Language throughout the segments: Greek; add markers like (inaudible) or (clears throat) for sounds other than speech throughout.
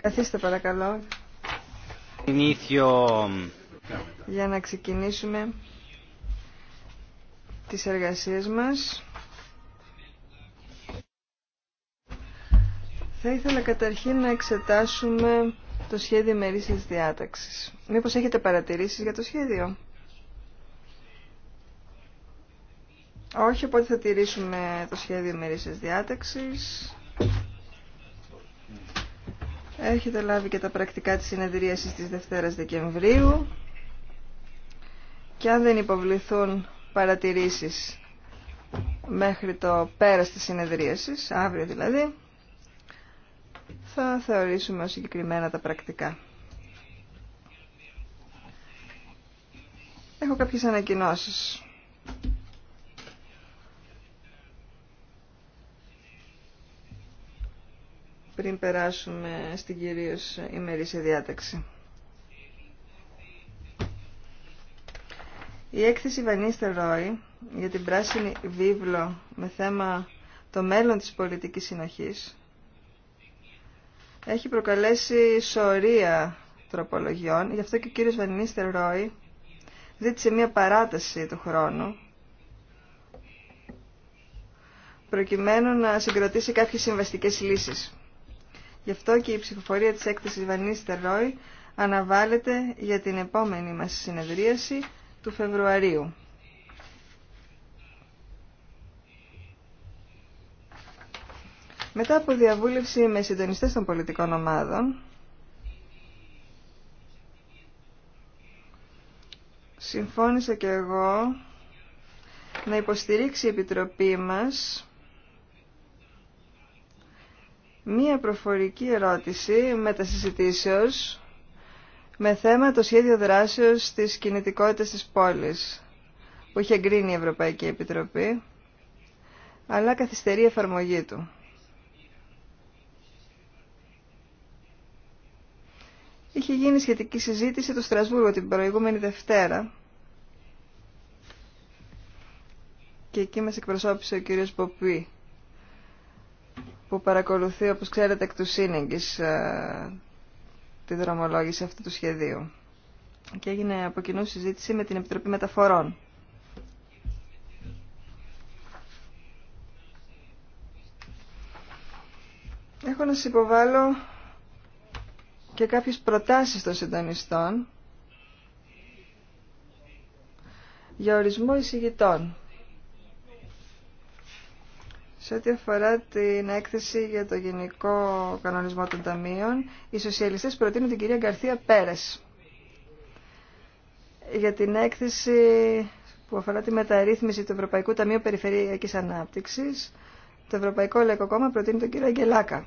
Καθίστε παρακαλώ. Για να ξεκινήσουμε τις εργασίες μας. Θα ήθελα καταρχήν να εξετάσουμε το σχέδιο μερίσης διάταξης. Μήπως έχετε παρατηρήσεις για το σχέδιο. Όχι, οπότε θα τηρήσουμε το σχέδιο μερίσης διάταξης. Έχετε λάβει και τα πρακτικά της συνεδρίασης της Δευτέρας Δεκεμβρίου και αν δεν υποβληθούν παρατηρήσεις μέχρι το πέρας της συνεδρίασης, αύριο δηλαδή, θα θεωρήσουμε ως συγκεκριμένα τα πρακτικά. Έχω κάποιες ανακοινώσεις. πριν περάσουμε στην κυρίως ημερήσια διάταξη. Η έκθεση Βανίστερ Ρόι για την πράσινη βίβλο με θέμα το μέλλον της πολιτικής συνοχής έχει προκαλέσει σωρία τροπολογιών, γι' αυτό και ο κύριος Βανίστερ Ρόι ζήτησε μία παράταση του χρόνου προκειμένου να συγκροτήσει κάποιες συμβαστικές λύσεις. Γι' αυτό και η ψηφοφορία της έκθεσης Βανίστερ Ρόι αναβάλλεται για την επόμενη μας συνεδρίαση του Φεβρουαρίου. Μετά από διαβούλευση με συντονιστές των πολιτικών ομάδων, συμφώνησα και εγώ να υποστηρίξει η Επιτροπή μας μία προφορική ερώτηση μετασυζητήσεως με θέμα το σχέδιο δράσεως της κινητικότητας της πόλης που είχε εγκρίνει η Ευρωπαϊκή Επιτροπή αλλά καθυστερεί η εφαρμογή του. Είχε γίνει σχετική συζήτηση στο Στρασβούργο την προηγούμενη Δευτέρα και εκεί μας εκπροσώπησε ο κύριος Ποπή που παρακολουθεί, όπως ξέρετε, εκ του σύνεγγης ε, τη δρομολόγηση αυτού του σχεδίου. Και έγινε από κοινού συζήτηση με την Επιτροπή Μεταφορών. Έχω να σας υποβάλω και κάποιες προτάσεις των συντονιστών για ορισμό εισηγητών. Σε ό,τι αφορά την έκθεση για το Γενικό Κανονισμό των Ταμείων, οι σοσιαλιστές προτείνουν την κυρία Γκαρθία Πέρες για την έκθεση που αφορά τη μεταρρύθμιση του Ευρωπαϊκού Ταμείου Περιφερειακής Ανάπτυξης. Το Ευρωπαϊκό Λαϊκό Κόμμα προτείνει τον κύριο Αγγελάκα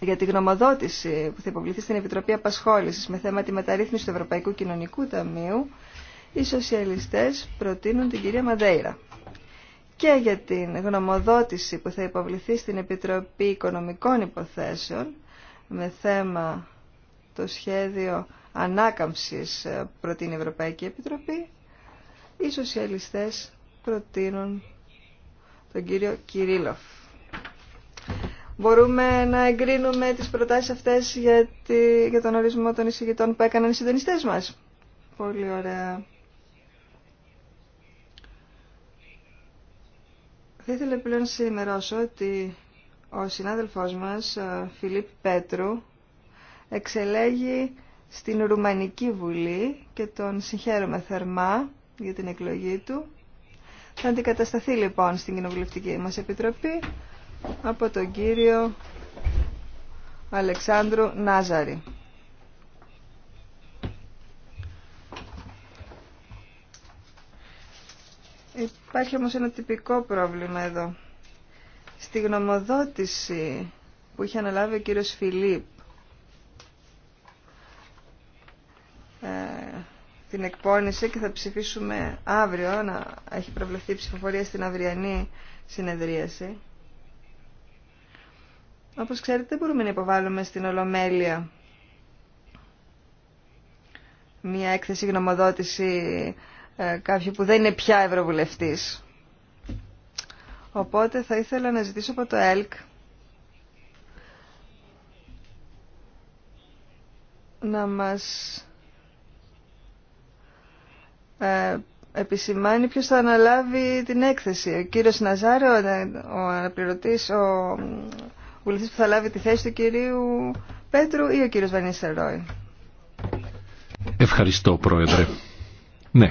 για τη γνωμοδότηση που θα υποβληθεί στην Επιτροπή Απασχόλησης με θέμα τη μεταρρύθμιση του Ευρωπαϊκού Κοινωνικού Ταμείου. Οι σοσιαλιστές προτείνουν την κυρία Μαδέιρα και για την γνωμοδότηση που θα υποβληθεί στην Επιτροπή Οικονομικών Υποθέσεων με θέμα το σχέδιο ανάκαμψης προ την Ευρωπαϊκή Επιτροπή, οι σοσιαλιστές προτείνουν τον κύριο Κυρίλοφ. Μπορούμε να εγκρίνουμε τις προτάσεις αυτές για, για τον ορισμό των εισηγητών που έκαναν οι συντονιστές μας. Πολύ ωραία. Θα ήθελα πλέον να ενημερώσω ότι ο συνάδελφός μας, ε, Φιλίπ Πέτρου, εξελέγει στην Ρουμανική Βουλή και τον συγχαίρομαι θερμά για την εκλογή του. Θα αντικατασταθεί λοιπόν στην Κοινοβουλευτική μας Επιτροπή από τον κύριο Αλεξάνδρου Νάζαρη. Υπάρχει όμως ένα τυπικό πρόβλημα εδώ. Στη γνωμοδότηση που είχε αναλάβει ο κύριος Φιλίπ ε, την εκπόνησε και θα ψηφίσουμε αύριο να έχει προβλεφθεί η ψηφοφορία στην αυριανή συνεδρίαση. Όπως ξέρετε δεν μπορούμε να υποβάλουμε στην Ολομέλεια μια έκθεση γνωμοδότηση ε, κάποιου που δεν είναι πια ευρωβουλευτής. Οπότε θα ήθελα να ζητήσω από το ΕΛΚ να μας ε, επισημάνει ποιος θα αναλάβει την έκθεση. Ο κύριος Ναζάρο, ο αναπληρωτής, ο βουλευτής που θα λάβει τη θέση του κυρίου Πέτρου ή ο κύριος Βανίστερ Ευχαριστώ, Πρόεδρε. Ναι,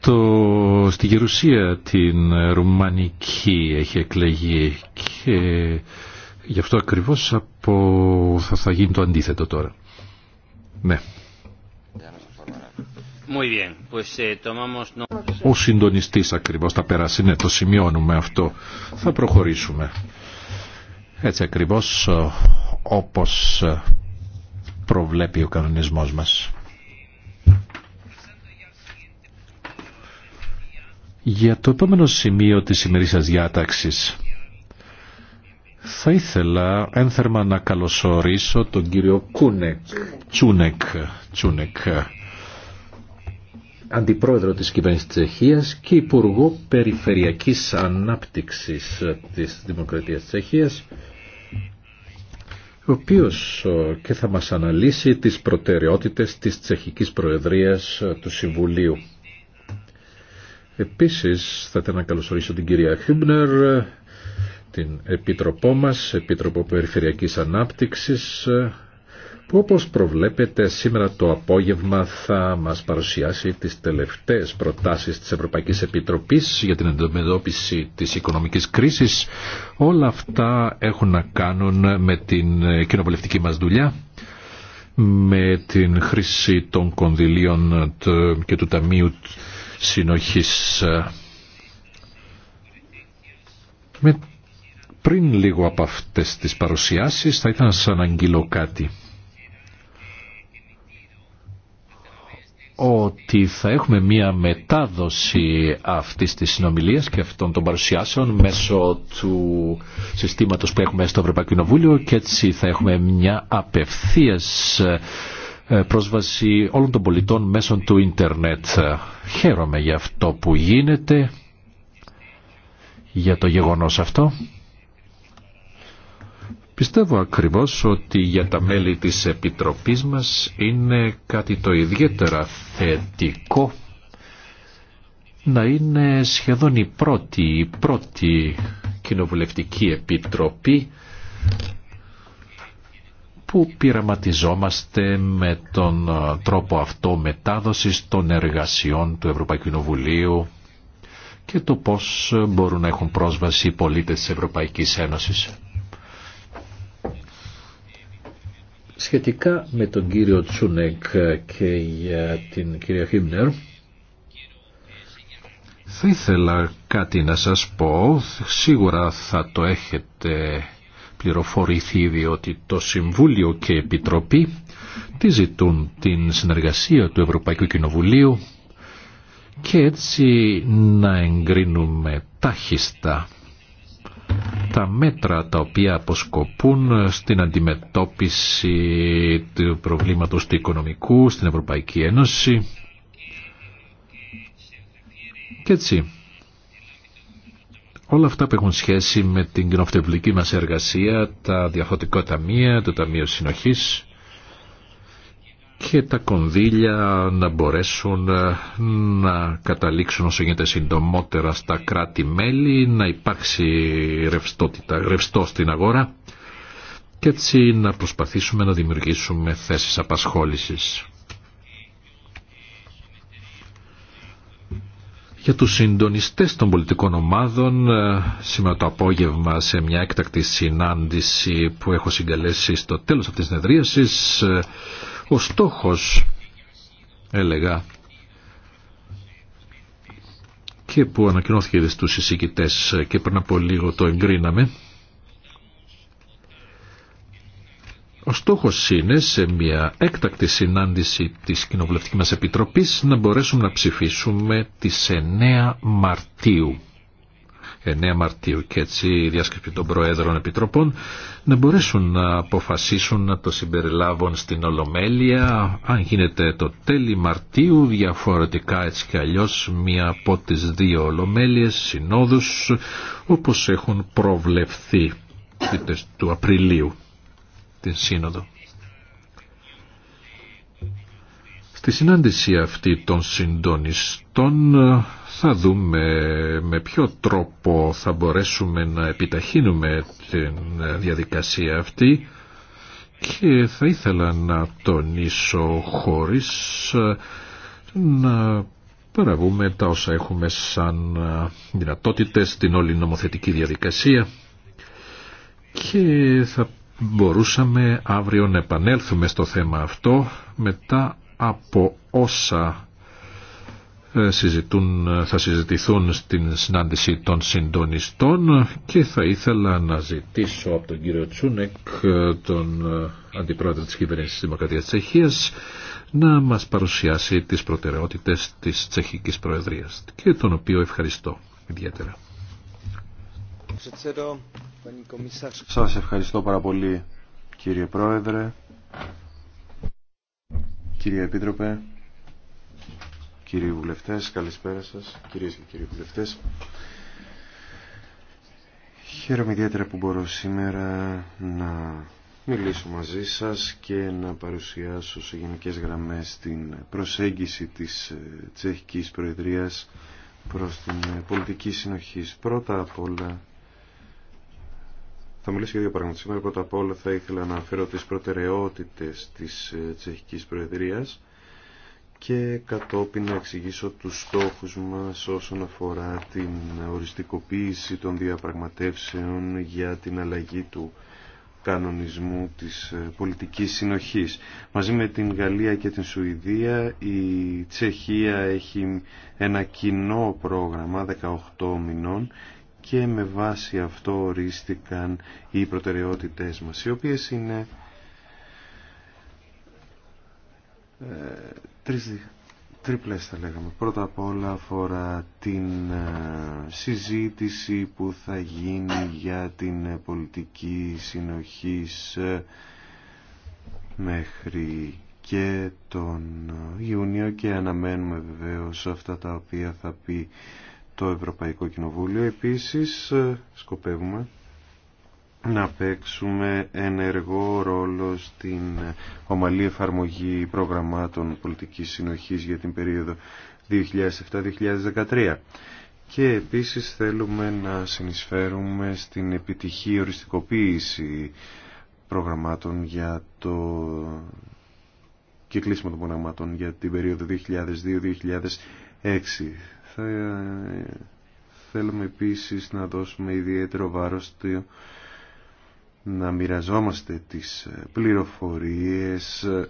το στη Γερουσία την ε, Ρουμανική έχει εκλεγεί και γι' αυτό ακριβώς από, θα, θα γίνει το αντίθετο τώρα. Ναι. Eh, ο συντονιστής ακριβώς θα περάσει, ναι, το σημειώνουμε αυτό. Θα προχωρήσουμε. Έτσι ακριβώς ε, όπως ε, προβλέπει ο κανονισμός μας. Για το επόμενο σημείο της σημερινής διάταξης θα ήθελα ένθερμα να καλωσορίσω τον κύριο Κούνεκ, Τσούνεκ, Τσούνεκ, αντιπρόεδρο της κυβέρνησης της Τσεχίας και υπουργό περιφερειακής ανάπτυξης της Δημοκρατίας της Τσεχίας, ο οποίος και θα μας αναλύσει τις προτεραιότητες της Τσεχικής Προεδρίας του Συμβουλίου. Επίσης θα ήθελα να καλωσορίσω την κυρία Χιούμπνερ, την Επίτροπό μας, Επίτροπο Περιφερειακής Ανάπτυξης, που όπως προβλέπετε σήμερα το απόγευμα θα μας παρουσιάσει τις τελευταίες προτάσεις της Ευρωπαϊκής Επιτροπής για την αντιμετώπιση της οικονομικής κρίσης. Όλα αυτά έχουν να κάνουν με την κοινοβουλευτική μας δουλειά με την χρήση των κονδυλίων και του Ταμείου συνοχής. Ε, με, πριν λίγο από αυτές τις παρουσιάσεις θα ήθελα να σας κάτι. ότι θα έχουμε μία μετάδοση αυτής της συνομιλίας και αυτών των παρουσιάσεων μέσω του συστήματος που έχουμε στο Ευρωπαϊκό Κοινοβούλιο και έτσι θα έχουμε μια απευθείας ε, πρόσβαση όλων των πολιτών μέσω του ίντερνετ. Ε, χαίρομαι για αυτό που γίνεται, για το γεγονός αυτό. Πιστεύω ακριβώς ότι για τα μέλη της Επιτροπής μας είναι κάτι το ιδιαίτερα θετικό να είναι σχεδόν η πρώτη, η πρώτη κοινοβουλευτική επιτροπή που πειραματιζόμαστε με τον ε, τρόπο αυτό μετάδοσης των εργασιών του Ευρωπαϊκού Κοινοβουλίου και το πώς ε, μπορούν να έχουν πρόσβαση οι πολίτες της Ευρωπαϊκής Ένωσης. Σχετικά με τον κύριο Τσούνεκ και για την κυρία Χίμνερ, θα ήθελα κάτι να σας πω, σίγουρα θα το έχετε πληροφορηθεί διότι το Συμβούλιο και η Επιτροπή τη ζητούν την συνεργασία του Ευρωπαϊκού Κοινοβουλίου και έτσι να εγκρίνουμε τάχιστα τα μέτρα τα οποία αποσκοπούν στην αντιμετώπιση του προβλήματος του οικονομικού στην Ευρωπαϊκή Ένωση. Και έτσι Όλα αυτά που έχουν σχέση με την κοινοφτευλική μας εργασία, τα διαφορετικά ταμεία, το Ταμείο Συνοχής και τα κονδύλια να μπορέσουν ε, να καταλήξουν όσο γίνεται συντομότερα στα κράτη-μέλη, να υπάρξει ρευστότητα, ρευστό στην αγορά και έτσι να προσπαθήσουμε να δημιουργήσουμε θέσεις απασχόλησης. για τους συντονιστές των πολιτικών ομάδων ε, σήμερα το απόγευμα σε μια έκτακτη συνάντηση που έχω συγκαλέσει στο τέλος αυτής της συνεδρίασης ε, ο στόχος έλεγα και που ανακοινώθηκε στους εισηγητές ε, και πριν από λίγο το εγκρίναμε Ο στόχος είναι σε μια έκτακτη συνάντηση της κοινοβουλευτική μας Επιτροπής να μπορέσουμε να ψηφίσουμε τις 9 Μαρτίου. 9 Μαρτίου και έτσι η διάσκεψη των Προέδρων Επιτροπών να μπορέσουν να αποφασίσουν να το συμπεριλάβουν στην Ολομέλεια αν γίνεται το τέλη Μαρτίου διαφορετικά έτσι και αλλιώς μία από τις δύο Ολομέλειες συνόδους όπως έχουν προβλεφθεί του Απριλίου την Σύνοδο. Στη συνάντηση αυτή των συντονιστών ε, θα δούμε με ποιο τρόπο θα μπορέσουμε να επιταχύνουμε την ε, διαδικασία αυτή και θα ήθελα να τονίσω χωρίς ε, να παραβούμε τα όσα έχουμε σαν δυνατότητες στην όλη νομοθετική διαδικασία και θα μπορούσαμε αύριο να επανέλθουμε στο θέμα αυτό μετά από όσα ε, συζητούν, θα συζητηθούν στην συνάντηση των συντονιστών και θα ήθελα να ζητήσω από τον κύριο Τσούνεκ, ε, τον ε, αντιπρόεδρο της κυβέρνησης της Δημοκρατίας Τσεχίας, να μας παρουσιάσει τις προτεραιότητες της Τσεχικής Προεδρίας και τον οποίο ευχαριστώ ιδιαίτερα. Σας ευχαριστώ πάρα πολύ κύριε Πρόεδρε, κύριε Επίτροπε, κύριοι βουλευτές, καλησπέρα σας, κυρίες και κύριοι βουλευτές. Χαίρομαι ιδιαίτερα που μπορώ σήμερα να μιλήσω μαζί σας και να παρουσιάσω σε γενικές γραμμές την προσέγγιση της ε, Τσεχικής Προεδρίας προς την πολιτική συνοχής. Πρώτα απ' όλα θα μιλήσω για δύο πράγματα. Σήμερα πρώτα απ' όλα θα ήθελα να αναφέρω τις προτεραιότητες της ε, Τσεχικής Προεδρίας και κατόπιν να εξηγήσω τους στόχους μας όσον αφορά την οριστικοποίηση των διαπραγματεύσεων για την αλλαγή του κανονισμού της ε, πολιτικής συνοχής. Μαζί με την Γαλλία και την Σουηδία η Τσεχία έχει ένα κοινό πρόγραμμα 18 μηνών και με βάση αυτό ορίστηκαν οι προτεραιότητές μας, οι οποίες είναι ε, τρεις, τρίπλες θα λέγαμε. Πρώτα απ' όλα αφορά την ε, συζήτηση που θα γίνει για την πολιτική συνοχής ε, μέχρι και τον Ιούνιο και αναμένουμε βεβαίως αυτά τα οποία θα πει το Ευρωπαϊκό Κοινοβούλιο. Επίσης ε, σκοπεύουμε να παίξουμε ενεργό ρόλο στην ομαλή εφαρμογή προγραμμάτων πολιτικής συνοχής για την περίοδο 2007-2013. Και επίσης θέλουμε να συνεισφέρουμε στην επιτυχή οριστικοποίηση προγραμμάτων για το και κλείσιμο των προγραμμάτων για την περίοδο 2002-2006. Ε, θέλουμε επίσης να δώσουμε ιδιαίτερο βάρος να μοιραζόμαστε τις ε, πληροφορίες ε,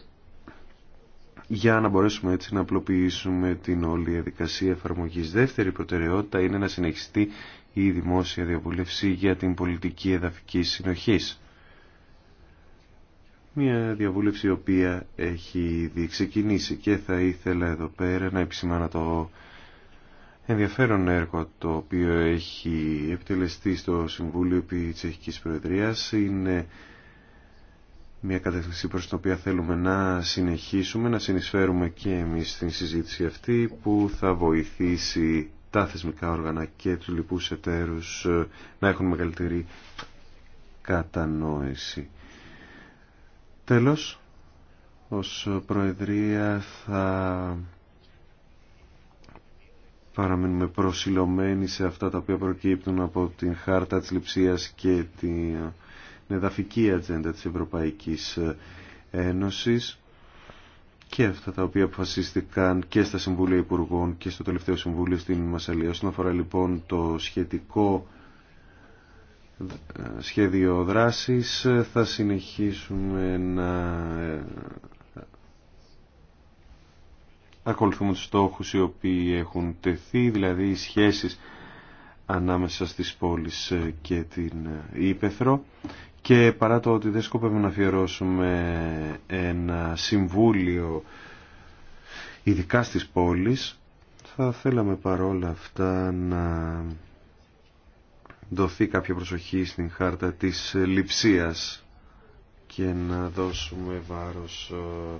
για να μπορέσουμε έτσι να απλοποιήσουμε την όλη διαδικασία εφαρμογής. Δεύτερη προτεραιότητα είναι να συνεχιστεί η δημόσια διαβούλευση για την πολιτική εδαφική συνοχής. Μια διαβούλευση η οποία έχει ήδη και θα ήθελα εδώ πέρα να επισημάνω το ενδιαφέρον έργο το οποίο έχει επιτελεστεί στο Συμβούλιο επί Τσεχικής Προεδρίας είναι μια κατεύθυνση προς την οποία θέλουμε να συνεχίσουμε, να συνεισφέρουμε και εμείς στην συζήτηση αυτή που θα βοηθήσει τα θεσμικά όργανα και τους λοιπούς εταίρους ε, να έχουν μεγαλύτερη κατανόηση. Τέλος, ως Προεδρία θα παραμένουμε προσιλωμένοι σε αυτά τα οποία προκύπτουν από την χάρτα της λειψίας και την ε, εδαφική ατζέντα της Ευρωπαϊκής ε, Ένωσης και αυτά τα οποία αποφασίστηκαν και στα Συμβούλια Υπουργών και στο τελευταίο Συμβούλιο στην Μασαλία. Όσον αφορά λοιπόν το σχετικό ε, σχέδιο δράσης θα συνεχίσουμε να ακολουθούμε τους στόχους οι οποίοι έχουν τεθεί, δηλαδή οι σχέσεις ανάμεσα στις πόλεις και την Ήπεθρο και παρά το ότι δεν σκοπεύουμε να αφιερώσουμε ένα συμβούλιο ειδικά στις πόλεις θα θέλαμε παρόλα αυτά να δοθεί κάποια προσοχή στην χάρτα της λειψίας και να δώσουμε βάρος ε,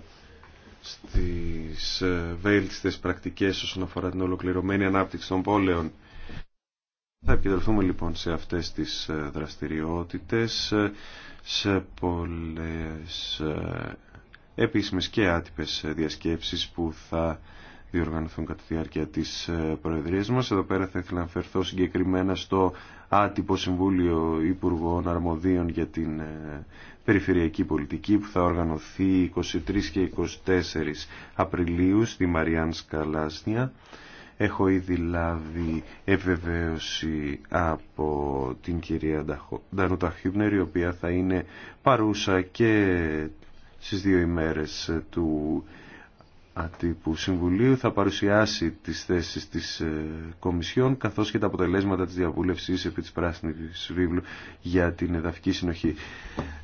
στις ε, βέλτιστες πρακτικές όσον αφορά την ολοκληρωμένη ανάπτυξη των πόλεων. Θα επικεντρωθούμε λοιπόν σε αυτές τις ε, δραστηριότητες, ε, σε πολλές επίσημες και άτυπες διασκέψεις που θα διοργανωθούν κατά τη διάρκεια της ε, Προεδρία μα. Εδώ πέρα θα ήθελα να φερθώ συγκεκριμένα στο άτυπο Συμβούλιο Υπουργών Αρμοδίων για την ε, Περιφερειακή Πολιτική που θα οργανωθεί 23 και 24 Απριλίου στη Μαριάν Σκαλάσνια. Έχω ήδη λάβει επιβεβαίωση από την κυρία Ντανούτα Χιούμπνερ, η οποία θα είναι παρούσα και στις δύο ημέρες του ατύπου συμβουλίου θα παρουσιάσει τις θέσεις της ε, Κομισιόν καθώς και τα αποτελέσματα της διαβούλευσης επί της Πράσινης Βίβλου για την εδαφική συνοχή.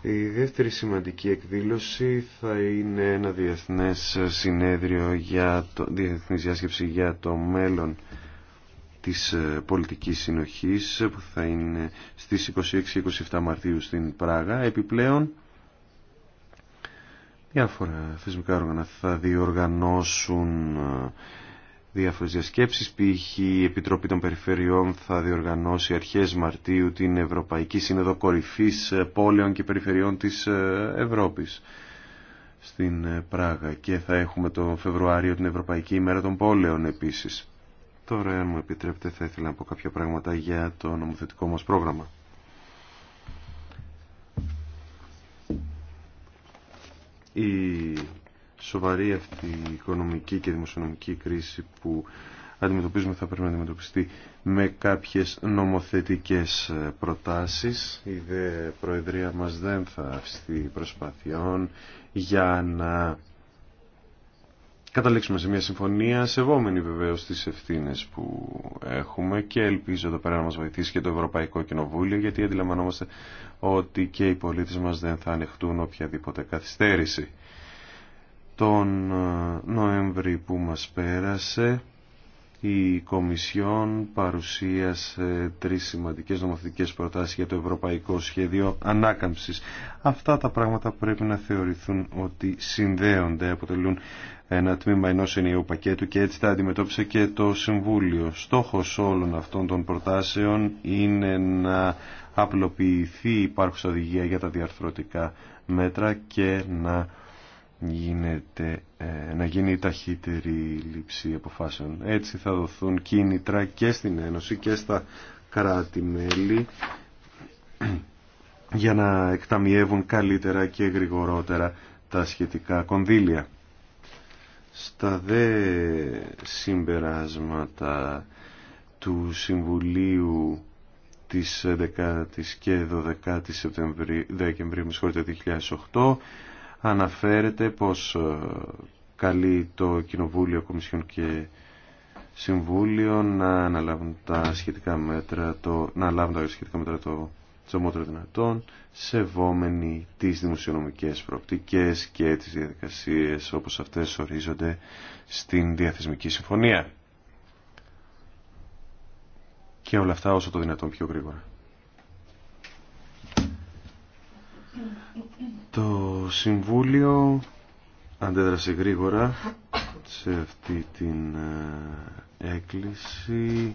Η δεύτερη σημαντική εκδήλωση θα είναι ένα διεθνές συνέδριο για το, διεθνής διάσκεψη για το μέλλον της ε, πολιτικής συνοχής που θα είναι στις 26-27 Μαρτίου στην Πράγα. Επιπλέον διάφορα θεσμικά όργανα θα διοργανώσουν ε, διάφορες διασκέψεις, π.χ. η Επιτροπή των Περιφερειών θα διοργανώσει αρχές Μαρτίου την Ευρωπαϊκή Σύνοδο Κορυφής ε, Πόλεων και Περιφερειών της ε, Ευρώπης στην Πράγα και θα έχουμε τον Φεβρουάριο την Ευρωπαϊκή ημέρα των πόλεων επίσης. Τώρα, αν μου επιτρέπετε, θα ήθελα να πω κάποια πράγματα για το νομοθετικό μας πρόγραμμα. η σοβαρή αυτή οικονομική και δημοσιονομική κρίση που αντιμετωπίζουμε θα πρέπει να αντιμετωπιστεί με κάποιες νομοθετικές προτάσεις. Η Προεδρία μας δεν θα αυστεί προσπαθειών για να καταλήξουμε σε μια συμφωνία σεβόμενη βεβαίως τις ευθύνες που έχουμε και ελπίζω εδώ πέρα να μας βοηθήσει και το Ευρωπαϊκό Κοινοβούλιο γιατί αντιλαμβανόμαστε ότι και οι πολίτες μας δεν θα ανεχτούν οποιαδήποτε καθυστέρηση. Τον ε, Νοέμβρη που μας πέρασε η Κομισιόν παρουσίασε τρεις σημαντικές νομοθετικές προτάσεις για το Ευρωπαϊκό Σχέδιο Ανάκαμψης. Αυτά τα πράγματα πρέπει να θεωρηθούν ότι συνδέονται, αποτελούν ένα τμήμα ενός ενιαίου πακέτου και έτσι τα αντιμετώπισε και το Συμβούλιο. Στόχος όλων αυτών των προτάσεων είναι να απλοποιηθεί η υπάρχουσα οδηγία για τα διαρθρωτικά μέτρα και να γίνεται, ε, να γίνει η ταχύτερη λήψη αποφάσεων. Έτσι θα δοθούν κίνητρα και στην Ένωση και στα κράτη-μέλη (clears throat) για να εκταμιεύουν καλύτερα και γρηγορότερα τα σχετικά κονδύλια. Στα δε συμπεράσματα του Συμβουλίου της 10ης και 12ης Δεκεμβρίου 2008 αναφέρεται πως ε, καλεί το Κοινοβούλιο, Κομισιόν και Συμβούλιο να αναλάβουν τα σχετικά μέτρα, το, να λάβουν τα σχετικά μέτρα το τσομότερο δυνατόν, σεβόμενοι τις δημοσιονομικές προοπτικές και τις διαδικασίες όπως αυτές ορίζονται στην Διαθεσμική Συμφωνία. Και όλα αυτά όσο το δυνατόν πιο γρήγορα. Το Συμβούλιο αντέδρασε γρήγορα σε αυτή την ε, έκκληση.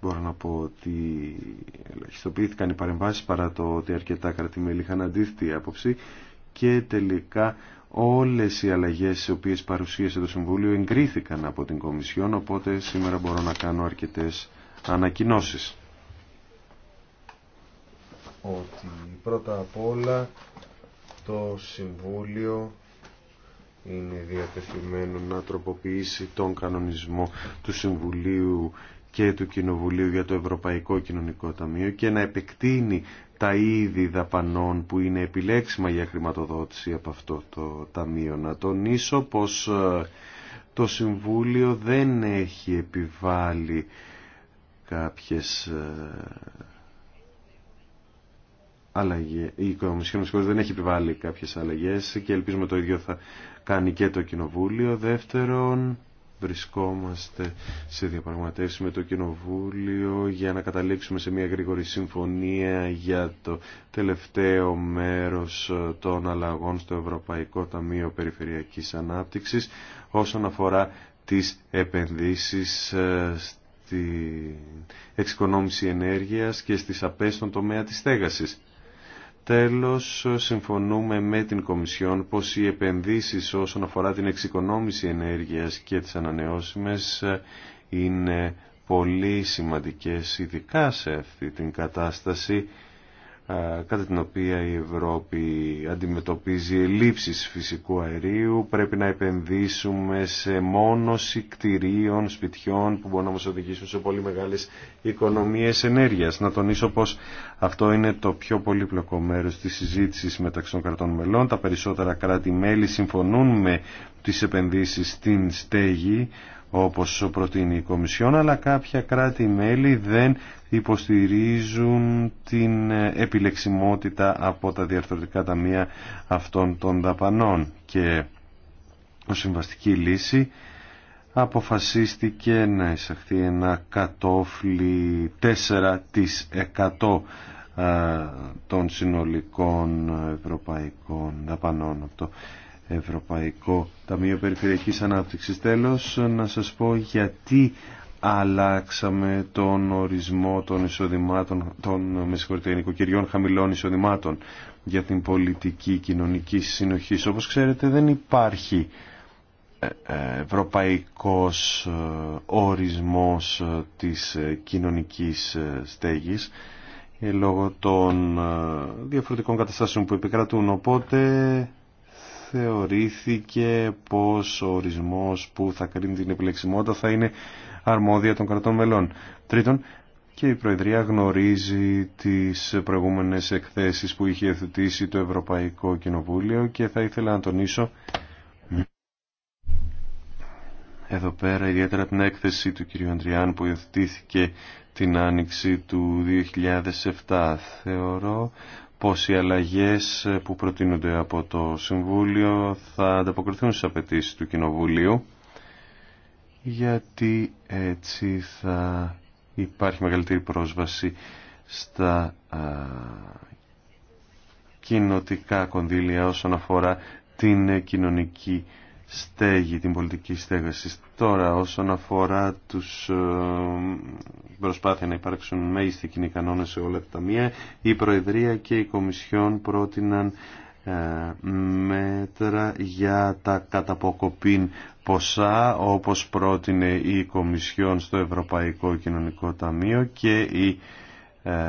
Μπορώ να πω ότι ελαχιστοποιήθηκαν οι παρεμβάσεις παρά το ότι αρκετά κρατημέλη είχαν αντίθετη άποψη και τελικά όλες οι αλλαγές σε οποίες παρουσίασε το Συμβούλιο εγκρίθηκαν από την Κομισιόν οπότε σήμερα μπορώ να κάνω αρκετές ανακοινώσεις ότι πρώτα απ' όλα το Συμβούλιο είναι διατεθειμένο να τροποποιήσει τον κανονισμό του Συμβουλίου και του Κοινοβουλίου για το Ευρωπαϊκό Κοινωνικό Ταμείο και να επεκτείνει τα είδη δαπανών που είναι επιλέξιμα για χρηματοδότηση από αυτό το Ταμείο. Να τονίσω πως ε, το Συμβούλιο δεν έχει επιβάλει κάποιες ε, Αλλαγέ. Η Κομισιόν δεν έχει επιβάλει κάποιες αλλαγές και ελπίζουμε το ίδιο θα κάνει και το Κοινοβούλιο. Δεύτερον, βρισκόμαστε σε διαπραγματεύσεις με το Κοινοβούλιο για να καταλήξουμε σε μια γρήγορη συμφωνία για το τελευταίο μέρος των αλλαγών στο Ευρωπαϊκό Ταμείο Περιφερειακής Ανάπτυξης όσον αφορά τις επενδύσεις ε, στην εξοικονόμηση ενέργειας και στις απές τομέα της στέγασης. Τέλος, συμφωνούμε με την Κομισιόν πως οι επενδύσεις όσον αφορά την εξοικονόμηση ενέργειας και τις ανανεώσιμες είναι πολύ σημαντικές, ειδικά σε αυτή την κατάσταση κατά την οποία η Ευρώπη αντιμετωπίζει ελλείψεις φυσικού αερίου. Πρέπει να επενδύσουμε σε μόνωση κτηρίων, σπιτιών που μπορούν να μας οδηγήσουν σε πολύ μεγάλες οικονομίες ενέργειας. Να τονίσω πως αυτό είναι το πιο πολύπλοκο μέρος της συζήτησης μεταξύ των κρατών μελών. Τα περισσότερα κράτη-μέλη συμφωνούν με τις επενδύσεις στην στέγη όπως προτείνει η Κομισιόν, αλλά κάποια κράτη-μέλη δεν υποστηρίζουν την επιλεξιμότητα από τα διαρθρωτικά ταμεία αυτών των δαπανών και ως συμβαστική λύση αποφασίστηκε να εισαχθεί ένα κατόφλι 4% των συνολικών ευρωπαϊκών δαπανών από το Ευρωπαϊκό Ταμείο Περιφερειακής Ανάπτυξης. Τέλος, να σας πω γιατί αλλάξαμε τον ορισμό των εισοδημάτων των με νοικοκυριών χαμηλών εισοδημάτων για την πολιτική κοινωνική συνοχή. Όπως ξέρετε δεν υπάρχει ε, ε, ευρωπαϊκός ε, ορισμός της κοινωνικής στέγης λόγω των διαφορετικών καταστάσεων που επικρατούν. Οπότε θεωρήθηκε πως ο ορισμός που θα κρίνει την επιλεξιμότητα θα είναι αρμόδια των κρατών μελών. Τρίτον, και η Προεδρία γνωρίζει τις προηγούμενες εκθέσεις που είχε εθετήσει το Ευρωπαϊκό Κοινοβούλιο και θα ήθελα να τονίσω εδώ πέρα ιδιαίτερα την έκθεση του κ. Αντριάν που υιοθετήθηκε την άνοιξη του 2007. Θεωρώ πως οι αλλαγές που προτείνονται από το Συμβούλιο θα ανταποκριθούν στις απαιτήσεις του Κοινοβουλίου γιατί έτσι θα υπάρχει μεγαλύτερη πρόσβαση στα κοινοτικά κονδύλια όσον αφορά την κοινωνική στέγη, την πολιτική στέγαση. Τώρα όσον αφορά τους ε, προσπάθεια να υπάρξουν μέγιστοι κοινοί κανόνες σε όλα τα ταμεία, η Προεδρία και η Κομισιόν πρότειναν ε, μέτρα για τα καταποκοπήν ποσά όπως πρότεινε η Κομισιόν στο Ευρωπαϊκό Κοινωνικό Ταμείο και η ε,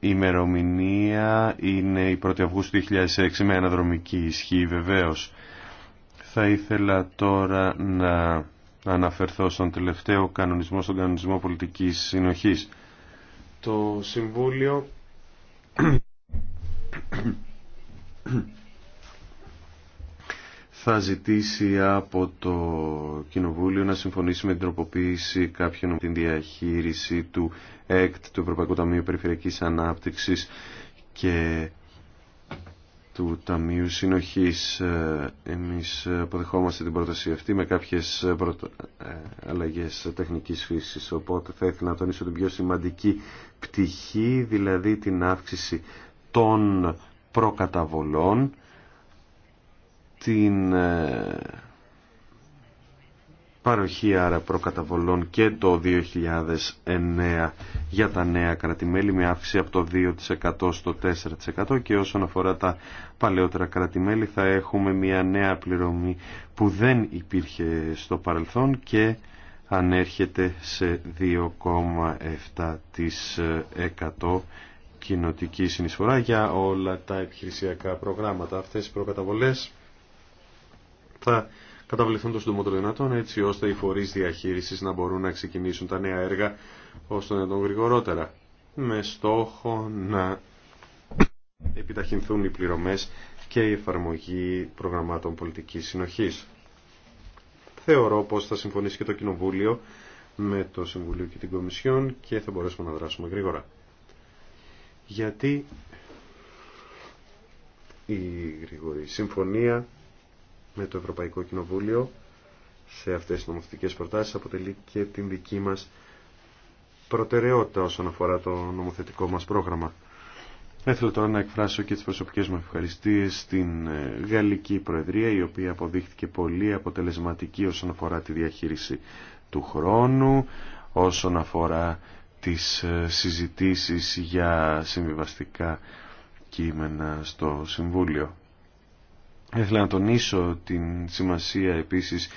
ημερομηνία είναι η 1η Αυγούστου 2006 με αναδρομική ισχύ βεβαίως. Θα ήθελα τώρα να αναφερθώ στον τελευταίο κανονισμό, στον κανονισμό πολιτικής συνοχής. Το Συμβούλιο θα ζητήσει από το Κοινοβούλιο να συμφωνήσει με την τροποποίηση κάποιων την διαχείριση του ΕΚΤ, του Ευρωπαϊκού Ταμείου Περιφερειακής Ανάπτυξης και του Ταμείου Συνοχής. Ε, εμείς αποδεχόμαστε την πρόταση αυτή με κάποιες ε, αλλαγές τεχνικής φύσης, οπότε θα ήθελα να τονίσω την πιο σημαντική πτυχή, δηλαδή την αύξηση των προκαταβολών την ε, παροχή άρα προκαταβολών και το 2009 για τα νέα κρατημέλη με αύξηση από το 2% στο 4% και όσον αφορά τα παλαιότερα κρατημέλη θα έχουμε μια νέα πληρωμή που δεν υπήρχε στο παρελθόν και ανέρχεται σε 2,7% κοινοτική συνεισφορά για όλα τα επιχειρησιακά προγράμματα. Αυτές οι προκαταβολές θα καταβληθούν το των δυνατόν έτσι ώστε οι φορείς διαχείρισης να μπορούν να ξεκινήσουν τα νέα έργα ώστε να δυνατόν γρηγορότερα με στόχο να επιταχυνθούν οι πληρωμές και η εφαρμογή προγραμμάτων πολιτικής συνοχής. Θεωρώ πως θα συμφωνήσει και το Κοινοβούλιο με το Συμβουλίο και την Κομισιόν και θα μπορέσουμε να δράσουμε γρήγορα. Γιατί η γρήγορη συμφωνία με το Ευρωπαϊκό Κοινοβούλιο σε αυτές τις νομοθετικές προτάσεις αποτελεί και την δική μας προτεραιότητα όσον αφορά το νομοθετικό μας πρόγραμμα. Έθελα τώρα να εκφράσω και τις προσωπικές μου ευχαριστίες στην ε, Γαλλική Προεδρία η οποία αποδείχθηκε πολύ αποτελεσματική όσον αφορά τη διαχείριση του χρόνου, όσον αφορά τις ε, συζητήσεις για συμβιβαστικά κείμενα στο Συμβούλιο. Ήθελα να τονίσω την σημασία επίσης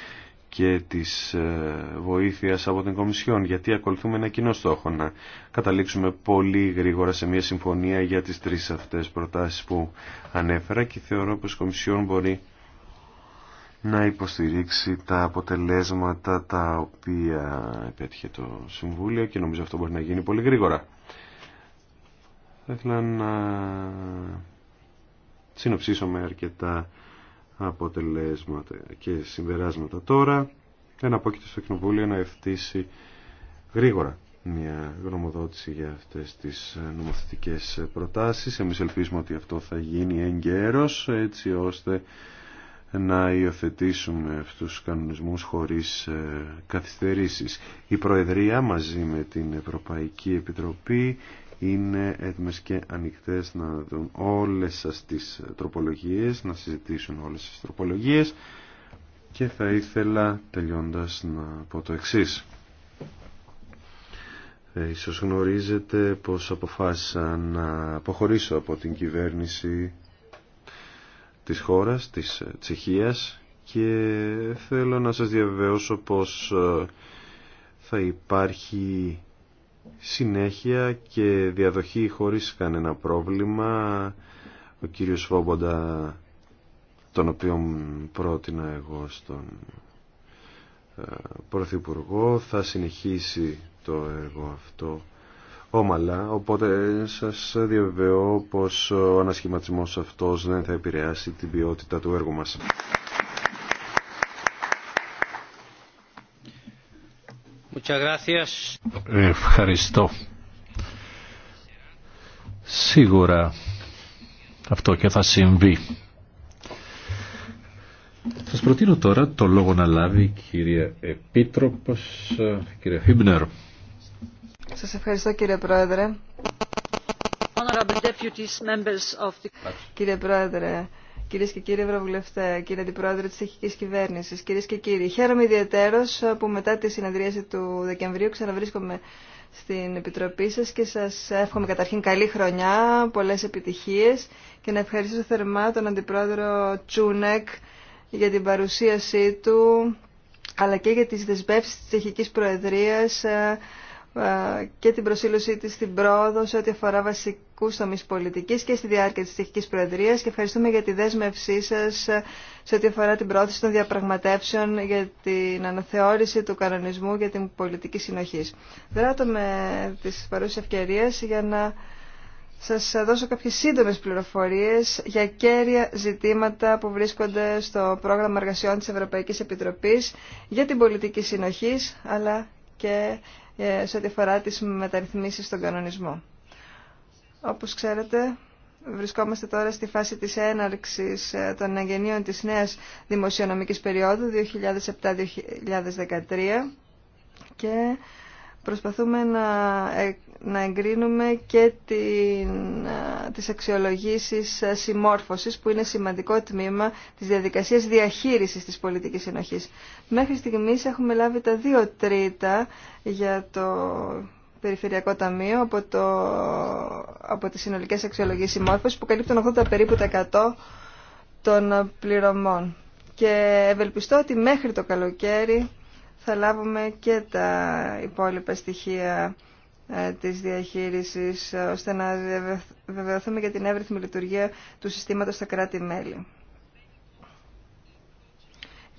και της ε, βοήθειας από την Κομισιόν, γιατί ακολουθούμε ένα κοινό στόχο να καταλήξουμε πολύ γρήγορα σε μια συμφωνία για τις τρεις αυτές προτάσεις που ανέφερα και θεωρώ πως η Κομισιόν μπορεί να υποστηρίξει τα αποτελέσματα τα οποία επέτυχε το Συμβούλιο και νομίζω αυτό μπορεί να γίνει πολύ γρήγορα. Θα ήθελα να συνοψίσω με αρκετά αποτελέσματα και συμπεράσματα. Τώρα εναπόκειται στο Κοινοβούλιο να ευθύσει γρήγορα μια γνωμοδότηση για αυτές τις νομοθετικές προτάσεις. Εμείς ελπίζουμε ότι αυτό θα γίνει εγκαίρος έτσι ώστε να υιοθετήσουμε αυτούς τους κανονισμούς χωρίς ε, καθυστερήσεις. Η Προεδρία μαζί με την Ευρωπαϊκή Επιτροπή είναι έτοιμες και ανοιχτές να δουν όλες σας τις τροπολογίες, να συζητήσουν όλες τις τροπολογίες και θα ήθελα τελειώντας να πω το εξής. Ε, ίσως γνωρίζετε πως αποφάσισα να αποχωρήσω από την κυβέρνηση της χώρας, της ε, Τσεχίας και θέλω να σας διαβεβαιώσω πως ε, θα υπάρχει συνέχεια και διαδοχή χωρίς κανένα πρόβλημα. Ο κύριος Φόμποντα, τον οποίο πρότεινα εγώ στον ε, Πρωθυπουργό, θα συνεχίσει το έργο αυτό όμαλα, οπότε σας διαβεβαιώ πως ο ανασχηματισμός αυτός δεν θα επηρεάσει την ποιότητα του έργου μας. Ευχαριστώ. Σίγουρα αυτό και θα συμβεί. Σας προτείνω τώρα το λόγο να λάβει η κυρία Επίτροπος, κυρία Χίμπνερ. Σας ευχαριστώ κύριε Πρόεδρε. Κύριε Πρόεδρε, Κυρίε και κύριοι Ευρωβουλευτέ, κύριε Αντιπρόεδρε τη Τσεχική Κυβέρνηση, κυρίε και κύριοι, χαίρομαι ιδιαίτερω που μετά τη συνεδρίαση του Δεκεμβρίου ξαναβρίσκομαι στην Επιτροπή σα και σα εύχομαι καταρχήν καλή χρονιά, πολλέ επιτυχίε και να ευχαριστήσω θερμά τον Αντιπρόεδρο Τσούνεκ για την παρουσίασή του αλλά και για τις δεσμεύσεις της Τσεχικής Προεδρίας ε, ε, και την προσήλωσή της στην πρόοδο σε ό,τι αφορά βασικά τομεί πολιτική και στη διάρκεια τη τυχική προεδρία και ευχαριστούμε για τη δέσμευσή σα σε ό,τι αφορά την πρόθεση των διαπραγματεύσεων για την αναθεώρηση του κανονισμού για την πολιτική συνοχή. Δράτω με τι παρούσε ευκαιρίε για να σα δώσω κάποιε σύντομε πληροφορίε για κέρια ζητήματα που βρίσκονται στο πρόγραμμα εργασιών τη Ευρωπαϊκή Επιτροπή για την πολιτική συνοχή αλλά και ε, σε ό,τι αφορά τις μεταρρυθμίσεις στον κανονισμό. Όπως ξέρετε, βρισκόμαστε τώρα στη φάση της έναρξης ε, των αγενείων της νέας δημοσιονομικής περίοδου 2007-2013 και προσπαθούμε να, ε, να εγκρίνουμε και την, ε, τις αξιολογήσεις συμμόρφωσης που είναι σημαντικό τμήμα της διαδικασίας διαχείρισης της πολιτικής συνοχής. Μέχρι στιγμής έχουμε λάβει τα δύο τρίτα για το Περιφερειακό Ταμείο από, το, από τις συνολικές αξιολογήσεις συμμόρφωσης που καλύπτουν 80 περίπου 100 των πληρωμών. Και ευελπιστώ ότι μέχρι το καλοκαίρι θα λάβουμε και τα υπόλοιπα στοιχεία ε, της διαχείρισης ώστε να βεβαιωθούμε για την εύρυθμη λειτουργία του συστήματος στα κράτη-μέλη.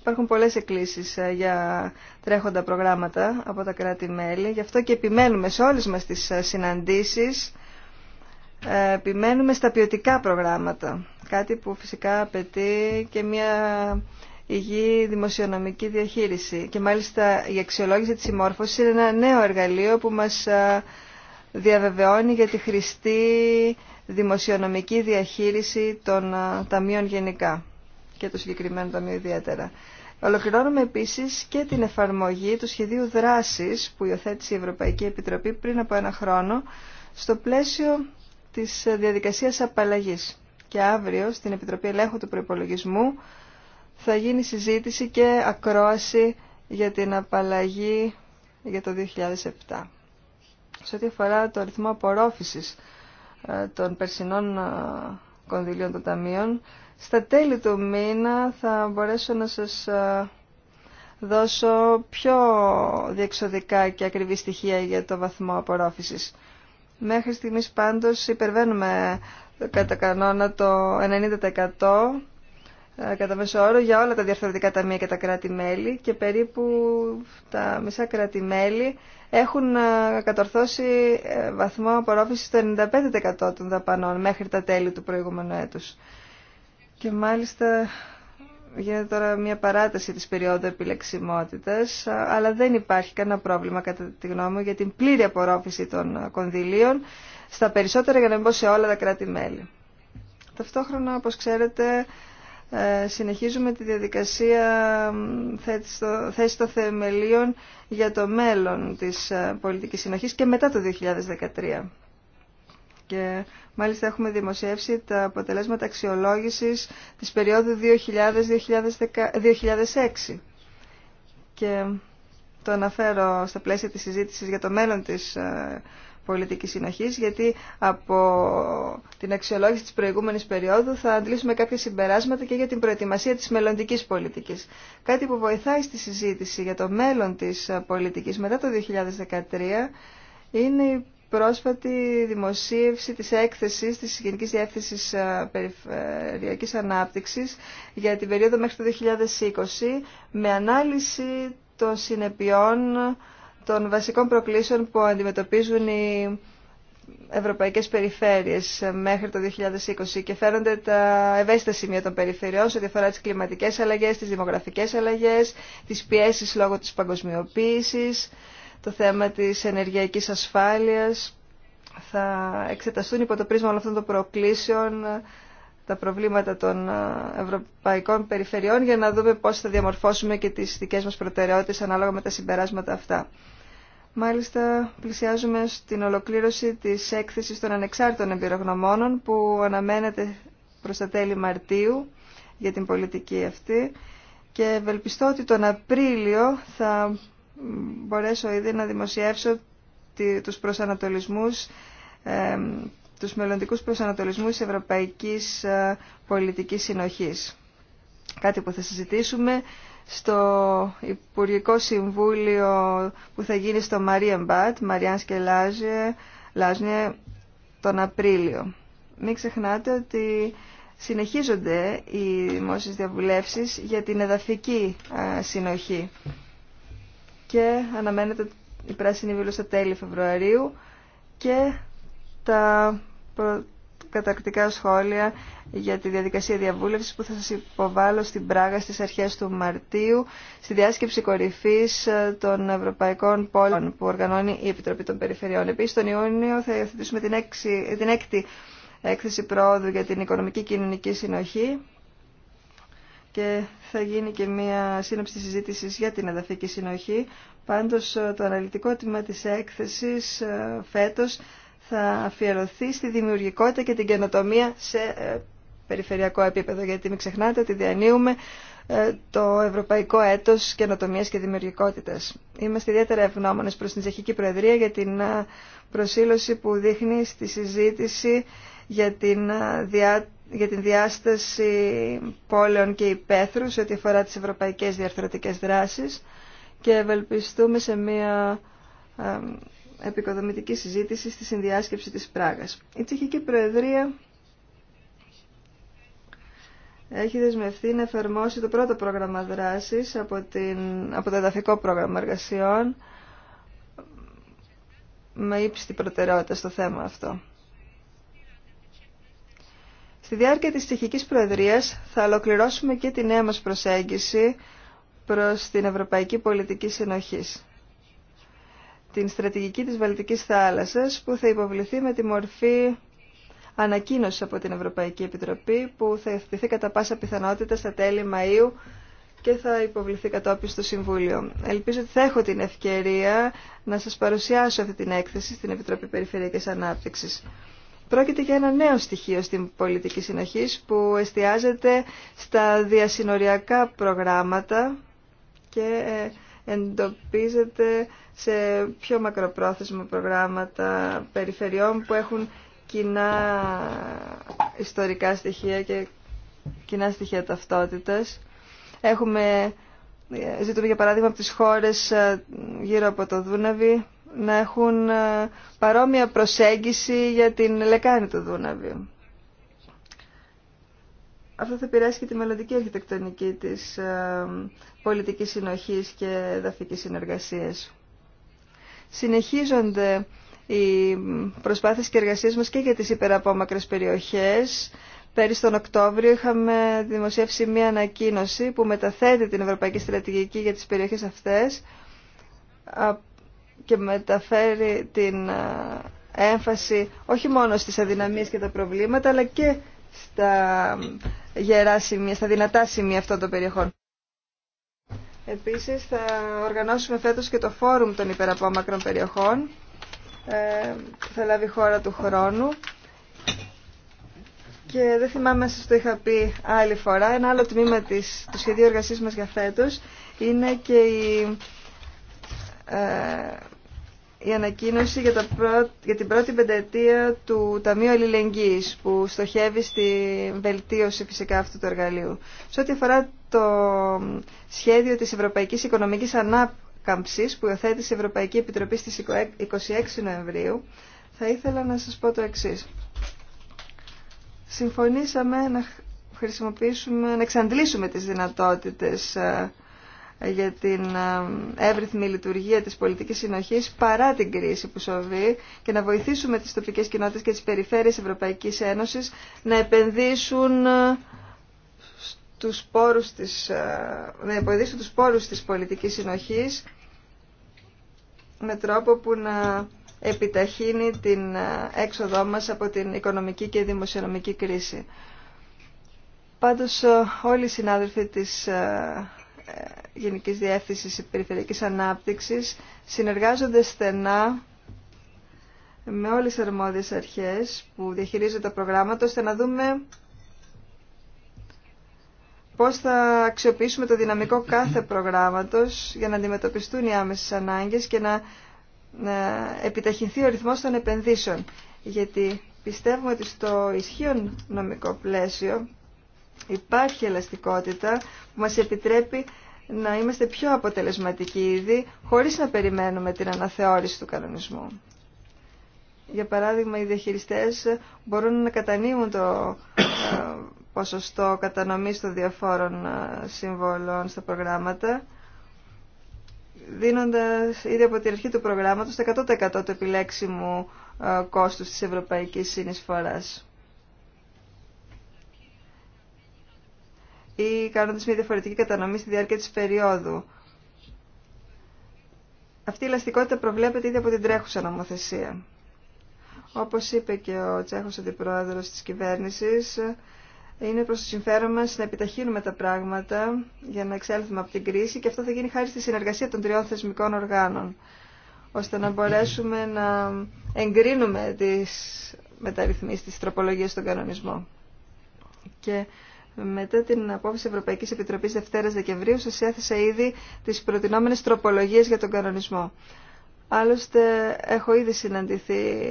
Υπάρχουν πολλές εκκλήσεις ε, για τρέχοντα προγράμματα από τα κράτη-μέλη. Γι' αυτό και επιμένουμε σε όλες μας τις ε, συναντήσεις, ε, επιμένουμε στα ποιοτικά προγράμματα. Κάτι που φυσικά απαιτεί και μια υγιή δημοσιονομική διαχείριση. Και μάλιστα η αξιολόγηση της συμμόρφωσης είναι ένα νέο εργαλείο που μας διαβεβαιώνει για τη χρηστή δημοσιονομική διαχείριση των ταμείων γενικά και του συγκεκριμένου ταμείου ιδιαίτερα. Ολοκληρώνουμε επίσης και την εφαρμογή του σχεδίου δράσης που υιοθέτησε η Ευρωπαϊκή Επιτροπή πριν από ένα χρόνο στο πλαίσιο της διαδικασίας απαλλαγής. Και αύριο στην Επιτροπή Ελέγχου του Προϋπολογισμού θα γίνει συζήτηση και ακρόαση για την απαλλαγή για το 2007. Σε ό,τι αφορά το αριθμό απορρόφησης ε, των περσινών ε, κονδυλίων των ταμείων, στα τέλη του μήνα θα μπορέσω να σας ε, δώσω πιο διεξοδικά και ακριβή στοιχεία για το βαθμό απορρόφησης. Μέχρι στιγμής πάντως υπερβαίνουμε κατά κανόνα το 90% ε, κατά μέσο όρο για όλα τα διαφορετικά ταμεία και τα κράτη-μέλη και περίπου τα μισά κράτη-μέλη έχουν ε, κατορθώσει βαθμό απορρόφησης το 95% των δαπανών μέχρι τα τέλη του προηγούμενου έτους. Και μάλιστα γίνεται τώρα μια παράταση της περίοδου επιλεξιμότητας, αλλά δεν υπάρχει κανένα πρόβλημα κατά τη γνώμη μου για την πλήρη απορρόφηση των κονδυλίων στα περισσότερα για να μην πω σε όλα τα κράτη-μέλη. Ταυτόχρονα, όπως ξέρετε, ε, συνεχίζουμε τη διαδικασία θέση των θεμελίων για το μέλλον της ε, πολιτικής συνοχής και μετά το 2013 και μάλιστα έχουμε δημοσιεύσει τα αποτελέσματα αξιολόγησης της περίοδου 2000-2006 και το αναφέρω στα πλαίσια της συζήτησης για το μέλλον της ε, πολιτικής συνοχής γιατί από την αξιολόγηση της προηγούμενης περίοδου θα αντλήσουμε κάποια συμπεράσματα και για την προετοιμασία της μελλοντικής πολιτικής. Κάτι που βοηθάει στη συζήτηση για το μέλλον της ε, πολιτικής μετά το 2013 είναι η πρόσφατη δημοσίευση της έκθεσης της Γενικής Διεύθυνσης ε, Περιφερειακής Ανάπτυξης για την περίοδο μέχρι το 2020 με ανάλυση των συνεπειών των βασικών προκλήσεων που αντιμετωπίζουν οι ευρωπαϊκές περιφέρειες μέχρι το 2020 και φαίνονται τα ευαίσθητα σημεία των περιφερειών σε διαφορά τις κλιματικές αλλαγές, τις δημογραφικές αλλαγές, τις πιέσεις λόγω της παγκοσμιοποίησης, το θέμα της ενεργειακής ασφάλειας. Θα εξεταστούν υπό το πρίσμα όλων αυτών των προκλήσεων ε, τα προβλήματα των ε, ευρωπαϊκών περιφερειών για να δούμε πώς θα διαμορφώσουμε και τις δικές μας προτεραιότητες ανάλογα με τα συμπεράσματα αυτά. Μάλιστα, πλησιάζουμε στην ολοκλήρωση της έκθεσης των ανεξάρτητων εμπειρογνωμόνων που αναμένεται προς τα τέλη Μαρτίου για την πολιτική αυτή και ευελπιστώ ότι τον Απρίλιο θα μπορέσω ήδη να δημοσιεύσω τους προσανατολισμούς, τους μελλοντικούς προσανατολισμούς της Ευρωπαϊκής ε, Πολιτικής Συνοχής. Κάτι που θα συζητήσουμε στο Υπουργικό Συμβούλιο που θα γίνει στο Μπάτ, Μαριάνς και Λάζνιε, τον Απρίλιο. Μην ξεχνάτε ότι συνεχίζονται οι δημόσιες διαβουλεύσεις για την εδαφική ε, συνοχή και αναμένεται η πράσινη βήλωση στα τέλη Φεβρουαρίου και τα κατακτικά σχόλια για τη διαδικασία διαβούλευσης που θα σας υποβάλω στην Πράγα στις αρχές του Μαρτίου στη διάσκεψη κορυφής ε, των Ευρωπαϊκών Πόλεων που οργανώνει η Επιτροπή των Περιφερειών. Επίσης τον Ιούνιο θα υιοθετήσουμε την, έκτη έκθεση πρόοδου για την οικονομική κοινωνική συνοχή και θα γίνει και μια σύνοψη συζήτησης για την εδαφική συνοχή. Πάντως ε, το αναλυτικό τμήμα της έκθεσης ε, φέτος θα αφιερωθεί στη δημιουργικότητα και την καινοτομία σε ε, περιφερειακό επίπεδο. Γιατί μην ξεχνάτε ότι διανύουμε το Ευρωπαϊκό Έτος Καινοτομίας και Δημιουργικότητας. Είμαστε ιδιαίτερα ευγνώμονες προς την Τσεχική Προεδρία για την προσήλωση που δείχνει στη συζήτηση για την, ε, για την διάσταση πόλεων και υπαίθρου σε ό,τι αφορά τις ευρωπαϊκές διαρθρωτικές δράσεις και ευελπιστούμε σε μια ε, επικοδομητική συζήτηση στη συνδιάσκεψη της Πράγας. Η Τσεχική Προεδρία έχει δεσμευτεί να εφαρμόσει το πρώτο πρόγραμμα δράσης από, την, από το εδαφικό πρόγραμμα εργασιών με ύψιστη προτεραιότητα στο θέμα αυτό. Στη διάρκεια της Τσεχικής Προεδρίας θα ολοκληρώσουμε και τη νέα μας προσέγγιση προς την Ευρωπαϊκή Πολιτική Συνοχής. Την στρατηγική της Βαλτικής Θάλασσας που θα υποβληθεί με τη μορφή ανακοίνωση από την Ευρωπαϊκή Επιτροπή που θα ευθυνθεί κατά πάσα πιθανότητα στα τέλη Μαΐου και θα υποβληθεί κατόπιν στο Συμβούλιο. Ελπίζω ότι θα έχω την ευκαιρία να σας παρουσιάσω αυτή την έκθεση στην Επιτροπή Περιφερειακής Ανάπτυξης. Πρόκειται για ένα νέο στοιχείο στην πολιτική συνοχή που εστιάζεται στα διασυνοριακά προγράμματα και ε, εντοπίζεται σε πιο μακροπρόθεσμα προγράμματα περιφερειών που έχουν κοινά ιστορικά στοιχεία και κοινά στοιχεία ταυτότητας. Έχουμε, ε, ζητούμε για παράδειγμα από τις χώρες ε, γύρω από το Δούναβι να έχουν ε, παρόμοια προσέγγιση για την λεκάνη του Δούναβιου. Αυτό θα επηρεάσει και τη μελλοντική αρχιτεκτονική της ε, πολιτικής συνοχής και δαφικής συνεργασίας. Συνεχίζονται οι προσπάθειες και εργασίες μας και για τις υπεραπόμακρες περιοχές. Πέρυσι τον Οκτώβριο είχαμε δημοσιεύσει μία ανακοίνωση που μεταθέτει την Ευρωπαϊκή Στρατηγική για τις περιοχές αυτές και μεταφέρει την ε, έμφαση όχι μόνο στις αδυναμίες και τα προβλήματα αλλά και στα ε, γερά σημεία, στα δυνατά σημεία αυτών των περιοχών. Επίσης θα οργανώσουμε φέτος και το φόρουμ των υπεραπόμακρων περιοχών που ε, θα λάβει χώρα του χρόνου και δεν θυμάμαι σας το είχα πει άλλη φορά ένα άλλο τμήμα της, του σχεδίου εργασίας μας για φέτος είναι και η η ανακοίνωση για, για την πρώτη πενταετία του Ταμείου Αλληλεγγύης που στοχεύει στη βελτίωση φυσικά αυτού του εργαλείου. Σε ό,τι αφορά το σχέδιο της Ευρωπαϊκής Οικονομικής Ανάκαμψης που υιοθέτησε η Ευρωπαϊκή Επιτροπή στις 26 Νοεμβρίου, θα ήθελα να σας πω το εξής. Συμφωνήσαμε να χρησιμοποιήσουμε, να εξαντλήσουμε τις δυνατότητες ε, για την ε, εύρυθμη λειτουργία της πολιτικής συνοχής παρά την κρίση που σοβεί και να βοηθήσουμε τις τοπικές κοινότητες και τις περιφέρειες Ευρωπαϊκής Ένωσης να επενδύσουν ε, τους πόρους της, ε, να επενδύσουν τους πόρους της πολιτικής συνοχής με τρόπο που να επιταχύνει την έξοδό μας από την οικονομική και δημοσιονομική κρίση. Πάντως όλοι οι συνάδελφοι της ε, Γενικής Διεύθυνσης Περιφερειακής Ανάπτυξης συνεργάζονται στενά με όλες τις αρμόδιες αρχές που διαχειρίζονται το προγράμμα ώστε να δούμε πώς θα αξιοποιήσουμε το δυναμικό κάθε προγράμματος για να αντιμετωπιστούν οι άμεσες ανάγκες και να, να επιταχυνθεί ο ρυθμός των επενδύσεων. Γιατί πιστεύουμε ότι στο ισχύον νομικό πλαίσιο Υπάρχει ελαστικότητα που μας επιτρέπει να είμαστε πιο αποτελεσματικοί ήδη, χωρίς να περιμένουμε την αναθεώρηση του κανονισμού. Για παράδειγμα, οι διαχειριστές μπορούν να κατανείμουν το ε, ποσοστό κατανομής των διαφόρων ε, συμβολών στα προγράμματα, δίνοντας ήδη από την αρχή του προγράμματος το 100% του επιλέξιμου ε, κόστους της Ευρωπαϊκής Συνεισφοράς. ή κάνοντας μια διαφορετική κατανομή στη διάρκεια της περίοδου. Αυτή η ελαστικότητα προβλέπεται ήδη από την τρέχουσα νομοθεσία. Όπως είπε και ο Τσέχος Αντιπρόεδρος της κυβέρνησης, είναι προς το συμφέρον μας να επιταχύνουμε τα πράγματα για να εξέλθουμε από την κρίση και αυτό θα γίνει χάρη στη συνεργασία των τριών θεσμικών οργάνων, ώστε να μπορέσουμε να εγκρίνουμε τις μεταρρυθμίσεις της τροπολογίας στον κανονισμό. Και μετά την απόφαση Ευρωπαϊκής Επιτροπής Δευτέρας Δεκεμβρίου σας έθεσα ήδη τις προτινόμενες τροπολογίες για τον κανονισμό. Άλλωστε έχω ήδη συναντηθεί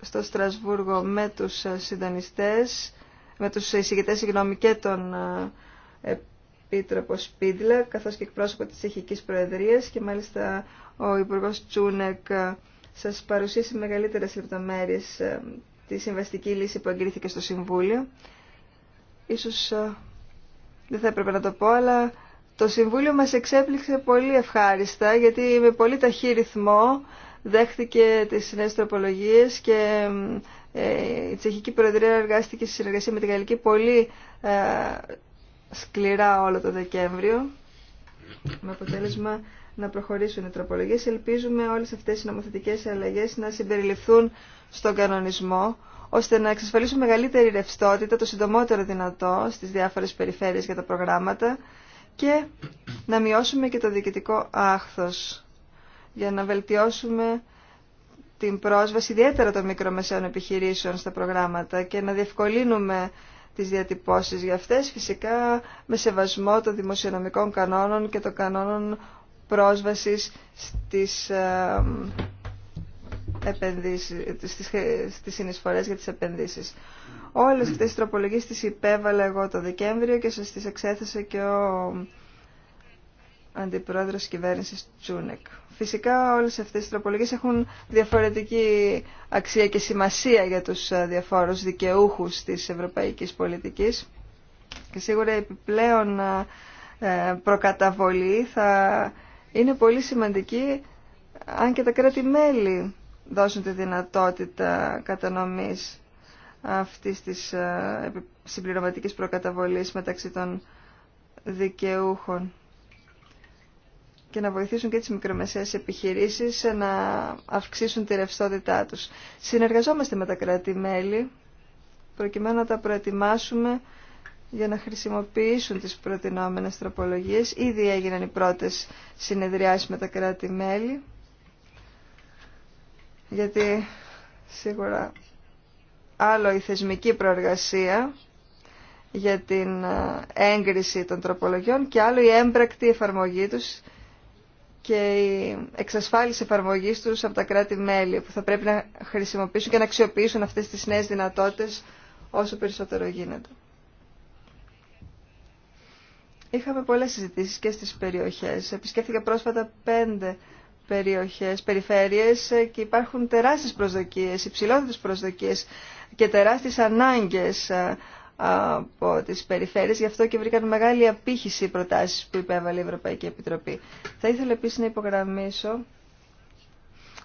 στο Στρασβούργο με τους συντονιστές, με τους εισηγητές συγγνώμη και τον ε, Επίτροπο Σπίτλα, καθώς και εκπρόσωπο της Τσεχικής Προεδρίας και μάλιστα ο Υπουργός Τσούνεκ ε, σας παρουσίασε μεγαλύτερες λεπτομέρειες ε, τη συμβαστική λύση που εγκρίθηκε στο Συμβούλιο. Ίσως ε, δεν θα έπρεπε να το πω, αλλά το Συμβούλιο μας εξέπληξε πολύ ευχάριστα, γιατί με πολύ ταχύ ρυθμό δέχτηκε τις νέες τροπολογίες και ε, η Τσεχική Προεδρία εργάστηκε σε συνεργασία με την Γαλλική πολύ ε, σκληρά όλο το Δεκέμβριο, με αποτέλεσμα να προχωρήσουν οι τροπολογίες. Ελπίζουμε όλες αυτές οι νομοθετικές αλλαγές να συμπεριληφθούν στον κανονισμό, ώστε να εξασφαλίσουν μεγαλύτερη ρευστότητα το συντομότερο δυνατό στις διάφορες περιφέρειες για τα προγράμματα και να μειώσουμε και το διοικητικό άχθος για να βελτιώσουμε την πρόσβαση ιδιαίτερα των μικρομεσαίων επιχειρήσεων στα προγράμματα και να διευκολύνουμε τις διατυπώσεις για αυτές φυσικά με σεβασμό των δημοσιονομικών κανόνων και των κανόνων πρόσβασης στις ε, επενδύσεις, στις, στις συνεισφορές για τις επενδύσεις. Όλες αυτές τις τροπολογίες τις υπέβαλα εγώ το Δεκέμβριο και σας τις εξέθεσε και ο αντιπρόεδρος κυβέρνησης Τσούνεκ. Φυσικά όλες αυτές οι τροπολογίες έχουν διαφορετική αξία και σημασία για τους διαφόρους δικαιούχους της ευρωπαϊκής πολιτικής και σίγουρα επιπλέον ε, προκαταβολή θα είναι πολύ σημαντική αν και τα κράτη-μέλη δώσουν τη δυνατότητα κατανομής αυτής της ε, συμπληρωματικής προκαταβολής μεταξύ των δικαιούχων και να βοηθήσουν και τις μικρομεσαίες επιχειρήσεις να αυξήσουν τη ρευστότητά τους. Συνεργαζόμαστε με τα κράτη-μέλη προκειμένου να τα προετοιμάσουμε για να χρησιμοποιήσουν τις προτινόμενες τροπολογίες. Ήδη έγιναν οι πρώτες συνεδριάσεις με τα κράτη-μέλη γιατί σίγουρα άλλο η θεσμική προεργασία για την ε, έγκριση των τροπολογιών και άλλο η έμπρακτη εφαρμογή τους και η εξασφάλιση εφαρμογή τους από τα κράτη-μέλη που θα πρέπει να χρησιμοποιήσουν και να αξιοποιήσουν αυτές τις νέες δυνατότητες όσο περισσότερο γίνεται. Είχαμε πολλές συζητήσεις και στις περιοχές. Επισκέφθηκα πρόσφατα πέντε περιοχές, περιφέρειες ε, και υπάρχουν τεράστιες προσδοκίες, υψηλότερες προσδοκίες και τεράστιες ανάγκες ε, από τις περιφέρειες. Γι' αυτό και βρήκαν μεγάλη απήχηση οι προτάσεις που υπέβαλε η Ευρωπαϊκή Επιτροπή. Θα ήθελα επίσης να υπογραμμίσω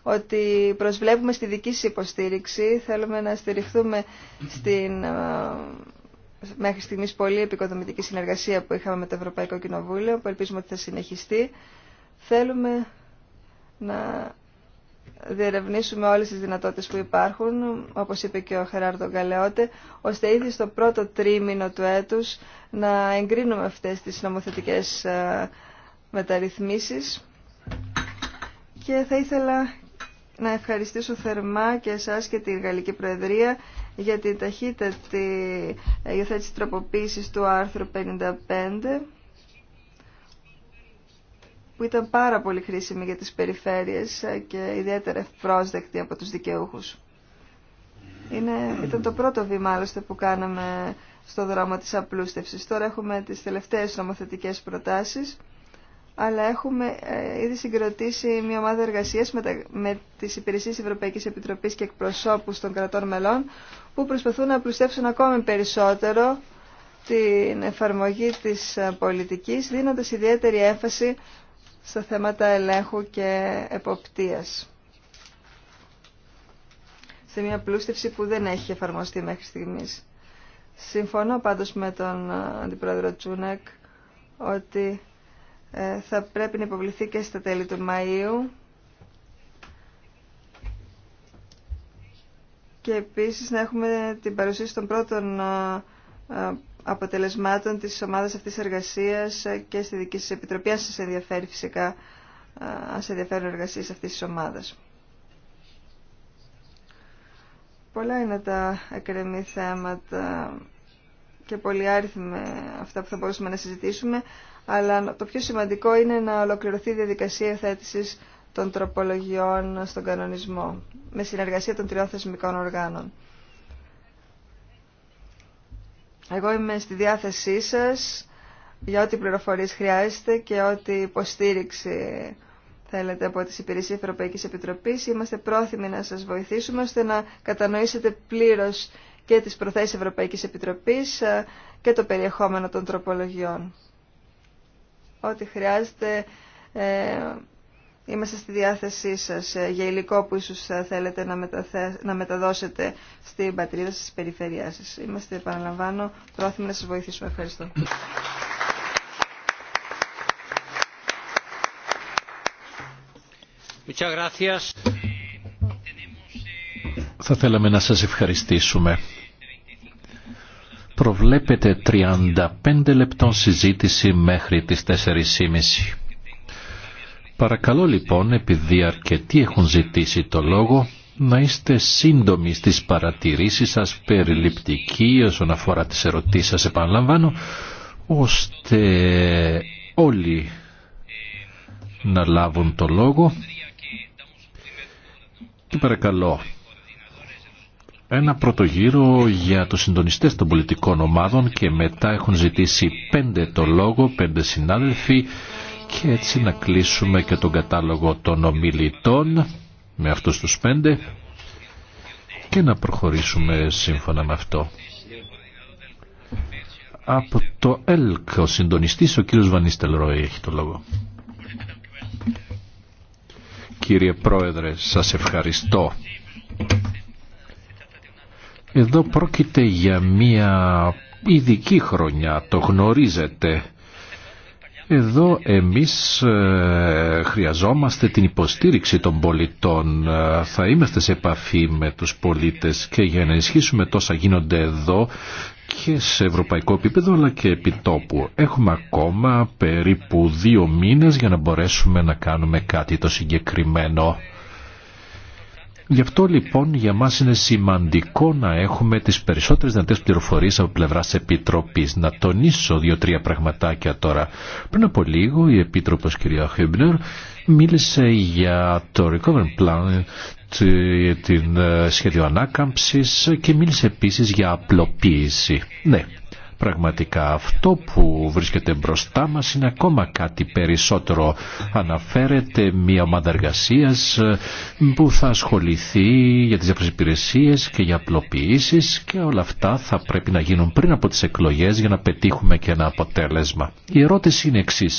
ότι προσβλέπουμε στη δική σας υποστήριξη. Θέλουμε να στηριχθούμε στην ε, μέχρι στιγμής πολύ επικοδομητική συνεργασία που είχαμε με το Ευρωπαϊκό Κοινοβούλιο, που ελπίζουμε ότι θα συνεχιστεί. Θέλουμε να διερευνήσουμε όλες τις δυνατότητες που υπάρχουν, όπως είπε και ο Χεράρτο Γκαλεότε, ώστε ήδη στο πρώτο τρίμηνο του έτους να εγκρίνουμε αυτές τις νομοθετικές ε, μεταρρυθμίσεις. Και θα ήθελα να ευχαριστήσω θερμά και εσάς και την Γαλλική Προεδρία για την τη ε, υιοθέτηση τροποποίησης του άρθρου 55 που ήταν πάρα πολύ χρήσιμη για τις περιφέρειες και ιδιαίτερα ευπρόσδεκτη από τους δικαιούχους. Είναι, ήταν το πρώτο βήμα άλλωστε που κάναμε στο δρόμο της απλούστευσης. Τώρα έχουμε τις τελευταίες νομοθετικές προτάσεις, αλλά έχουμε ε, ήδη συγκροτήσει μια ομάδα εργασίας με, τα, με τις υπηρεσίες Ευρωπαϊκής Επιτροπής και εκπροσώπους των κρατών μελών, που προσπαθούν να απλουστεύσουν ακόμη περισσότερο την εφαρμογή της ε, πολιτικής, δίνοντας ιδιαίτερη έμφαση σε θέματα ελέγχου και εποπτείας. Σε μια πλούστευση που δεν έχει εφαρμοστεί μέχρι στιγμής. Συμφωνώ πάντως με τον ε, Αντιπρόεδρο Τσούνεκ ότι ε, θα πρέπει να υποβληθεί και στα τέλη του Μαΐου και επίσης να έχουμε την παρουσίαση των πρώτων ε, αποτελεσμάτων της ομάδας αυτής της εργασίας και στη δική σας επιτροπή, αν σας ενδιαφέρει φυσικά, αν σας ενδιαφέρουν εργασίες αυτής της ομάδας. Πολλά είναι τα εκκρεμή θέματα και πολύ άριθμε αυτά που θα μπορούσαμε να συζητήσουμε, αλλά το πιο σημαντικό είναι να ολοκληρωθεί η διαδικασία θέτησης των τροπολογιών στον κανονισμό, με συνεργασία των τριών θεσμικών οργάνων. Εγώ είμαι στη διάθεσή σας για ό,τι πληροφορίες χρειάζεται και ό,τι υποστήριξη θέλετε από τις υπηρεσίες Ευρωπαϊκής Επιτροπής. Είμαστε πρόθυμοι να σας βοηθήσουμε ώστε να κατανοήσετε πλήρως και τις προθέσεις Ευρωπαϊκής Επιτροπής ε, και το περιεχόμενο των τροπολογιών. Ό,τι χρειάζεται ε, Είμαστε στη διάθεσή σας ε, για υλικό που ίσως θέλετε να, να μεταδώσετε στην πατρίδα σας, στην περιφέρειά σας. Είμαστε, επαναλαμβάνω, πρόθυμοι να σας βοηθήσουμε. Ευχαριστώ. Θα θέλαμε να σας ευχαριστήσουμε. Προβλέπετε 35 λεπτών συζήτηση μέχρι τις 4.30. Παρακαλώ λοιπόν, επειδή αρκετοί έχουν ζητήσει το λόγο, να είστε σύντομοι στις παρατηρήσεις σας, περιληπτικοί όσον αφορά τις ερωτήσεις σας, επαναλαμβάνω, ώστε όλοι να λάβουν το λόγο. Και παρακαλώ, ένα πρώτο γύρο για τους συντονιστές των πολιτικών ομάδων και μετά έχουν ζητήσει πέντε το λόγο, πέντε συνάδελφοι και έτσι να κλείσουμε και τον κατάλογο των ομιλητών με αυτούς τους πέντε και να προχωρήσουμε σύμφωνα με αυτό. Από το ΕΛΚ ο συντονιστής ο κύριος Βανίστελ Ροή έχει το λόγο. Κύριε Πρόεδρε, σας ευχαριστώ. Εδώ πρόκειται για μία ειδική χρονιά, το γνωρίζετε. Εδώ εμείς ε, χρειαζόμαστε την υποστήριξη των πολιτών. Ε, θα είμαστε σε επαφή με τους πολίτες και για να ενισχύσουμε τόσα γίνονται εδώ και σε ευρωπαϊκό επίπεδο αλλά και επί τόπου. Έχουμε ακόμα περίπου δύο μήνες για να μπορέσουμε να κάνουμε κάτι το συγκεκριμένο. Γι' αυτό λοιπόν για μας είναι σημαντικό να έχουμε τις περισσότερες δυνατές πληροφορίες από πλευράς Επιτροπής. Να τονίσω δύο-τρία πραγματάκια τώρα. Πριν από λίγο η Επίτροπος κυρία Χίμπνερ μίλησε για το recovery plan την ε, σχέδιο ανάκαμψης και μίλησε επίσης για απλοποίηση. Ναι, Πραγματικά αυτό που βρίσκεται μπροστά μας είναι ακόμα κάτι περισσότερο. Αναφέρεται μια ομάδα εργασία ε, που θα ασχοληθεί για τις διάφορες υπηρεσίες και για απλοποιήσεις και όλα αυτά θα πρέπει να γίνουν πριν από τις εκλογές για να πετύχουμε και ένα αποτέλεσμα. Η ερώτηση είναι εξή.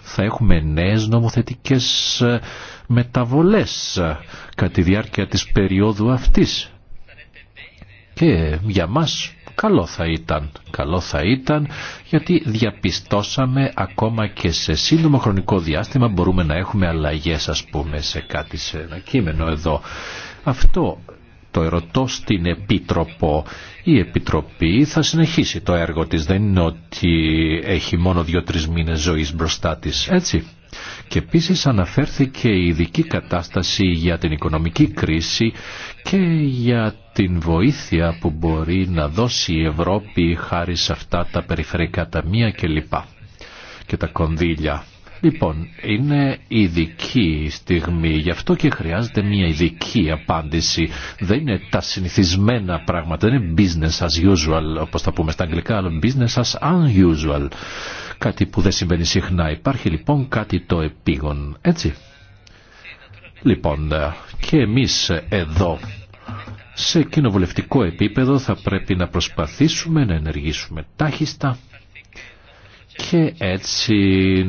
Θα έχουμε νέες νομοθετικές ε, μεταβολές ε, κατά τη διάρκεια της περίοδου αυτής. Και για μας Καλό θα ήταν. Καλό θα ήταν γιατί διαπιστώσαμε ακόμα και σε σύντομο χρονικό διάστημα μπορούμε να έχουμε αλλαγές ας πούμε σε κάτι σε ένα κείμενο εδώ. Αυτό το ερωτώ στην Επίτροπο. Η Επιτροπή θα συνεχίσει το έργο της. Δεν είναι ότι έχει μόνο δύο-τρεις μήνες ζωής μπροστά της. Έτσι. Και επίσης αναφέρθηκε η ειδική κατάσταση για την οικονομική κρίση και για την βοήθεια που μπορεί να δώσει η Ευρώπη χάρη σε αυτά τα περιφερειακά ταμεία κλπ. Και τα κονδύλια. Λοιπόν, είναι ειδική στιγμή, γι' αυτό και χρειάζεται μια ειδική απάντηση. Δεν είναι τα συνηθισμένα πράγματα, δεν είναι business as usual, όπως τα πούμε στα αγγλικά, αλλά business as unusual. Κάτι που δεν συμβαίνει συχνά. Υπάρχει λοιπόν κάτι το επίγον, έτσι. Λοιπόν, και εμείς εδώ σε κοινοβουλευτικό επίπεδο θα πρέπει να προσπαθήσουμε να ενεργήσουμε τάχιστα και έτσι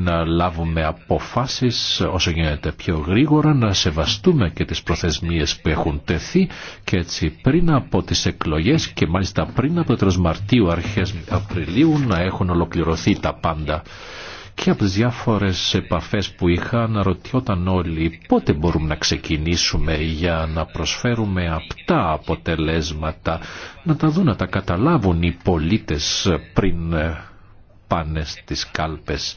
να λάβουμε αποφάσεις όσο γίνεται πιο γρήγορα, να σεβαστούμε και τις προθεσμίες που έχουν τεθεί και έτσι πριν από τις εκλογές και μάλιστα πριν από το Μαρτίου αρχές Απριλίου να έχουν ολοκληρωθεί τα πάντα και από τις διάφορες επαφές που είχα αναρωτιόταν όλοι πότε μπορούμε να ξεκινήσουμε για να προσφέρουμε απτά αποτελέσματα, να τα δουν, να τα καταλάβουν οι πολίτες πριν ε, πάνε στις κάλπες.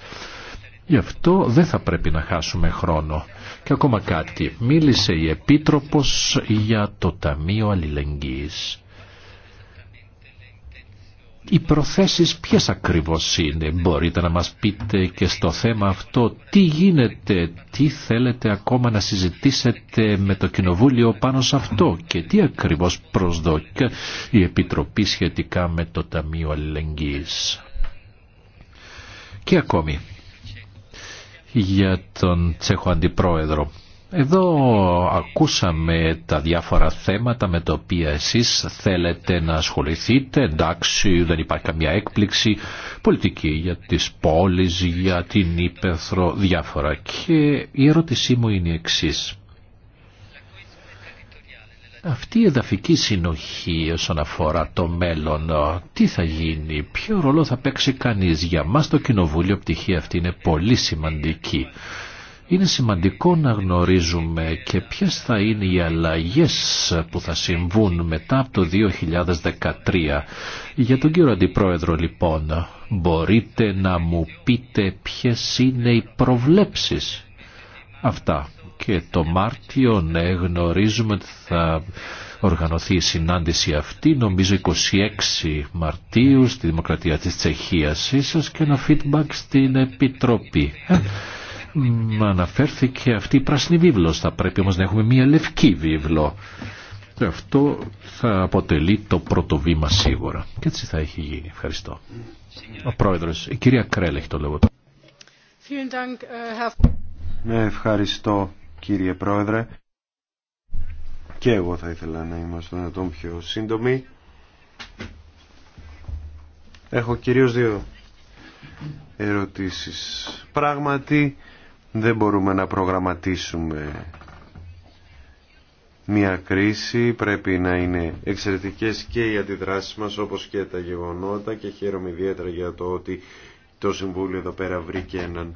Γι' αυτό δεν θα πρέπει να χάσουμε χρόνο. Και ακόμα κάτι, μίλησε η Επίτροπος για το Ταμείο Αλληλεγγύης οι προθέσεις ποιες ακριβώς είναι. Μπορείτε να μας πείτε και στο θέμα αυτό τι γίνεται, τι θέλετε ακόμα να συζητήσετε με το Κοινοβούλιο πάνω σε αυτό και τι ακριβώς προσδοκεί η Επιτροπή σχετικά με το Ταμείο Αλληλεγγύης. Και ακόμη για τον Τσέχο Αντιπρόεδρο. Εδώ ακούσαμε τα διάφορα θέματα με τα οποία εσείς θέλετε να ασχοληθείτε. Εντάξει, δεν υπάρχει καμία έκπληξη πολιτική για τις πόλεις, για την Ήπεθρο, διάφορα. Και η ερώτησή μου είναι η εξής. Αυτή η εδαφική συνοχή όσον αφορά το μέλλον, τι θα γίνει, ποιο ρόλο θα παίξει κανείς για μας το Κοινοβούλιο, πτυχή αυτή είναι πολύ σημαντική. Είναι σημαντικό να γνωρίζουμε και ποιες θα είναι οι αλλαγές που θα συμβούν μετά από το 2013. Για τον κύριο Αντιπρόεδρο λοιπόν, μπορείτε να μου πείτε ποιες είναι οι προβλέψεις αυτά. Και το Μάρτιο, ναι, γνωρίζουμε ότι θα οργανωθεί η συνάντηση αυτή, νομίζω 26 Μαρτίου στη Δημοκρατία της Τσεχίας ίσως και ένα feedback στην Επιτροπή. Ε, αναφέρθηκε αυτή η πράσινη βίβλο. Θα πρέπει όμως να έχουμε μια λευκή βίβλο. Αυτό θα αποτελεί το πρώτο βήμα σίγουρα. Και έτσι θα έχει γίνει. Ευχαριστώ. Ο πρόεδρο, η κυρία Κρέλ έχει το λόγο. Äh, ναι, ευχαριστώ κύριε πρόεδρε. Και εγώ θα ήθελα να είμαστε τον πιο σύντομοι. Έχω κυρίως δύο ερωτήσεις. Πράγματι δεν μπορούμε να προγραμματίσουμε μια κρίση, πρέπει να είναι εξαιρετικές και οι αντιδράσεις μας όπως και τα γεγονότα και χαίρομαι ιδιαίτερα για το ότι το Συμβούλιο εδώ πέρα βρήκε έναν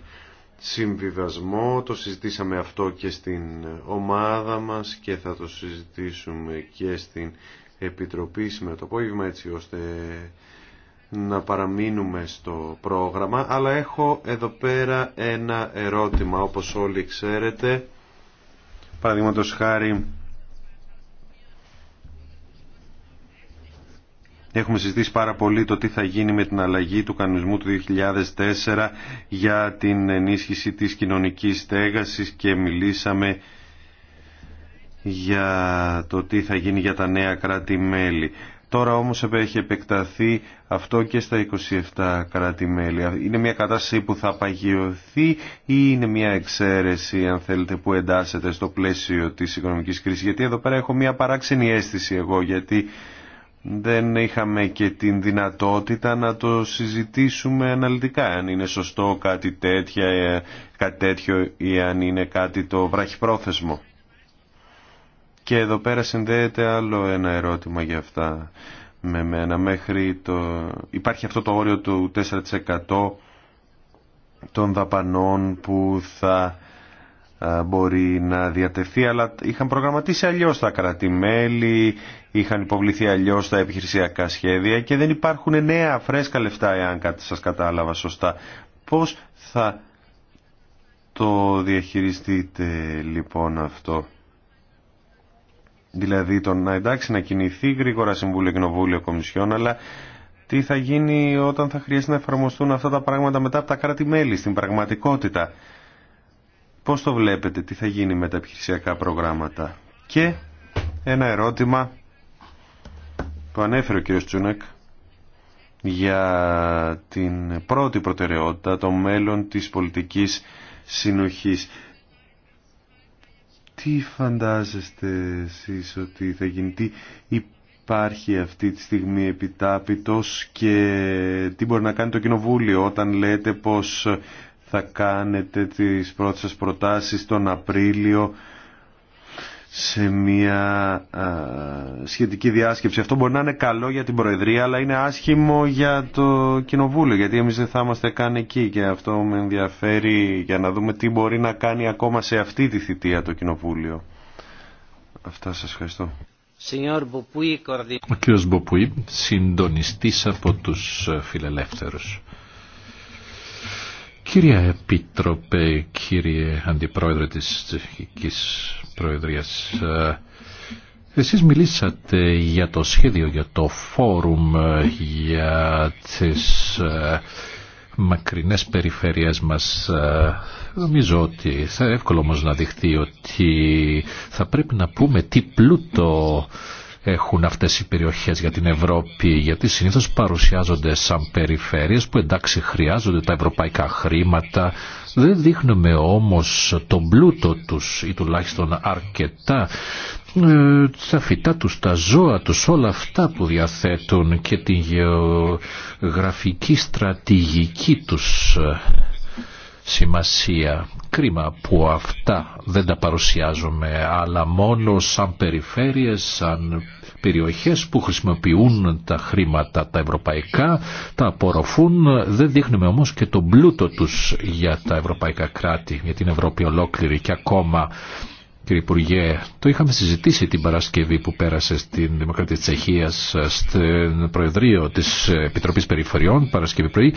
συμβιβασμό, το συζητήσαμε αυτό και στην ομάδα μας και θα το συζητήσουμε και στην Επιτροπή σήμερα το απόγευμα έτσι ώστε να παραμείνουμε στο πρόγραμμα, αλλά έχω εδώ πέρα ένα ερώτημα, όπως όλοι ξέρετε. Παραδείγματος χάρη, Έχουμε συζητήσει πάρα πολύ το τι θα γίνει με την αλλαγή του κανονισμού του 2004 για την ενίσχυση της κοινωνικής στέγασης και μιλήσαμε για το τι θα γίνει για τα νέα κράτη-μέλη. Τώρα όμως έχει επεκταθεί αυτό και στα 27 κράτη-μέλη. Είναι μια κατάσταση που θα παγιωθεί ή είναι μια εξαίρεση, αν θέλετε, που εντάσσεται στο πλαίσιο της οικονομικής κρίσης. Γιατί εδώ πέρα έχω μια παράξενη αίσθηση εγώ, γιατί δεν είχαμε και την δυνατότητα να το συζητήσουμε αναλυτικά αν είναι σωστό κάτι, τέτοια, ε, κάτι τέτοιο ή αν είναι κάτι το βραχυπρόθεσμο. Και εδώ πέρα συνδέεται άλλο ένα ερώτημα για αυτά με μένα. Μέχρι το... Υπάρχει αυτό το όριο του 4% των δαπανών που θα μπορεί να διατεθεί, αλλά είχαν προγραμματίσει αλλιώς τα κρατημέλη, είχαν υποβληθεί αλλιώς τα επιχειρησιακά σχέδια και δεν υπάρχουν νέα φρέσκα λεφτά, εάν κάτι σας κατάλαβα σωστά. Πώς θα το διαχειριστείτε λοιπόν αυτό. Δηλαδή το να εντάξει να κινηθεί γρήγορα Συμβούλιο Κοινοβούλιο Κομισιόν, αλλά τι θα γίνει όταν θα χρειαστεί να εφαρμοστούν αυτά τα πράγματα μετά από τα κράτη-μέλη στην πραγματικότητα. Πώς το βλέπετε, τι θα γίνει με τα επιχειρησιακά προγράμματα. Και ένα ερώτημα που ανέφερε ο κ. Τσούνεκ για την πρώτη προτεραιότητα, το μέλλον της πολιτικής συνοχής τι φαντάζεστε εσείς ότι θα γίνει, τι υπάρχει αυτή τη στιγμή επιτάπητος και τι μπορεί να κάνει το Κοινοβούλιο όταν λέτε πως θα κάνετε τις πρώτες σας προτάσεις τον Απρίλιο σε μια σχετική διάσκεψη. Αυτό μπορεί να είναι καλό για την Προεδρία, αλλά είναι άσχημο για το Κοινοβούλιο, γιατί εμείς δεν θα είμαστε καν εκεί και αυτό με ενδιαφέρει για να δούμε τι μπορεί να κάνει ακόμα σε αυτή τη θητεία το Κοινοβούλιο. Αυτά σας ευχαριστώ. Ο κύριος Μποπουή, συντονιστής από τους φιλελεύθερους. Κύριε Επίτροπε, κύριε Αντιπρόεδρε της Τσεχικής Προεδρίας, ε, εσείς μιλήσατε για το σχέδιο, για το φόρουμ, για τις ε, μακρινές περιφέρειές μας. Ε, νομίζω ότι θα εύκολο όμως να δειχθεί ότι θα πρέπει να πούμε τι πλούτο έχουν αυτές οι περιοχές για την Ευρώπη, γιατί συνήθως παρουσιάζονται σαν περιφέρειες που εντάξει χρειάζονται τα ευρωπαϊκά χρήματα, δεν δείχνουμε όμως τον πλούτο τους ή τουλάχιστον αρκετά ε, τα φυτά τους, τα ζώα τους, όλα αυτά που διαθέτουν και την γεωγραφική στρατηγική τους σημασία. Κρίμα που αυτά δεν τα παρουσιάζουμε, αλλά μόνο σαν περιφέρειες, σαν περιοχές που χρησιμοποιούν τα χρήματα τα ευρωπαϊκά, τα απορροφούν, δεν δείχνουμε όμως και τον πλούτο τους για τα ευρωπαϊκά κράτη, για την Ευρώπη ολόκληρη και ακόμα Κύριε Υπουργέ, το είχαμε συζητήσει την Παρασκευή που πέρασε στην Δημοκρατία της Τσεχίας στην Προεδρείο της Επιτροπής Περιφερειών, Παρασκευή πρωί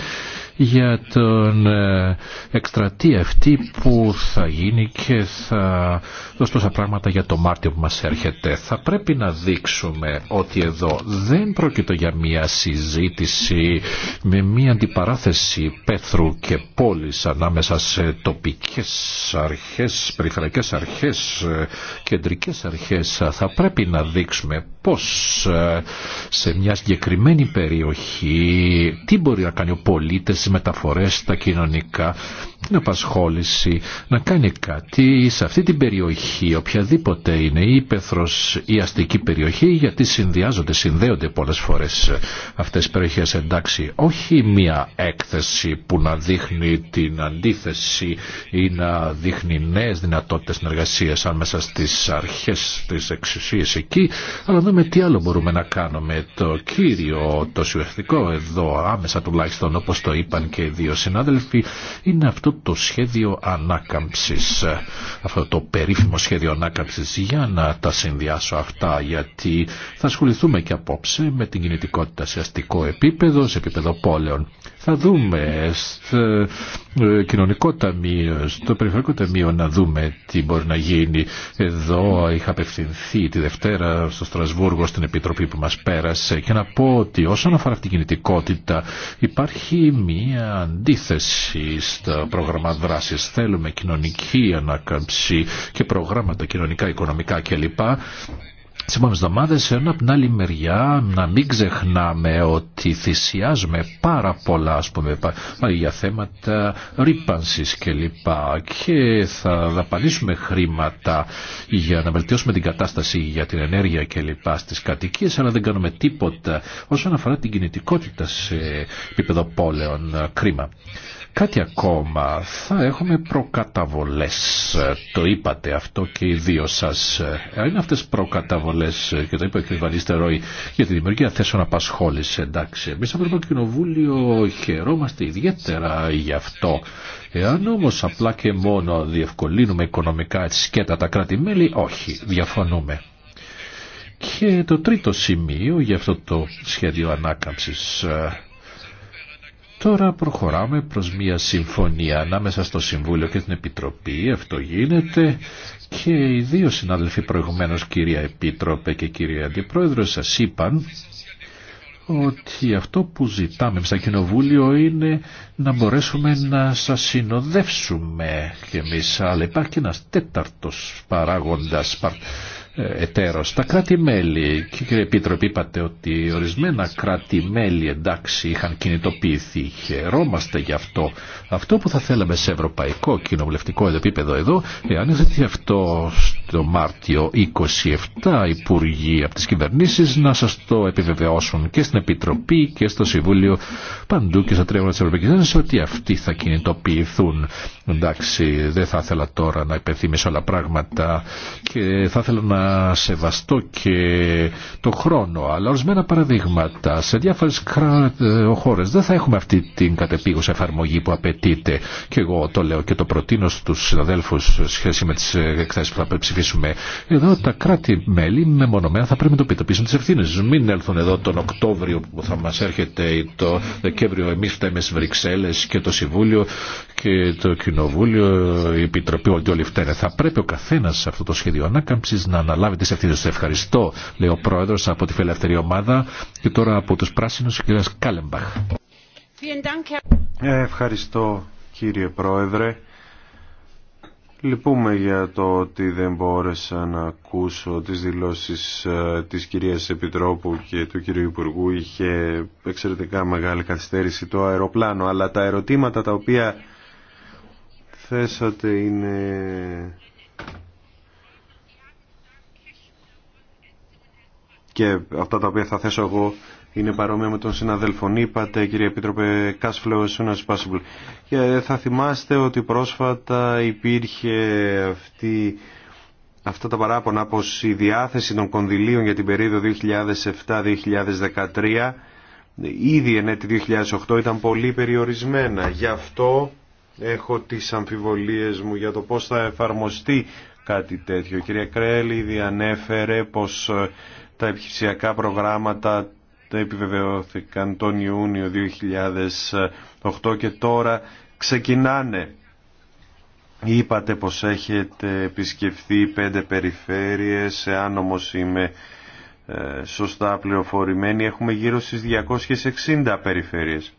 για τον ε, εκστρατή αυτή που θα γίνει και θα δώσει τόσα πράγματα για το Μάρτιο που μας έρχεται. Θα πρέπει να δείξουμε ότι εδώ δεν πρόκειται για μια συζήτηση με μια αντιπαράθεση πέθρου και πόλης ανάμεσα σε τοπικές αρχές, περιφερειακές αρχές, κεντρικές αρχές. Θα πρέπει να δείξουμε πώς ε, σε μια συγκεκριμένη περιοχή τι μπορεί να κάνει ο πολίτης μεταφορές, τα κοινωνικά την απασχόληση, να κάνει κάτι σε αυτή την περιοχή, οποιαδήποτε είναι η πεθρος ή αστική περιοχή, γιατί συνδυάζονται, συνδέονται πολλές φορές αυτές οι περιοχές εντάξει. Όχι μία έκθεση που να δείχνει την αντίθεση ή να δείχνει νέες δυνατότητες συνεργασίας ανάμεσα στις αρχές της εξουσίας εκεί, αλλά δούμε τι άλλο μπορούμε να κάνουμε. Το κύριο, το σιωφτικό εδώ, άμεσα τουλάχιστον όπως το είπαν και οι δύο συνάδελφοι, είναι αυτό το σχέδιο ανάκαμψης, αυτό το περίφημο σχέδιο ανάκαμψης για να τα συνδυάσω αυτά γιατί θα ασχοληθούμε και απόψε με την κινητικότητα σε αστικό επίπεδο, σε επίπεδο πόλεων. Θα δούμε στο ε, κοινωνικό ταμείο, στο περιφερειακό ταμείο να δούμε τι μπορεί να γίνει. Εδώ είχα απευθυνθεί τη Δευτέρα στο Στρασβούργο στην Επιτροπή που μας πέρασε και να πω ότι όσον αφορά αυτή την κινητικότητα υπάρχει μία αντίθεση στο πρόγραμμα δράσης. Θέλουμε κοινωνική ανάκαμψη και προγράμματα κοινωνικά, οικονομικά κλπ. Σε επόμενες εβδομάδες, ενώ από την άλλη μεριά να μην ξεχνάμε ότι ότι θυσιάζουμε πάρα πολλά ας πούμε, για θέματα ρήπανσης λοιπά Και θα δαπανίσουμε χρήματα για να βελτιώσουμε την κατάσταση για την ενέργεια και λοιπά στις κατοικίες, αλλά δεν κάνουμε τίποτα όσον αφορά την κινητικότητα σε επίπεδο πόλεων. Κρίμα. Κάτι ακόμα, θα έχουμε προκαταβολές, το είπατε αυτό και οι δύο σας. Είναι αυτές προκαταβολές, και το είπε ο κ. για τη δημιουργία θέσεων απασχόληση, εντάξει άλλαξε. Εμεί από το Κοινοβούλιο χαιρόμαστε ιδιαίτερα γι' αυτό. Εάν όμω απλά και μόνο διευκολύνουμε οικονομικά σκέτα τα κράτη-μέλη, όχι, διαφωνούμε. Και το τρίτο σημείο για αυτό το σχέδιο ανάκαμψης. Τώρα προχωράμε προς μια συμφωνία ανάμεσα στο Συμβούλιο και την Επιτροπή. Αυτό γίνεται και οι δύο συνάδελφοι προηγουμένως, κυρία Επίτροπε και κυρία Αντιπρόεδρο, σας είπαν ότι αυτό που ζητάμε στα κοινοβούλιο είναι να μπορέσουμε να σας συνοδεύσουμε και εμείς, αλλά υπάρχει ένας τέταρτος παράγοντας ε, εταίρος. Τα κράτη-μέλη, κύριε Επίτροπη, είπατε ότι ορισμένα κράτη-μέλη εντάξει είχαν κινητοποιηθεί, χαιρόμαστε γι' αυτό. Αυτό που θα θέλαμε σε ευρωπαϊκό κοινοβουλευτικό επίπεδο εδώ, εάν αυτό το Μάρτιο 27 υπουργοί από τις κυβερνήσεις να σας το επιβεβαιώσουν και στην Επιτροπή και στο Συμβούλιο παντού και στα τρέχοντα της Ευρωπαϊκής Ένωσης ότι αυτοί θα κινητοποιηθούν. Εντάξει, δεν θα ήθελα τώρα να υπενθύμισω όλα πράγματα και θα ήθελα να σεβαστώ και το χρόνο, αλλά ορισμένα παραδείγματα σε διάφορες ε, χώρες δεν θα έχουμε αυτή την κατεπίγουσα εφαρμογή που απαιτείται και εγώ το λέω και το προτείνω στους συναδέλφους σχέση με τις ε, εκθέσεις που ψηφίσουμε. Εδώ τα κράτη-μέλη μεμονωμένα θα πρέπει να το επιτοπίσουν τι ευθύνε. Μην έλθουν εδώ τον Οκτώβριο που θα μα έρχεται ή το Δεκέμβριο εμεί φταίμε στι Βρυξέλλε και το Συμβούλιο και το Κοινοβούλιο, η Επιτροπή, ό,τι όλοι φταίνε. Θα πρέπει ο καθένα σε αυτό το σχέδιο ανάκαμψη να αναλάβει τι ευθύνε του. Ευχαριστώ, λέει ο πρόεδρο από τη Φελευθερή Ομάδα και τώρα από του Πράσινου, ο κ. Κάλεμπαχ. Ευχαριστώ κύριε Πρόεδρε. Λυπούμε για το ότι δεν μπόρεσα να ακούσω τις δηλώσεις ε, της κυρίας Επιτρόπου και του κυρίου Υπουργού. Είχε εξαιρετικά μεγάλη καθυστέρηση το αεροπλάνο, αλλά τα ερωτήματα τα οποία θέσατε είναι... και αυτά τα οποία θα θέσω εγώ είναι παρόμοια με τον συναδελφον είπατε κύριε Επίτροπε flow as soon as possible. Και θα θυμάστε ότι πρόσφατα υπήρχε αυτή, αυτά τα παράπονα πως η διάθεση των κονδυλίων για την περίοδο 2007-2013 ήδη εν έτη 2008 ήταν πολύ περιορισμένα. Γι' αυτό έχω τις αμφιβολίες μου για το πώς θα εφαρμοστεί κάτι τέτοιο. Η κυρία Κρέλη ανέφερε πως ε, τα επιχειρησιακά προγράμματα επιβεβαιώθηκαν τον Ιούνιο 2008 και τώρα ξεκινάνε. Είπατε πως έχετε επισκεφθεί πέντε περιφέρειες, εάν όμως είμαι ε, σωστά πληροφορημένοι, έχουμε γύρω στις 260 περιφέρειες.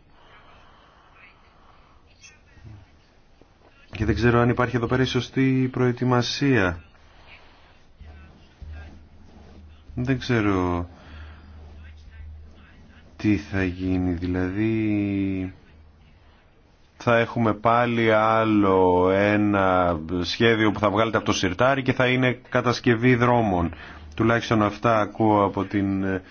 Και δεν ξέρω αν υπάρχει εδώ πέρα η σωστή προετοιμασία. Δεν ξέρω τι θα γίνει, δηλαδή θα έχουμε πάλι άλλο ένα σχέδιο που θα βγάλετε από το σιρτάρι και θα είναι κατασκευή δρόμων. Τουλάχιστον αυτά ακούω από την ε,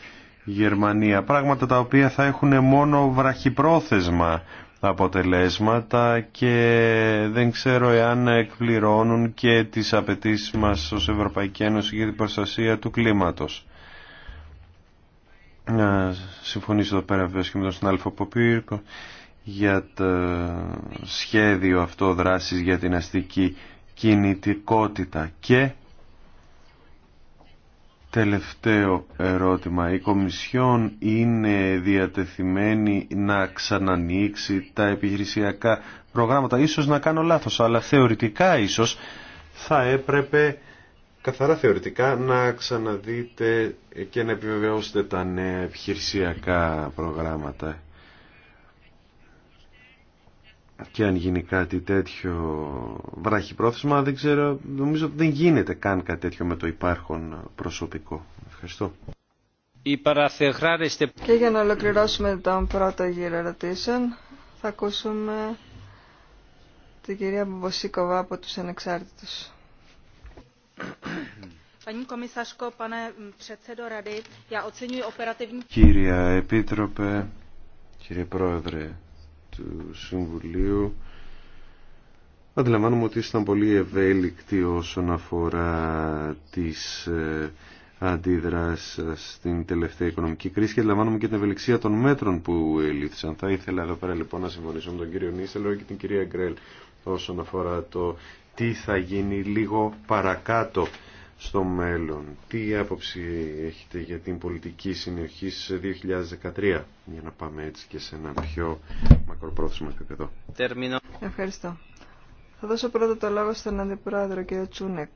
Γερμανία. Πράγματα τα οποία θα έχουν μόνο βραχυπρόθεσμα αποτελέσματα και δεν ξέρω εάν εκπληρώνουν και τις απαιτήσεις μας ως Ευρωπαϊκή Ένωση για την προστασία του κλίματος να συμφωνήσω εδώ πέρα βέβαια και με τον συνάδελφο για το σχέδιο αυτό δράσης για την αστική κινητικότητα και τελευταίο ερώτημα η Κομισιόν είναι διατεθειμένη να ξανανοίξει τα επιχειρησιακά προγράμματα ίσως να κάνω λάθος αλλά θεωρητικά ίσως θα έπρεπε καθαρά θεωρητικά να ξαναδείτε και να επιβεβαιώσετε τα νέα επιχειρησιακά προγράμματα. Και αν γίνει κάτι τέτοιο βράχει πρόθεσμα, δεν ξέρω, νομίζω ότι δεν γίνεται καν κάτι τέτοιο με το υπάρχον προσωπικό. Ευχαριστώ. Και για να ολοκληρώσουμε τον πρώτο γύρο ερωτήσεων, θα ακούσουμε την κυρία Μποσίκοβα από τους Ανεξάρτητους. Κύρια Επίτροπε, κύριε Πρόεδρε του Συμβουλίου, αντιλαμβάνομαι ότι ήσταν πολύ ευέλικτοι όσον αφορά τις αντίδραση στην τελευταία οικονομική κρίση και αντιλαμβάνομαι και την ευελιξία των μέτρων που ελήφθησαν. Θα ήθελα εδώ πέρα λοιπόν να συμφωνήσω με τον κύριο Νίσελο και την κυρία Γκρέλ όσον αφορά το τι θα γίνει λίγο παρακάτω στο μέλλον. Τι άποψη έχετε για την πολιτική σε 2013, για να πάμε έτσι και σε ένα πιο μακροπρόθεσμο επίπεδο. Ευχαριστώ. Θα δώσω πρώτα το λόγο στον Αντιπρόεδρο κ. Τσούνεκ.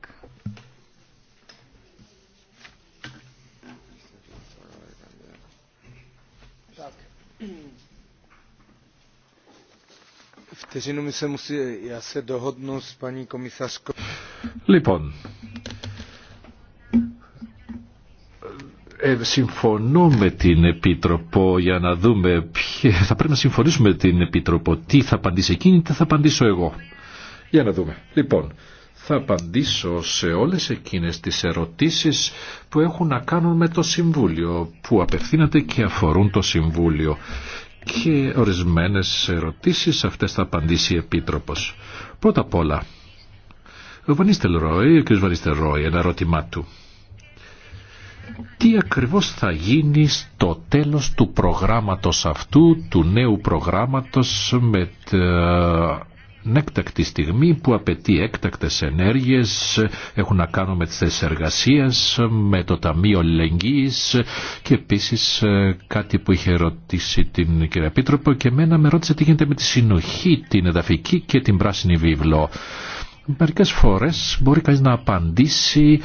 Λοιπόν, ε, συμφωνώ με την Επίτροπο για να δούμε ποιε... θα πρέπει να συμφωνήσουμε με την Επίτροπο τι θα απαντήσει εκείνη, τι θα απαντήσω εγώ. Για να δούμε. Λοιπόν, θα απαντήσω σε όλες εκείνες τις ερωτήσεις που έχουν να κάνουν με το Συμβούλιο, που απευθύνεται και αφορούν το Συμβούλιο και ορισμένες ερωτήσεις, αυτές θα απαντήσει η Επίτροπος. Πρώτα απ' όλα, ο Βανίστελ Ρόι, ο κ. Βανίστελ Ρόι, ένα ερώτημά του. Τι ακριβώς θα γίνει στο τέλος του προγράμματος αυτού, του νέου προγράμματος με τα έκτακτη στιγμή που απαιτεί έκτακτες ενέργειες, έχουν να κάνουν με τις θέσεις εργασίας, με το Ταμείο Λεγγύης και επίσης ε, κάτι που είχε ρωτήσει την κυρία Επίτροπο και εμένα με ρώτησε τι γίνεται με τη συνοχή, την εδαφική και την πράσινη βίβλο. Μερικές φορές μπορεί κανείς να απαντήσει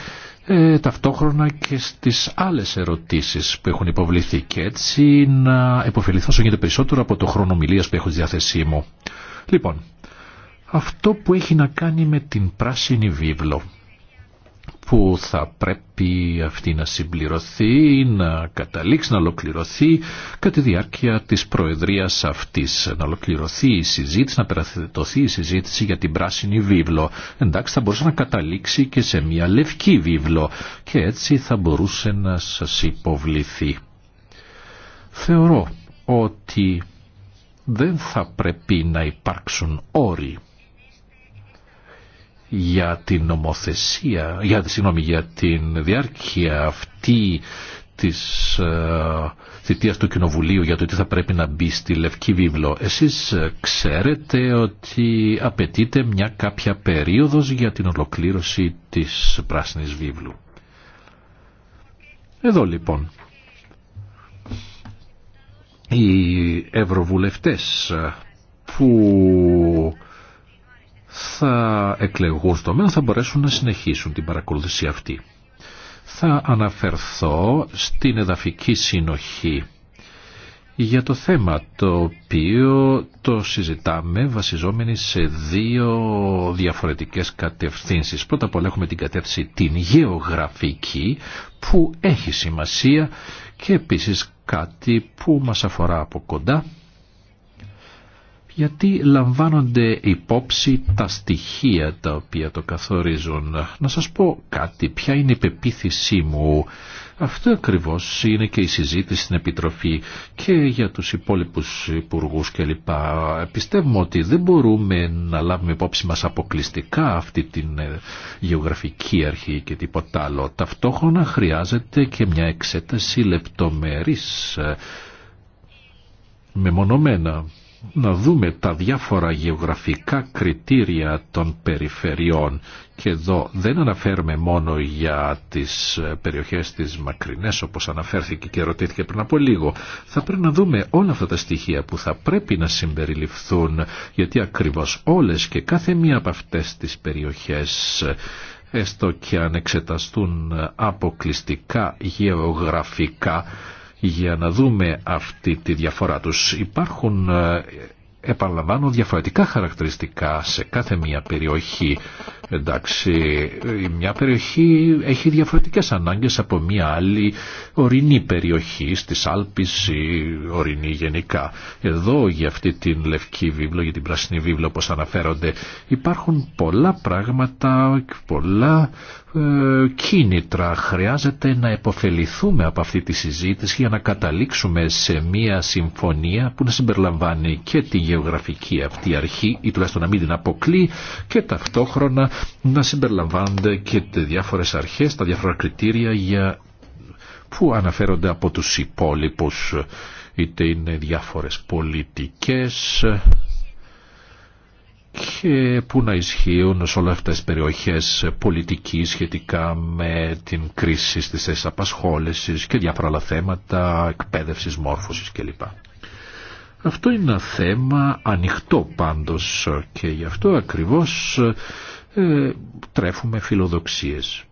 ε, ταυτόχρονα και στις άλλες ερωτήσεις που έχουν υποβληθεί και έτσι να επωφεληθώ όσο γίνεται περισσότερο από το χρόνο μιλίας που έχω στη διάθεσή μου. Λοιπόν, αυτό που έχει να κάνει με την πράσινη βίβλο που θα πρέπει αυτή να συμπληρωθεί, να καταλήξει, να ολοκληρωθεί κατά τη διάρκεια της προεδρίας αυτής. Να ολοκληρωθεί η συζήτηση, να περαθετωθεί η συζήτηση για την πράσινη βίβλο. Εντάξει θα μπορούσε να καταλήξει και σε μια λευκή βίβλο και έτσι θα μπορούσε να σας υποβληθεί. Θεωρώ ότι δεν θα πρέπει να υπάρξουν όροι για την νομοθεσία, για, συγγνώμη, για την διάρκεια αυτή της ε, θητείας του Κοινοβουλίου για το τι θα πρέπει να μπει στη Λευκή Βίβλο. Εσείς ξέρετε ότι απαιτείται μια κάποια περίοδος για την ολοκλήρωση της Πράσινης Βίβλου. Εδώ λοιπόν οι ευρωβουλευτές που θα εκλεγούν στο μέλλον θα μπορέσουν να συνεχίσουν την παρακολούθηση αυτή. Θα αναφερθώ στην εδαφική συνοχή για το θέμα το οποίο το συζητάμε βασιζόμενοι σε δύο διαφορετικές κατευθύνσεις. Πρώτα απ' όλα έχουμε την κατεύθυνση την γεωγραφική που έχει σημασία και επίσης κάτι που μας αφορά από κοντά γιατί λαμβάνονται υπόψη τα στοιχεία τα οποία το καθορίζουν. Να σας πω κάτι, ποια είναι η πεποίθησή μου. Αυτό ακριβώς είναι και η συζήτηση στην Επιτροφή και για τους υπόλοιπους υπουργούς κλπ. Πιστεύουμε ότι δεν μπορούμε να λάβουμε υπόψη μας αποκλειστικά αυτή την ε, γεωγραφική αρχή και τίποτα άλλο. Ταυτόχρονα χρειάζεται και μια εξέταση λεπτομερής ε, μεμονωμένα να δούμε τα διάφορα γεωγραφικά κριτήρια των περιφερειών και εδώ δεν αναφέρουμε μόνο για τις ε, περιοχές της μακρινές όπως αναφέρθηκε και ρωτήθηκε πριν από λίγο. Θα πρέπει να δούμε όλα αυτά τα στοιχεία που θα πρέπει να συμπεριληφθούν γιατί ακριβώς όλες και κάθε μία από αυτές τις περιοχές έστω και αν εξεταστούν αποκλειστικά γεωγραφικά για να δούμε αυτή τη διαφορά τους. Υπάρχουν, ε, επαναλαμβάνω, διαφορετικά χαρακτηριστικά σε κάθε μία περιοχή. Εντάξει, μια περιοχή έχει διαφορετικές ανάγκες από μια άλλη ορεινή περιοχή, στις Άλπεις ή ορεινή γενικά. Εδώ για αυτή την λευκή βίβλο, για την πράσινη βίβλο όπως αναφέρονται, υπάρχουν πολλά πράγματα, πολλά ε, κίνητρα. Χρειάζεται να επωφεληθούμε από αυτή τη συζήτηση για να καταλήξουμε σε μία συμφωνία που να συμπεριλαμβάνει και τη γεωγραφική αυτή αρχή ή τουλάχιστον να μην την αποκλεί και ταυτόχρονα να συμπεριλαμβάνονται και τα διάφορες αρχές, τα διάφορα κριτήρια για... που αναφέρονται από τους υπόλοιπους είτε είναι διάφορες πολιτικές και που να ισχύουν σε όλα αυτές τις περιοχές πολιτική σχετικά με την κρίση στις θέσεις απασχόλησης και διάφορα άλλα θέματα εκπαίδευσης, μόρφωσης κλπ. Αυτό είναι ένα θέμα ανοιχτό πάντως και γι' αυτό ακριβώς ε, τρέφουμε φιλοδοξίες.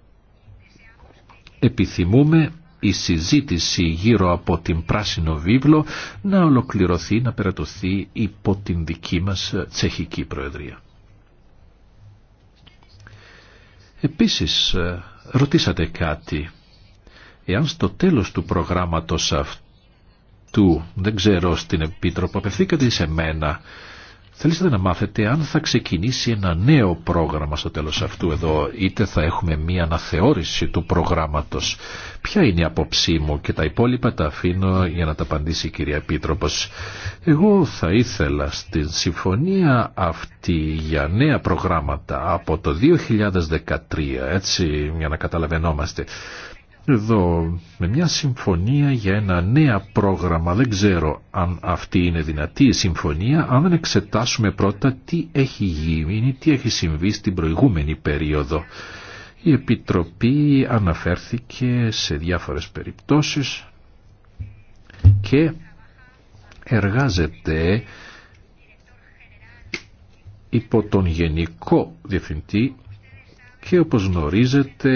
Επιθυμούμε η συζήτηση γύρω από την Πράσινο Βίβλο να ολοκληρωθεί, να περατωθεί υπό την δική μας τσεχική Προεδρία. Επίσης, ρωτήσατε κάτι. Εάν στο τέλος του προγράμματος αυτού, δεν ξέρω στην Επίτροπο, απευθήκατε σε μένα, Θέλετε να μάθετε αν θα ξεκινήσει ένα νέο πρόγραμμα στο τέλος αυτού εδώ, είτε θα έχουμε μία αναθεώρηση του προγράμματος. Ποια είναι η απόψή μου και τα υπόλοιπα τα αφήνω για να τα απαντήσει η κυρία Επίτροπος. Εγώ θα ήθελα στην συμφωνία αυτή για νέα προγράμματα από το 2013, έτσι για να καταλαβαίνόμαστε, εδώ με μια συμφωνία για ένα νέο πρόγραμμα. Δεν ξέρω αν αυτή είναι δυνατή η συμφωνία, αν δεν εξετάσουμε πρώτα τι έχει γίνει, τι έχει συμβεί στην προηγούμενη περίοδο. Η Επιτροπή αναφέρθηκε σε διάφορες περιπτώσεις και εργάζεται υπό τον Γενικό Διευθυντή και όπως γνωρίζετε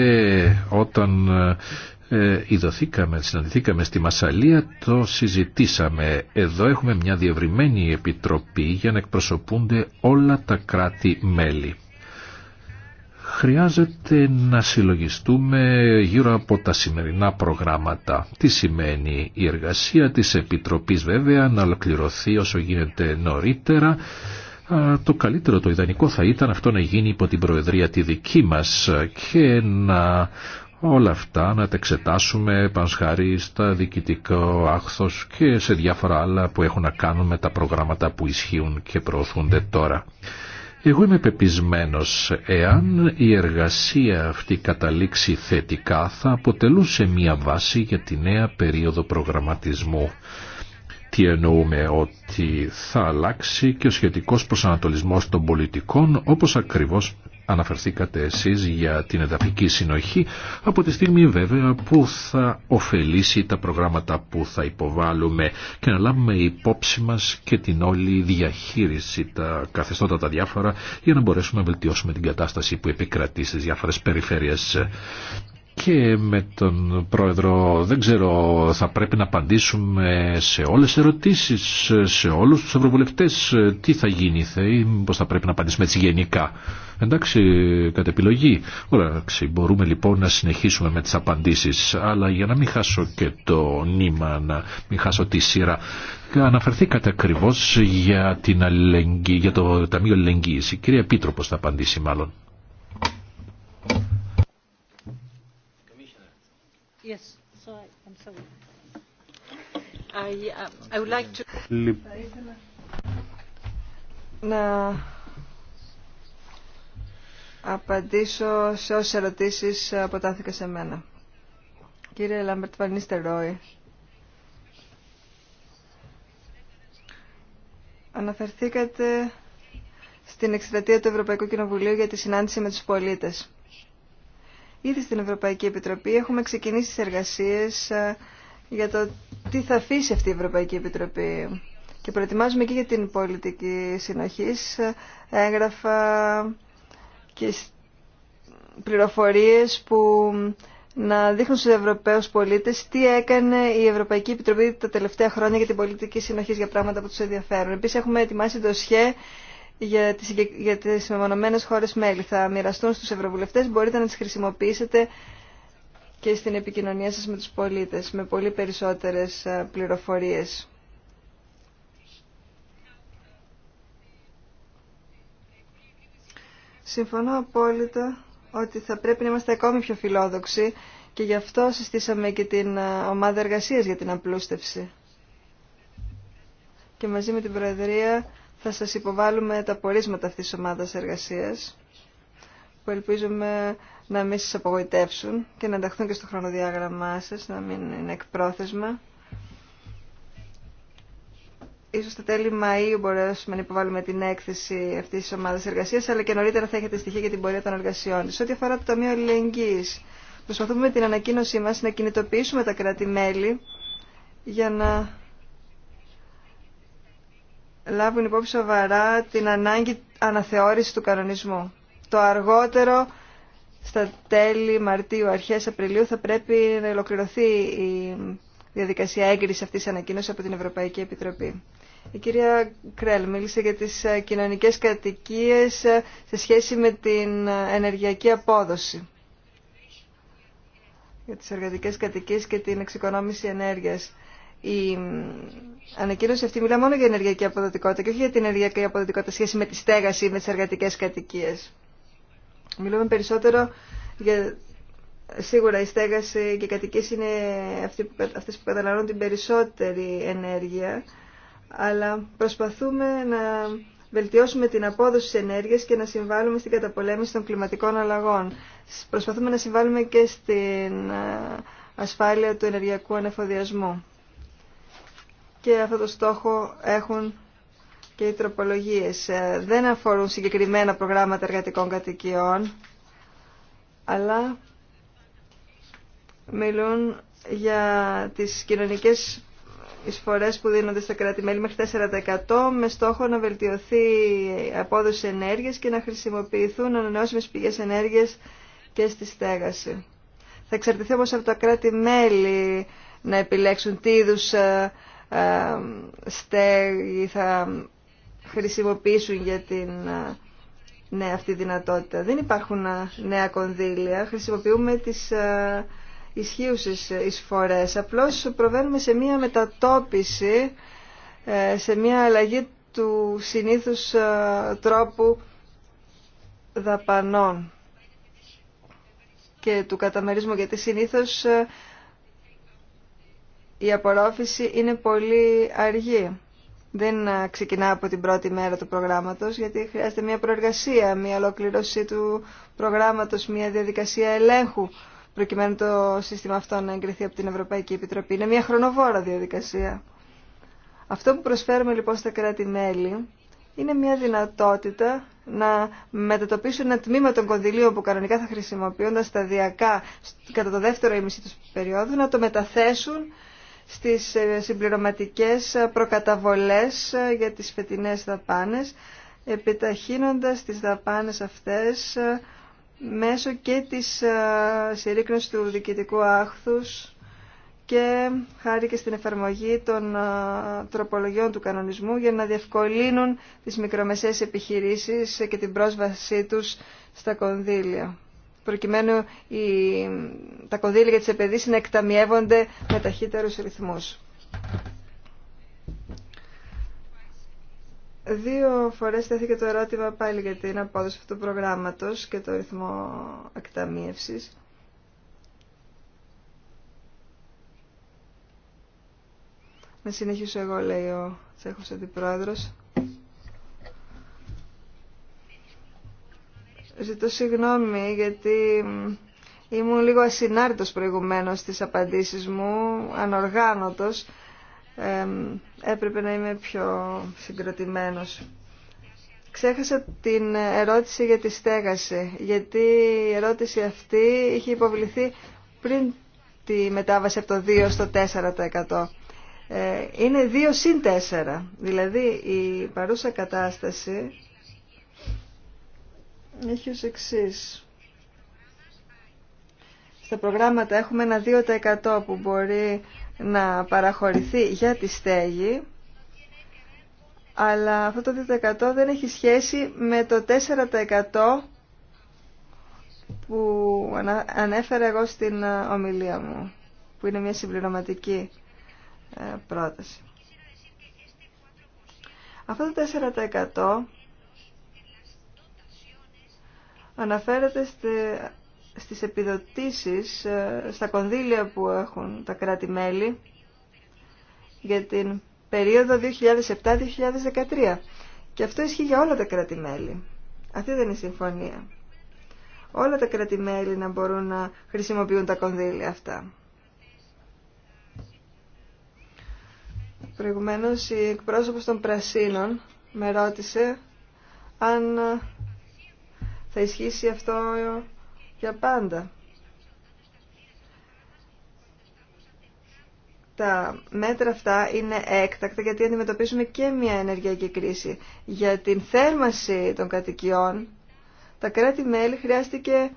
όταν ε, ειδωθήκαμε, συναντηθήκαμε στη Μασαλία, το συζητήσαμε. Εδώ έχουμε μια διευρυμένη επιτροπή για να εκπροσωπούνται όλα τα κράτη-μέλη. Χρειάζεται να συλλογιστούμε γύρω από τα σημερινά προγράμματα. Τι σημαίνει η εργασία της Επιτροπής βέβαια να ολοκληρωθεί όσο γίνεται νωρίτερα το καλύτερο, το ιδανικό θα ήταν αυτό να γίνει υπό την Προεδρία τη δική μας και να όλα αυτά να τα εξετάσουμε πανσχάρι στα διοικητικό άχθος και σε διάφορα άλλα που έχουν να κάνουν με τα προγράμματα που ισχύουν και προωθούνται τώρα. Εγώ είμαι πεπισμένος, εάν η εργασία αυτή καταλήξει θετικά θα αποτελούσε μία βάση για τη νέα περίοδο προγραμματισμού τι εννοούμε ότι θα αλλάξει και ο σχετικός προσανατολισμός των πολιτικών όπως ακριβώς αναφερθήκατε εσείς για την εδαφική συνοχή από τη στιγμή βέβαια που θα ωφελήσει τα προγράμματα που θα υποβάλουμε και να λάβουμε υπόψη μας και την όλη διαχείριση τα καθεστώτα τα διάφορα για να μπορέσουμε να βελτιώσουμε την κατάσταση που επικρατεί στις διάφορες περιφέρειες και με τον πρόεδρο. Δεν ξέρω, θα πρέπει να απαντήσουμε σε όλες τις ερωτήσεις, σε όλους τους ευρωβουλευτές. Τι θα γίνει, θα, ή πώς θα πρέπει να απαντήσουμε έτσι γενικά. Εντάξει, κατ' επιλογή. Ωραία, μπορούμε λοιπόν να συνεχίσουμε με τις απαντήσεις. Αλλά για να μην χάσω και το νήμα, να μην χάσω τη σειρά. Αναφερθήκατε ακριβώ για, το Ταμείο Αλληλεγγύης. Η κυρία Επίτροπος θα απαντήσει μάλλον. Να απαντήσω σε όσες ερωτήσεις αποτάθηκα σε μένα. Κύριε Λαμπερτ Βανίστερ Ρόι, αναφερθήκατε στην εκστρατεία του Ευρωπαϊκού Κοινοβουλίου για τη συνάντηση με τους πολίτες. Ήδη στην Ευρωπαϊκή Επιτροπή έχουμε ξεκινήσει τις εργασίες ε, για το τι θα αφήσει αυτή η Ευρωπαϊκή Επιτροπή. Και προετοιμάζουμε και για την πολιτική συνοχή, ε, έγγραφα και πληροφορίες που να δείχνουν στους Ευρωπαίους πολίτες τι έκανε η Ευρωπαϊκή Επιτροπή τα τελευταία χρόνια για την πολιτική συνοχή για πράγματα που τους ενδιαφέρουν. Επίσης έχουμε ετοιμάσει το για τις, για τις μεμονωμένες χώρες μέλη. Θα μοιραστούν στους Ευρωβουλευτές, μπορείτε να τις χρησιμοποιήσετε και στην επικοινωνία σας με τους πολίτες, με πολύ περισσότερες ε, πληροφορίες. Συμφωνώ απόλυτα ότι θα πρέπει να είμαστε ακόμη πιο φιλόδοξοι και γι' αυτό συστήσαμε και την ε, ομάδα εργασίας για την απλούστευση. Και μαζί με την Προεδρία θα σας υποβάλουμε τα πορίσματα αυτής της ομάδας εργασίας που ελπίζουμε να μην σας απογοητεύσουν και να ενταχθούν και στο χρονοδιάγραμμά σας, να μην είναι εκπρόθεσμα. Ίσως στα τέλη Μαΐου μπορέσουμε να υποβάλουμε την έκθεση αυτή της ομάδα εργασίας, αλλά και νωρίτερα θα έχετε στοιχεία για την πορεία των εργασιών της. Ό,τι αφορά το Ταμείο ελληνικής προσπαθούμε με την ανακοίνωσή μας να κινητοποιήσουμε τα κράτη-μέλη για να λάβουν υπόψη σοβαρά την ανάγκη αναθεώρηση του κανονισμού. Το αργότερο στα τέλη Μαρτίου, αρχές Απριλίου θα πρέπει να ολοκληρωθεί η διαδικασία έγκριση αυτής της ανακοίνωσης από την Ευρωπαϊκή Επιτροπή. Η κυρία Κρέλ μίλησε για τις ε, κοινωνικές κατοικίες ε, σε σχέση με την ε, ενεργειακή απόδοση για τις εργατικές κατοικίες και την εξοικονόμηση ενέργειας. Η ανακοίνωση αυτή μιλά μόνο για ενεργειακή αποδοτικότητα και όχι για την ενεργειακή αποδοτικότητα σχέση με τη στέγαση με τις εργατικές κατοικίε. Μιλούμε περισσότερο για... Σίγουρα η στέγαση και οι κατοικίες είναι αυτέ που καταναλώνουν την περισσότερη ενέργεια, αλλά προσπαθούμε να βελτιώσουμε την απόδοση της ενέργειας και να συμβάλλουμε στην καταπολέμηση των κλιματικών αλλαγών. Προσπαθούμε να συμβάλλουμε και στην ε, ασφάλεια του ενεργειακού ανεφοδιασμού. Και αυτό το στόχο έχουν και οι τροπολογίες ε, δεν αφορούν συγκεκριμένα προγράμματα εργατικών κατοικιών, αλλά μιλούν για τις κοινωνικές εισφορές που δίνονται στα κράτη-μέλη μέχρι 4% με στόχο να βελτιωθεί η απόδοση ενέργειας και να χρησιμοποιηθούν ανανεώσιμες πηγές ενέργειας και στη στέγαση. Θα εξαρτηθεί όμως από τα κράτη-μέλη να επιλέξουν τι είδους ε, ε, στέγη θα χρησιμοποιήσουν για την ε, νέα αυτή δυνατότητα. Δεν υπάρχουν ε, νέα κονδύλια, χρησιμοποιούμε τις ε, ισχύουσες εισφορές. Απλώς προβαίνουμε σε μία μετατόπιση, σε μία αλλαγή του συνήθους τρόπου δαπανών και του καταμερίσμου, γιατί συνήθως η απορρόφηση είναι πολύ αργή δεν ξεκινά από την πρώτη μέρα του προγράμματος, γιατί χρειάζεται μια προεργασία, μια ολοκλήρωση του προγράμματος, μια διαδικασία ελέγχου, προκειμένου το σύστημα αυτό να εγκριθεί από την Ευρωπαϊκή Επιτροπή. Είναι μια χρονοβόρα διαδικασία. Αυτό που προσφέρουμε λοιπόν στα κράτη-μέλη είναι μια δυνατότητα να μετατοπίσουν ένα τμήμα των κονδυλίων που κανονικά θα χρησιμοποιούνταν σταδιακά κατά το δεύτερο ημισή του περίοδου, να το μεταθέσουν στις ε, συμπληρωματικές ε, προκαταβολές ε, για τις φετινές δαπάνες, επιταχύνοντας τις δαπάνες αυτές μέσω και της συρρήκνωσης του διοικητικού άχθους και χάρη και στην εφαρμογή των τροπολογιών του κανονισμού για να διευκολύνουν τις μικρομεσαίες επιχειρήσεις και την πρόσβασή τους στα κονδύλια προκειμένου οι, τα κονδύλια της τις να εκταμιεύονται με ταχύτερους ρυθμούς. Δύο φορές τέθηκε το ερώτημα πάλι για την απόδοση αυτού του προγράμματος και το ρυθμό εκταμίευσης. Να συνεχίσω εγώ, λέει ο Τσέχος Αντιπρόεδρος. Ζητώ συγγνώμη γιατί ήμουν λίγο ασυνάρτητος προηγουμένως στις απαντήσεις μου, ανοργάνωτος. έπρεπε να είμαι πιο συγκροτημένος. Ξέχασα την ερώτηση για τη στέγαση, γιατί η ερώτηση αυτή είχε υποβληθεί πριν τη μετάβαση από το 2% στο 4%. Ε, είναι 2 συν 4, δηλαδή η παρούσα κατάσταση έχει ως εξής. Στα προγράμματα έχουμε ένα 2% που μπορεί να παραχωρηθεί για τη στέγη, αλλά αυτό το 2% δεν έχει σχέση με το 4% που ανέφερα εγώ στην ε, ομιλία μου, που είναι μια συμπληρωματική ε, πρόταση. Αυτό το 4% αναφέρεται στις επιδοτήσεις, ε, στα κονδύλια που έχουν τα κράτη-μέλη για την περίοδο 2007-2013. Και αυτό ισχύει για όλα τα κράτη-μέλη. Αυτή δεν είναι συμφωνία. Όλα τα κράτη-μέλη να μπορούν να χρησιμοποιούν τα κονδύλια αυτά. Προηγουμένως η εκπρόσωπος των Πρασίνων με ρώτησε αν ε, θα ισχύσει αυτό για πάντα. Τα μέτρα αυτά είναι έκτακτα γιατί αντιμετωπίζουμε και μια ενεργειακή κρίση. Για την θέρμαση των κατοικιών, τα κράτη-μέλη χρειάστηκε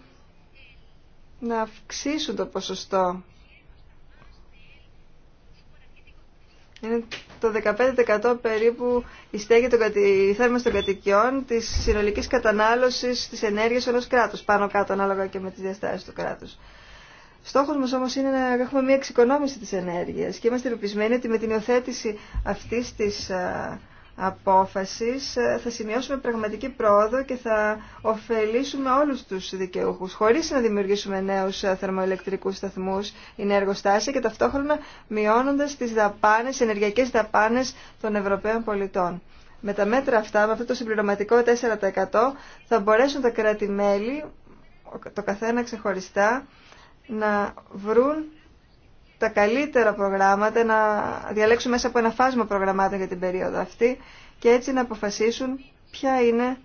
να αυξήσουν το ποσοστό Είναι το 15% περίπου η στέγη των κατη... των κατοικιών τη συνολική κατανάλωση τη ενέργεια ενό κράτου. Πάνω κάτω, ανάλογα και με τι διαστάσει του κράτου. Στόχο μα όμω είναι να έχουμε μια εξοικονόμηση τη ενέργεια και είμαστε ελπισμένοι ότι με την υιοθέτηση αυτή τη απόφασης ε, θα σημειώσουμε πραγματική πρόοδο και θα ωφελήσουμε όλους τους δικαιούχους χωρίς να δημιουργήσουμε νέους ε, θερμοελεκτρικούς σταθμούς ή νέα εργοστάσια και ταυτόχρονα μειώνοντας τις δαπάνες, ενεργειακές δαπάνες των Ευρωπαίων πολιτών. Με τα μέτρα αυτά, με αυτό το συμπληρωματικό 4% θα μπορέσουν τα κράτη-μέλη, το καθένα ξεχωριστά, να βρουν τα καλύτερα προγράμματα, να διαλέξουν μέσα από ένα φάσμα προγραμμάτων για την περίοδο αυτή και έτσι να αποφασίσουν ποια είναι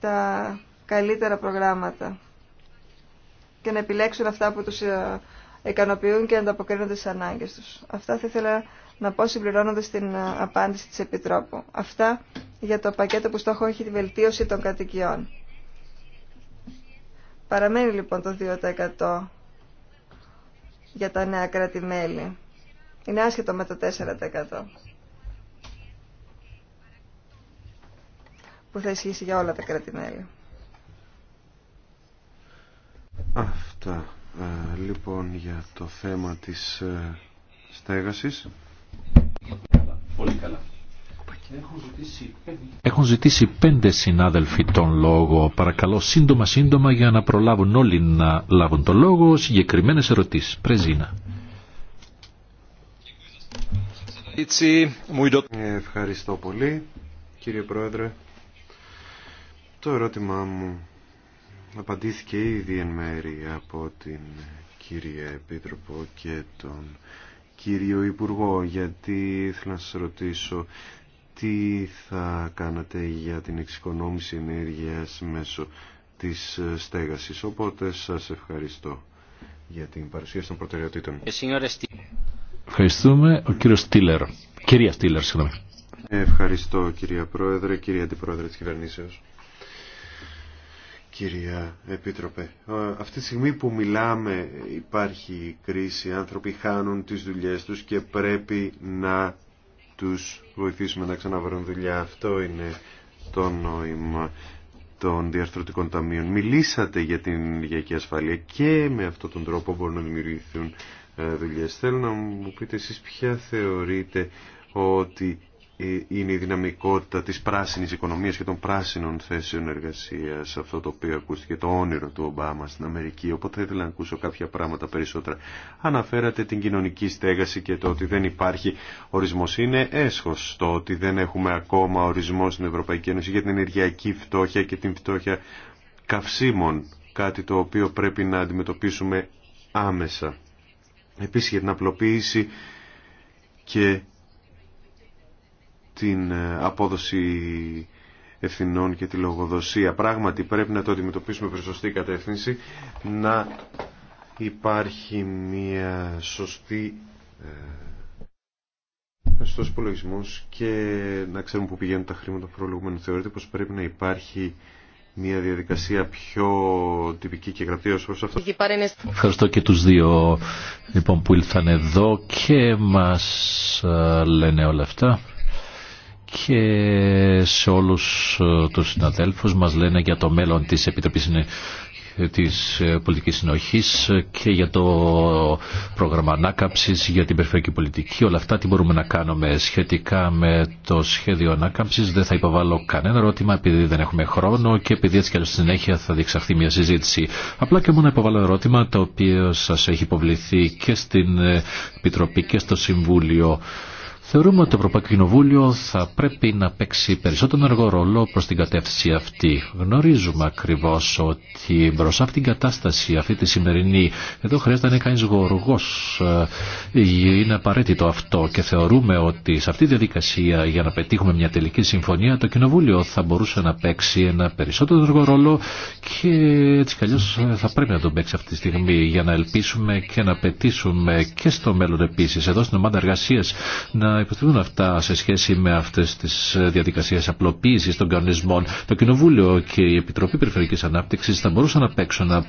τα καλύτερα προγράμματα και να επιλέξουν αυτά που τους ε, ικανοποιούν και ανταποκρίνονται στις ανάγκες τους. Αυτά θα ήθελα να πω συμπληρώνοντα την ε, απάντηση της Επιτρόπου. Αυτά για το πακέτο που στόχο έχει τη βελτίωση των κατοικιών. Παραμένει λοιπόν το 2% για τα νέα κράτη-μέλη. Είναι άσχετο με το 4% που θα ισχύσει για όλα τα κράτη-μέλη. Αυτά ε, λοιπόν για το θέμα της ε, στέγασης. Πολύ καλά. Έχουν ζητήσει... πέντε συνάδελφοι τον λόγο. Παρακαλώ σύντομα σύντομα για να προλάβουν όλοι να λάβουν τον λόγο. Συγκεκριμένες ερωτήσεις. Πρεζίνα. Ε, ευχαριστώ πολύ κύριε Πρόεδρε. Το ερώτημά μου απαντήθηκε ήδη εν μέρη από την κυρία Επίτροπο και τον κύριο Υπουργό γιατί ήθελα να σας ρωτήσω τι θα κάνατε για την εξοικονόμηση ενέργειας μέσω της ε, στέγασης. Οπότε σας ευχαριστώ για την παρουσίαση των προτεραιοτήτων. Ε, Ευχαριστούμε. Ο κύριος Στήλερ. Κυρία Στήλερ, συγγνώμη. Ευχαριστώ κυρία Πρόεδρε, κυρία Αντιπρόεδρε της Κυβερνήσεως. Κυρία Επίτροπε, ε, αυτή τη στιγμή που μιλάμε υπάρχει κρίση, άνθρωποι χάνουν τις δουλειές τους και πρέπει να τους βοηθήσουμε να ξαναβρουν δουλειά. Αυτό είναι το νόημα των διαρθρωτικών ταμείων. Μιλήσατε για την ηλιακή ασφάλεια και με αυτόν τον τρόπο μπορούν να δημιουργηθούν ε, δουλειές. Θέλω να μου πείτε εσείς ποια θεωρείτε ότι ε, είναι η δυναμικότητα της πράσινης οικονομίας και των πράσινων θέσεων εργασίας αυτό το οποίο ακούστηκε το όνειρο του Ομπάμα στην Αμερική οπότε ήθελα να ακούσω κάποια πράγματα περισσότερα αναφέρατε την κοινωνική στέγαση και το ότι δεν υπάρχει ορισμός είναι έσχος το ότι δεν έχουμε ακόμα ορισμό στην Ευρωπαϊκή Ένωση για την ενεργειακή φτώχεια και την φτώχεια καυσίμων κάτι το οποίο πρέπει να αντιμετωπίσουμε άμεσα επίσης για την απλοποίηση και την ε, απόδοση ευθυνών και τη λογοδοσία. Πράγματι πρέπει να το αντιμετωπίσουμε προς σωστή κατεύθυνση, να υπάρχει μια σωστή ε, σωστός υπολογισμό και να ξέρουμε που πηγαίνουν τα χρήματα προλογουμένου. Θεωρείται πως πρέπει να υπάρχει μια διαδικασία πιο τυπική και γραπτή ως προς αυτό. Ευχαριστώ και τους δύο λοιπόν που ήλθαν εδώ και μας ε, λένε όλα αυτά και σε όλους ε, τους συναδέλφους μας λένε για το μέλλον της Επιτροπής της ε, πολιτικής συνοχής ε, και για το πρόγραμμα ανάκαμψης, για την περιφερειακή πολιτική. Όλα αυτά τι μπορούμε να κάνουμε σχετικά με το σχέδιο ανάκαμψης. Δεν θα υποβάλω κανένα ερώτημα επειδή δεν έχουμε χρόνο και επειδή έτσι και στη συνέχεια θα διεξαχθεί μια συζήτηση. Απλά και μόνο υποβάλλω ερώτημα το οποίο σας έχει υποβληθεί και στην Επιτροπή και στο Συμβούλιο. Θεωρούμε ότι το Ευρωπαϊκό Κοινοβούλιο θα πρέπει να παίξει περισσότερο εργό ρόλο προ την κατεύθυνση αυτή. Γνωρίζουμε ακριβώ ότι μπροστά αυτή την κατάσταση, αυτή τη σημερινή, εδώ χρειάζεται να είναι κάνει γοργός. Ε, είναι απαραίτητο αυτό και θεωρούμε ότι σε αυτή τη διαδικασία για να πετύχουμε μια τελική συμφωνία το Κοινοβούλιο θα μπορούσε να παίξει ένα περισσότερο εργό ρόλο και έτσι καλλιώς ε, θα πρέπει να τον παίξει αυτή τη στιγμή για να ελπίσουμε και να πετήσουμε και στο μέλλον επίση, εδώ στην ομάδα εργασία να να αυτά σε σχέση με αυτές τις ε, διαδικασίες απλοποίησης των κανονισμών. Το Κοινοβούλιο και η Επιτροπή Περιφερειακής Ανάπτυξης θα μπορούσαν να παίξουν ένα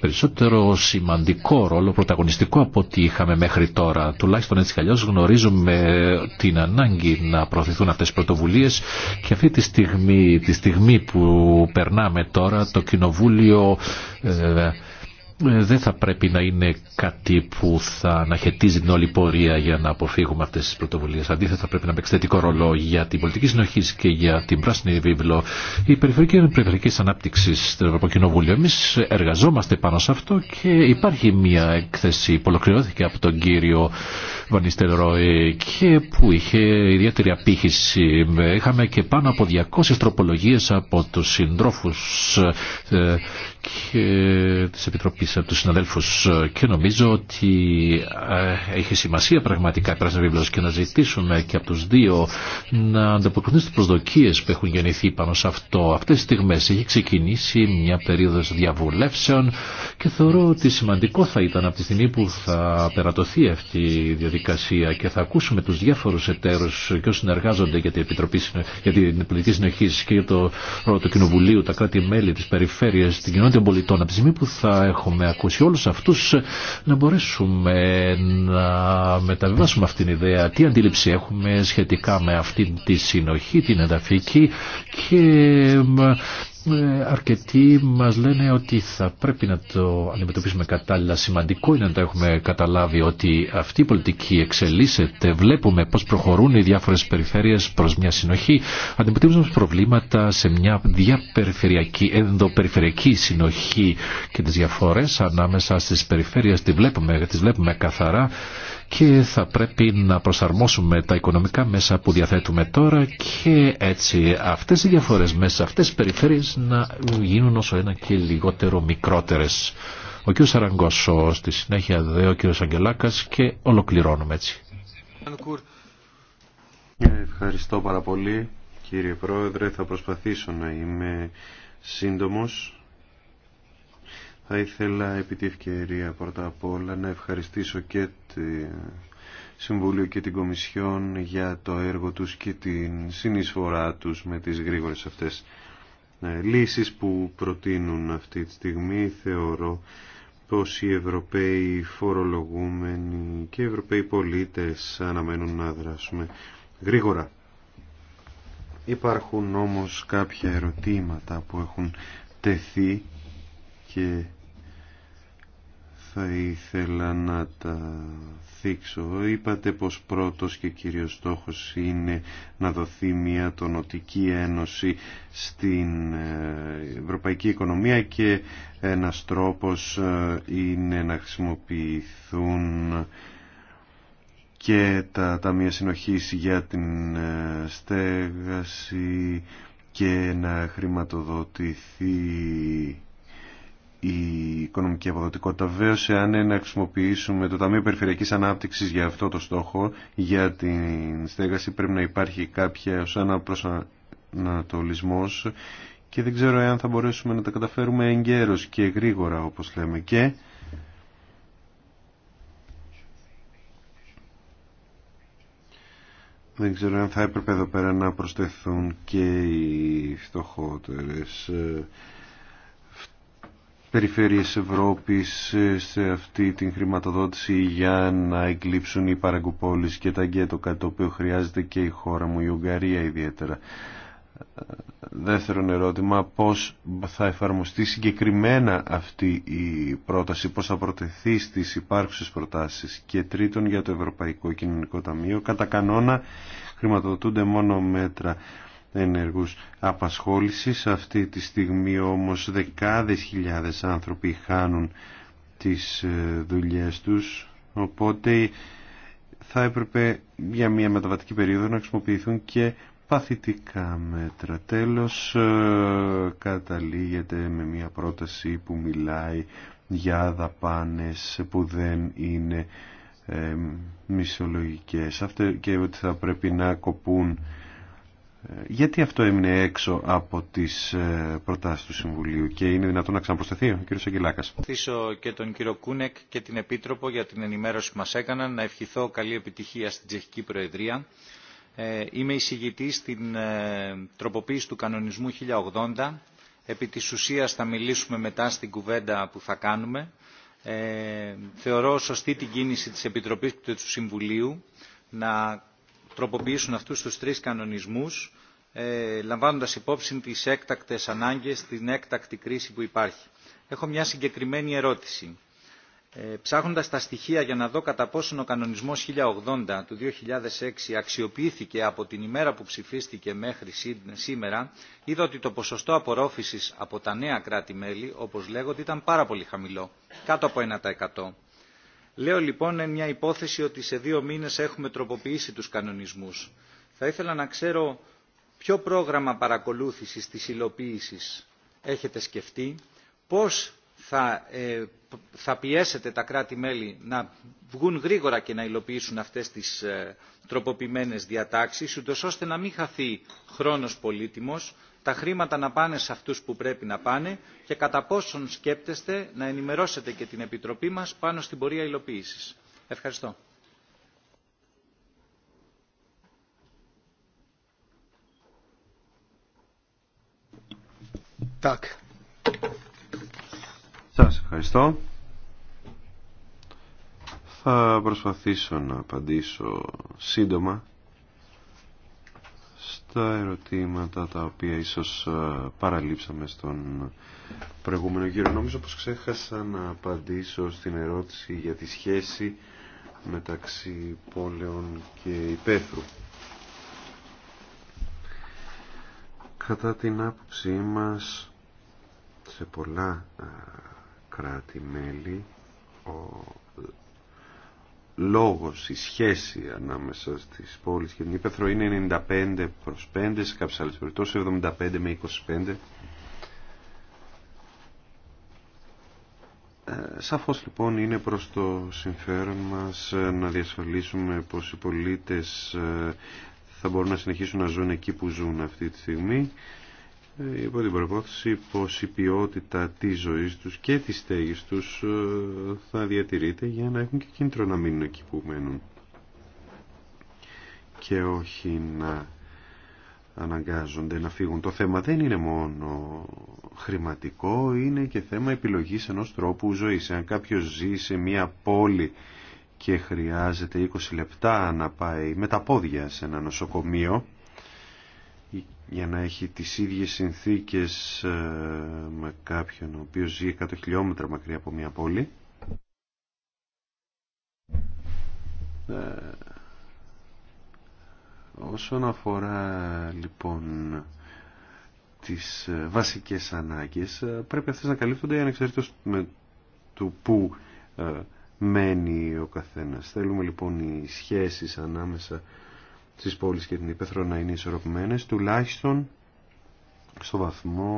περισσότερο σημαντικό ρόλο, πρωταγωνιστικό από ό,τι είχαμε μέχρι τώρα. Τουλάχιστον έτσι αλλιώς γνωρίζουμε ε, την ανάγκη να προωθηθούν αυτές τι πρωτοβουλίες και αυτή τη στιγμή, τη στιγμή που περνάμε τώρα το Κοινοβούλιο ε, ε, δεν θα πρέπει να είναι κάτι που θα αναχαιτίζει την όλη πορεία για να αποφύγουμε αυτές τις πρωτοβουλίες. Αντίθετα θα πρέπει να παίξει θετικό ρόλο για την πολιτική συνοχή και για την πράσινη βίβλο. Η περιφερειακή ανάπτυξη στο Ευρωπαϊκό Κοινοβούλιο. Εμεί εργαζόμαστε πάνω σε αυτό και υπάρχει μια έκθεση που ολοκληρώθηκε από τον κύριο Βανίστερ Ροέ και που είχε ιδιαίτερη απήχηση. Είχαμε και πάνω από 200 τροπολογίε από του συντρόφου ε, και τη επιτροπή από τους συναδέλφους ε, και νομίζω ότι ε, έχει σημασία πραγματικά η πράσινη βίβλος και να ζητήσουμε και από τους δύο να ανταποκριθούν στις προσδοκίες που έχουν γεννηθεί πάνω σε αυτό. Αυτές τις στιγμές έχει ξεκινήσει μια περίοδος διαβουλεύσεων και θεωρώ ότι σημαντικό θα ήταν από τη στιγμή που θα περατωθεί αυτή η διαδικασία και θα ακούσουμε τους διάφορους εταίρους και όσοι συνεργάζονται για την, Επιτροπή, για την Πολιτική Συνοχή και για το ρόλο του Κοινοβουλίου, τα κράτη-μέλη, τις περιφέρειες, την κοινότητα πολιτών. Από τη στιγμή που θα έχουμε έχουμε ακούσει όλους αυτούς ε, να μπορέσουμε να μεταβιβάσουμε αυτήν την ιδέα. Τι αντίληψη έχουμε σχετικά με αυτήν τη συνοχή, την εδαφική και ε, ε, αρκετοί μας λένε ότι θα πρέπει να το αντιμετωπίσουμε κατάλληλα. Σημαντικό είναι να το έχουμε καταλάβει ότι αυτή η πολιτική εξελίσσεται. Βλέπουμε πώς προχωρούν οι διάφορες περιφέρειες προς μια συνοχή. Αντιμετωπίζουμε προβλήματα σε μια διαπεριφερειακή, ενδοπεριφερειακή συνοχή και τις διαφορές ανάμεσα στις περιφέρειες. Τις βλέπουμε, τις βλέπουμε καθαρά και θα πρέπει να προσαρμόσουμε τα οικονομικά μέσα που διαθέτουμε τώρα και έτσι αυτές οι διαφορές μέσα σε αυτές τις περιφέρειες να γίνουν όσο ένα και λιγότερο μικρότερες. Ο κ. Σαραγκόσο, στη συνέχεια δε ο κ. Αγγελάκας και ολοκληρώνουμε έτσι. Ευχαριστώ πάρα πολύ κύριε Πρόεδρε. Θα προσπαθήσω να είμαι σύντομος. Θα ήθελα επί τη ευκαιρία πρώτα απ' όλα να ευχαριστήσω και τη Συμβούλιο και την Κομισιόν για το έργο τους και την συνεισφορά τους με τις γρήγορες αυτές ε, λύσεις που προτείνουν αυτή τη στιγμή. Θεωρώ πως οι Ευρωπαίοι φορολογούμενοι και οι Ευρωπαίοι πολίτες αναμένουν να δράσουμε γρήγορα. Υπάρχουν όμως κάποια ερωτήματα που έχουν τεθεί και θα ήθελα να τα θίξω. Είπατε πως πρώτος και κύριος στόχος είναι να δοθεί μια τονοτική ένωση στην ε, ευρωπαϊκή οικονομία και ένας τρόπος ε, είναι να χρησιμοποιηθούν και τα ταμεία συνοχής για την ε, στέγαση και να χρηματοδοτηθεί η οικονομική αποδοτικότητα. Βέβαιω, εάν να χρησιμοποιήσουμε το Ταμείο περιφερειακή ανάπτυξη για αυτό το στόχο, για την στέγαση πρέπει να υπάρχει κάποια ως ένα προσανατολισμός και δεν ξέρω εάν θα μπορέσουμε να τα καταφέρουμε εγκαίρω και γρήγορα όπω λέμε και δεν ξέρω αν θα έπρεπε εδώ πέρα να προσθεθούν και οι φτωχότερες περιφέρειες Ευρώπης σε αυτή την χρηματοδότηση για να εκλείψουν οι παραγκουπόλεις και τα γκέτο το οποίο χρειάζεται και η χώρα μου, η Ουγγαρία ιδιαίτερα. Δεύτερον ερώτημα, πώς θα εφαρμοστεί συγκεκριμένα αυτή η πρόταση, πώς θα προτεθεί στις υπάρχουσες προτάσεις. Και τρίτον, για το Ευρωπαϊκό Κοινωνικό Ταμείο, κατά κανόνα χρηματοδοτούνται μόνο μέτρα ενεργούς απασχόλησης. Αυτή τη στιγμή όμως δεκάδες χιλιάδες άνθρωποι χάνουν τις ε, δουλειές τους, οπότε θα έπρεπε για μια μεταβατική περίοδο να χρησιμοποιηθούν και παθητικά μέτρα. Τέλος, ε, καταλήγεται με μια πρόταση που μιλάει για δαπάνες που δεν είναι ε, μισολογικές και ότι θα πρέπει να κοπούν γιατί αυτό έμεινε έξω από τις ε, προτάσεις του Συμβουλίου και είναι δυνατόν να ξαναπροσθεθεί ο κύριος Αγγελάκας. Ευχαριστώ και τον κύριο Κούνεκ και την Επίτροπο για την ενημέρωση που μας έκαναν. Να ευχηθώ καλή επιτυχία στην Τσεχική Προεδρία. Ε, είμαι εισηγητή στην ε, τροποποίηση του κανονισμού 1080. Επί της ουσίας θα μιλήσουμε μετά στην κουβέντα που θα κάνουμε. θεωρώ σωστή την κίνηση της Επιτροπής του Συμβουλίου να τροποποιήσουν αυτούς τους τρεις κανονισμούς ε, λαμβάνοντας υπόψη τις έκτακτες ανάγκες, την έκτακτη κρίση που υπάρχει. Έχω μια συγκεκριμένη ερώτηση. Ε, ψάχνοντας τα στοιχεία για να δω κατά πόσον ο κανονισμός 1080 του 2006 αξιοποιήθηκε από την ημέρα που ψηφίστηκε μέχρι σήμερα, είδα ότι το ποσοστό απορρόφησης από τα νέα κράτη-μέλη, όπως λέγονται, ήταν πάρα πολύ χαμηλό, κάτω από 1%. Λέω λοιπόν εν μια υπόθεση ότι σε δύο μήνες έχουμε τροποποιήσει τους κανονισμούς. Θα ήθελα να ξέρω ποιο πρόγραμμα παρακολούθησης της υλοποίησης έχετε σκεφτεί, πώς ε, θα, πιέσετε τα κράτη-μέλη να βγουν γρήγορα και να υλοποιήσουν αυτές τις ε, τροποποιημένες διατάξεις, ούτως ώστε να μην χαθεί χρόνος πολύτιμος, τα χρήματα να πάνε σε αυτούς που πρέπει να πάνε και κατά πόσον σκέπτεστε να ενημερώσετε και την Επιτροπή μας πάνω στην πορεία υλοποίησης. Ευχαριστώ. Σας ευχαριστώ. Θα προσπαθήσω να απαντήσω σύντομα στα ερωτήματα τα οποία ίσως ε, παραλείψαμε στον προηγούμενο γύρο. Νομίζω πως ξέχασα να απαντήσω στην ερώτηση για τη σχέση μεταξύ πόλεων και υπαίθρου. Κατά την άποψή μας σε πολλά ε, κράτη-μέλη ο λόγος, η σχέση ανάμεσα στις πόλεις και την Ήπεθρο είναι 95 προς 5, σε κάποιες άλλες περιπτώσεις 75 με 25. Ε, σαφώς λοιπόν είναι προς το συμφέρον μας ε, να διασφαλίσουμε πως οι πολίτες ε, θα μπορούν να συνεχίσουν να ζουν εκεί που ζουν αυτή τη στιγμή υπό την προπόθεση πως η ποιότητα της ζωής τους και της στέγης τους ε, θα διατηρείται για να έχουν και κίνητρο να μείνουν εκεί που μένουν και όχι να αναγκάζονται να φύγουν. Το θέμα δεν είναι μόνο χρηματικό, είναι και θέμα επιλογής ενός τρόπου ζωής. Αν κάποιος ζει σε μια πόλη και χρειάζεται 20 λεπτά να πάει με τα πόδια σε ένα νοσοκομείο, για να έχει τις ίδιες συνθήκες ε, με κάποιον ο οποίος ζει 100 χιλιόμετρα μακριά από μια πόλη ε, όσον αφορά λοιπόν τις ε, βασικές ανάγκες πρέπει αυτές να καλύπτονται ανεξαρτήτως με του που μένει ο καθένας θέλουμε λοιπόν οι σχέσεις ανάμεσα της πόλης και την υπεθρό να είναι ισορροπημένες, τουλάχιστον στο βαθμό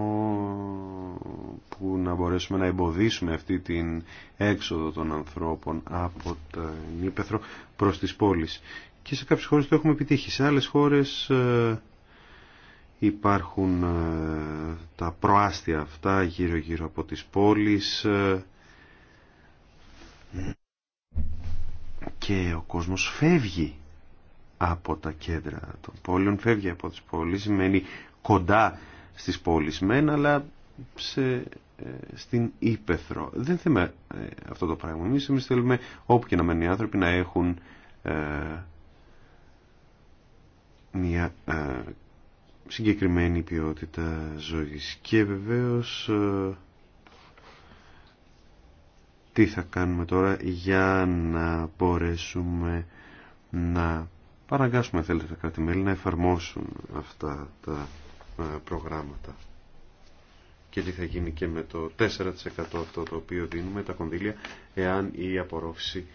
που να μπορέσουμε να εμποδίσουμε αυτή την έξοδο των ανθρώπων από την Ήπεθρο προς τις πόλεις. Και σε κάποιες χώρες το έχουμε επιτύχει. Σε άλλες χώρες ε, υπάρχουν ε, τα προάστια αυτά γύρω-γύρω από τις πόλεις ε, και ο κόσμος φεύγει από τα κέντρα των πόλεων, φεύγει από τις πόλεις, μένει κοντά στις πόλεις μεν, αλλά ε, στην ύπεθρο Δεν θέλουμε ε, αυτό το πράγμα. Εμείς, εμείς θέλουμε όπου και να μένουν οι άνθρωποι να έχουν ε, μια συγκεκριμένη ποιότητα ζωής. Και βεβαίως τι θα κάνουμε τώρα για να μπορέσουμε να παραγκάσουμε θέλετε τα κράτη-μέλη να εφαρμόσουν αυτά τα ε, προγράμματα και τι θα γίνει και με το 4% αυτό το οποίο δίνουμε τα κονδύλια εάν η απορρόφηση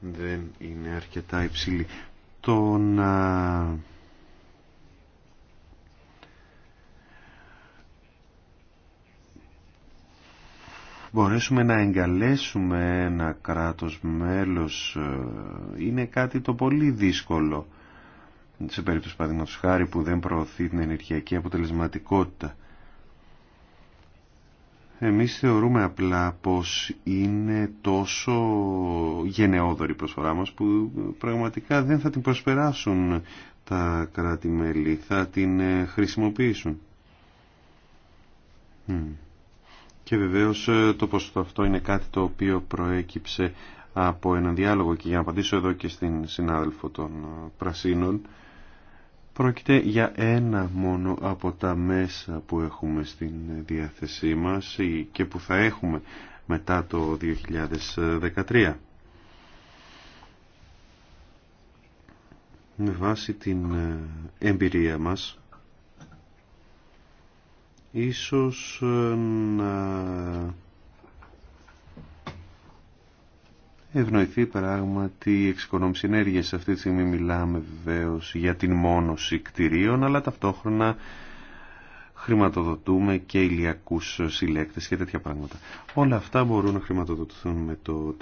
δεν είναι αρκετά υψηλή. Το να μπορέσουμε να εγκαλέσουμε ένα κράτος μέλος ε, είναι κάτι το πολύ δύσκολο σε περίπτωση παραδείγματος χάρη που δεν προωθεί την ενεργειακή αποτελεσματικότητα. Εμείς θεωρούμε απλά πως είναι τόσο γενναιόδορη η προσφορά μας που πραγματικά δεν θα την προσπεράσουν τα κράτη-μέλη, θα την ε, χρησιμοποιήσουν. Και βεβαίως ε, το ποσοστό αυτό είναι κάτι το οποίο προέκυψε από έναν διάλογο και για να απαντήσω εδώ και στην συνάδελφο των ε, Πρασίνων πρόκειται για ένα μόνο από τα μέσα που έχουμε στην διάθεσή μας και που θα έχουμε μετά το 2013. Με βάση την ε, εμπειρία μας ίσως ε, να ευνοηθεί πράγματι η εξοικονόμηση ενέργειας. Αυτή τη στιγμή μιλάμε βεβαίω για την μόνωση κτηρίων, αλλά ταυτόχρονα χρηματοδοτούμε και ηλιακού συλλέκτες και τέτοια πράγματα. Όλα αυτά μπορούν να χρηματοδοτηθούν με το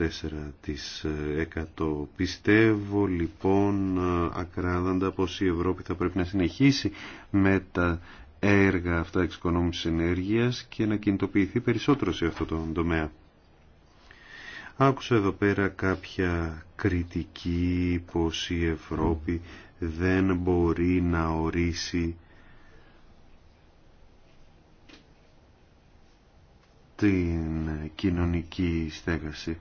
4%. Πιστεύω λοιπόν ακράδαντα πως η Ευρώπη θα πρέπει να συνεχίσει με τα έργα αυτά εξοικονόμησης ενέργειας και να κινητοποιηθεί περισσότερο σε αυτό το τομέα. Άκουσα εδώ πέρα κάποια κριτική πως η Ευρώπη δεν μπορεί να ορίσει την κοινωνική στέγαση.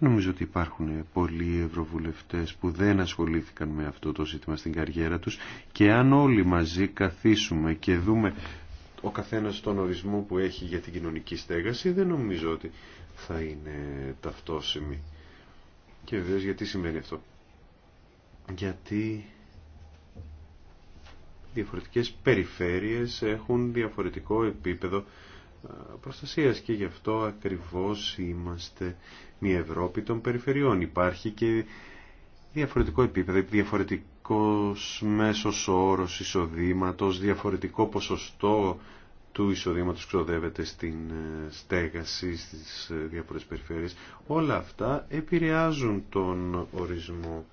Δεν νομίζω ότι υπάρχουν πολλοί ευρωβουλευτές που δεν ασχολήθηκαν με αυτό το ζήτημα στην καριέρα τους και αν όλοι μαζί καθίσουμε και δούμε ο καθένας τον ορισμό που έχει για την κοινωνική στέγαση δεν νομίζω ότι θα είναι ταυτόσιμη. Και βεβαίω γιατί σημαίνει αυτό. Γιατί διαφορετικές περιφέρειες έχουν διαφορετικό επίπεδο προστασίας και γι' αυτό ακριβώς είμαστε μια Ευρώπη των περιφερειών. Υπάρχει και διαφορετικό επίπεδο, διαφορετικός μέσος όρος εισοδήματος, διαφορετικό ποσοστό του εισοδήματος ξοδεύεται στην ε, στέγαση, στις ε, διάφορες περιφέρειες. Όλα αυτά επηρεάζουν τον ορισμό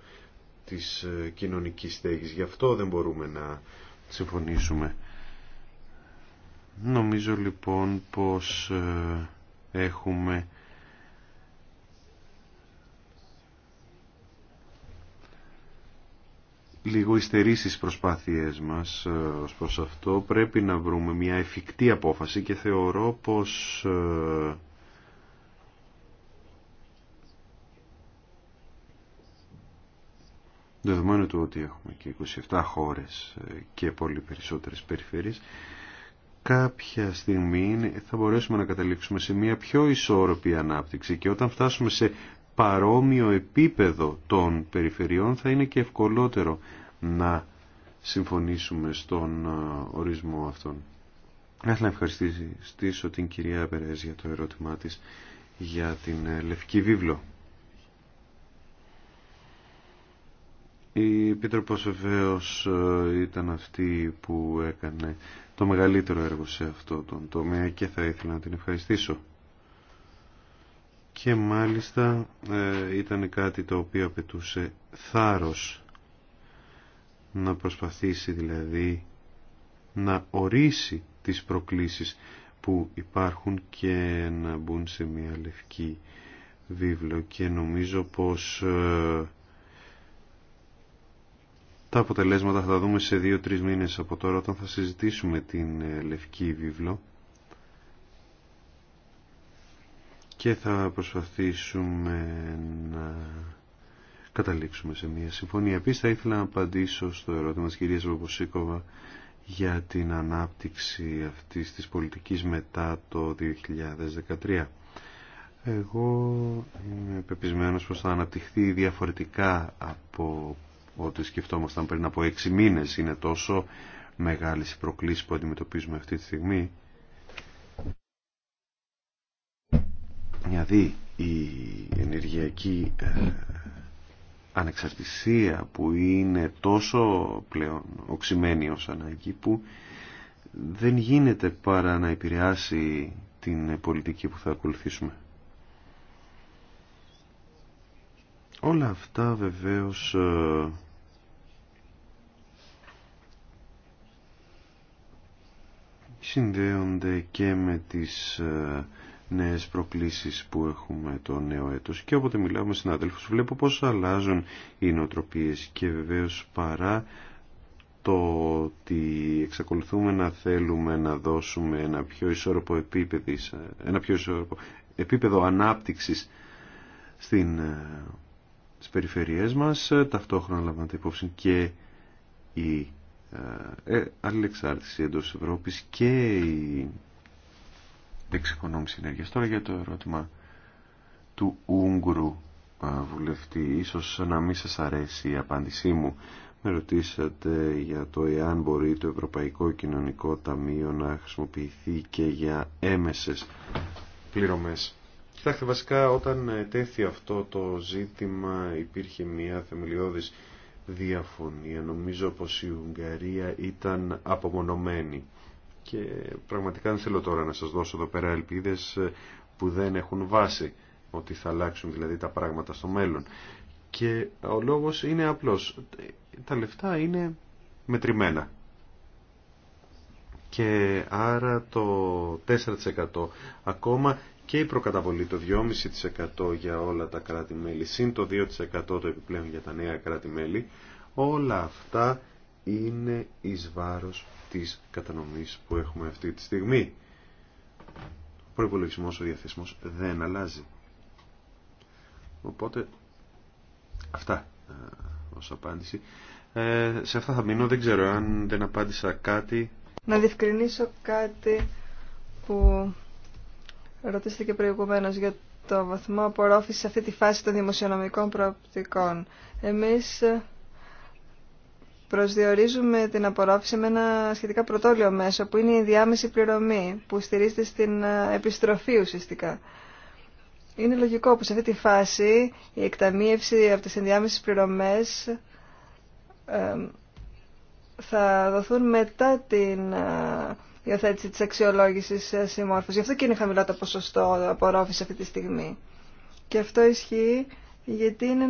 της ε, κοινωνικής στέγης. Γι' αυτό δεν μπορούμε να συμφωνήσουμε Νομίζω λοιπόν πως ε, έχουμε λίγο υστερήσει προσπάθειές μας ε, ως προς αυτό. Πρέπει να βρούμε μια εφικτή απόφαση και θεωρώ πως ε, δεδομένου του ότι έχουμε και 27 χώρες και πολύ περισσότερες περιφέρειες κάποια στιγμή θα μπορέσουμε να καταλήξουμε σε μια πιο ισόρροπη ανάπτυξη και όταν φτάσουμε σε παρόμοιο επίπεδο των περιφερειών θα είναι και ευκολότερο να συμφωνήσουμε στον ε, ορισμό αυτόν. Θα να ευχαριστήσω την κυρία Περέζ για το ερώτημά της για την ε, Λευκή Βίβλο. Η Επίτροπος βεβαίω ε, ήταν αυτή που έκανε το μεγαλύτερο έργο σε αυτό τον τομέα και θα ήθελα να την ευχαριστήσω. Και μάλιστα ε, ήταν κάτι το οποίο απαιτούσε θάρρος να προσπαθήσει δηλαδή να ορίσει τις προκλήσεις που υπάρχουν και να μπουν σε μια λευκή βίβλο και νομίζω πως ε, τα αποτελέσματα θα τα δούμε σε δύο-τρεις μήνες από τώρα όταν θα συζητήσουμε την ε, Λευκή Βίβλο και θα προσπαθήσουμε να καταλήξουμε σε μια συμφωνία. Επίσης θα ήθελα να απαντήσω στο ερώτημα της κυρίας Βοποσίκοβα για την ανάπτυξη αυτής της πολιτικής μετά το 2013. Εγώ είμαι πεπισμένος πως θα αναπτυχθεί διαφορετικά από ό,τι σκεφτόμασταν πριν από έξι μήνες. Είναι τόσο μεγάλης η προκλήση που αντιμετωπίζουμε αυτή τη στιγμή. Δηλαδή η ενεργειακή ε, ανεξαρτησία που είναι τόσο πλέον οξυμένη ως ανάγκη που δεν γίνεται παρά να επηρεάσει την πολιτική που θα ακολουθήσουμε. Όλα αυτά βεβαίως ε, συνδέονται και με τις ε, νέες προκλήσεις που έχουμε το νέο έτος και όποτε μιλάμε, με συναδέλφους βλέπω πώς αλλάζουν οι νοοτροπίες και βεβαίως παρά το ότι εξακολουθούμε να θέλουμε να δώσουμε ένα πιο ισόρροπο επίπεδο, ένα πιο ισόρροπο επίπεδο ανάπτυξης στην, ε, στις περιφερειές μας ε, ταυτόχρονα λαμβάνεται υπόψη και η ε, αλληλεξάρτηση εντό Ευρώπη και η εξοικονόμηση ενέργεια. Τώρα για το ερώτημα του Ούγγρου βουλευτή, ίσως να μην σα αρέσει η απάντησή μου. Με ρωτήσατε για το εάν μπορεί το Ευρωπαϊκό Κοινωνικό Ταμείο να χρησιμοποιηθεί και για έμεσες πληρωμές. Κοιτάξτε, βασικά όταν τέθη αυτό το ζήτημα υπήρχε μια θεμελιώδης διαφωνία. Νομίζω πως η Ουγγαρία ήταν απομονωμένη. Και πραγματικά δεν θέλω τώρα να σας δώσω εδώ πέρα ελπίδες ε, που δεν έχουν βάση ότι θα αλλάξουν δηλαδή τα πράγματα στο μέλλον. Και ο λόγος είναι απλός. Τα λεφτά είναι μετρημένα. Και άρα το 4% ακόμα και η προκαταβολή το 2,5% για όλα τα κράτη-μέλη, συν το 2% το επιπλέον για τα νέα κράτη-μέλη, όλα αυτά είναι εις βάρος της κατανομής που έχουμε αυτή τη στιγμή. Ο προϋπολογισμός, ο διαθέσιμος δεν αλλάζει. Οπότε, αυτά ε, ως απάντηση. Ε, σε αυτά θα μείνω, δεν ξέρω αν δεν απάντησα κάτι. Να διευκρινίσω κάτι που Ρωτήσατε και προηγουμένω για το βαθμό απορρόφηση σε αυτή τη φάση των δημοσιονομικών προοπτικών. Εμείς ε, προσδιορίζουμε την απορρόφηση με ένα σχετικά πρωτόλιο μέσο που είναι η διάμεση πληρωμή που στηρίζεται στην ε, επιστροφή ουσιαστικά. Είναι λογικό που σε αυτή τη φάση η εκταμείευση από τις ενδιάμεσες πληρωμές ε, θα δοθούν μετά την υιοθέτηση τη αξιολόγηση ε, συμμόρφωση. Γι' αυτό και είναι χαμηλό το ποσοστό απορρόφηση αυτή τη στιγμή. Και αυτό ισχύει γιατί είναι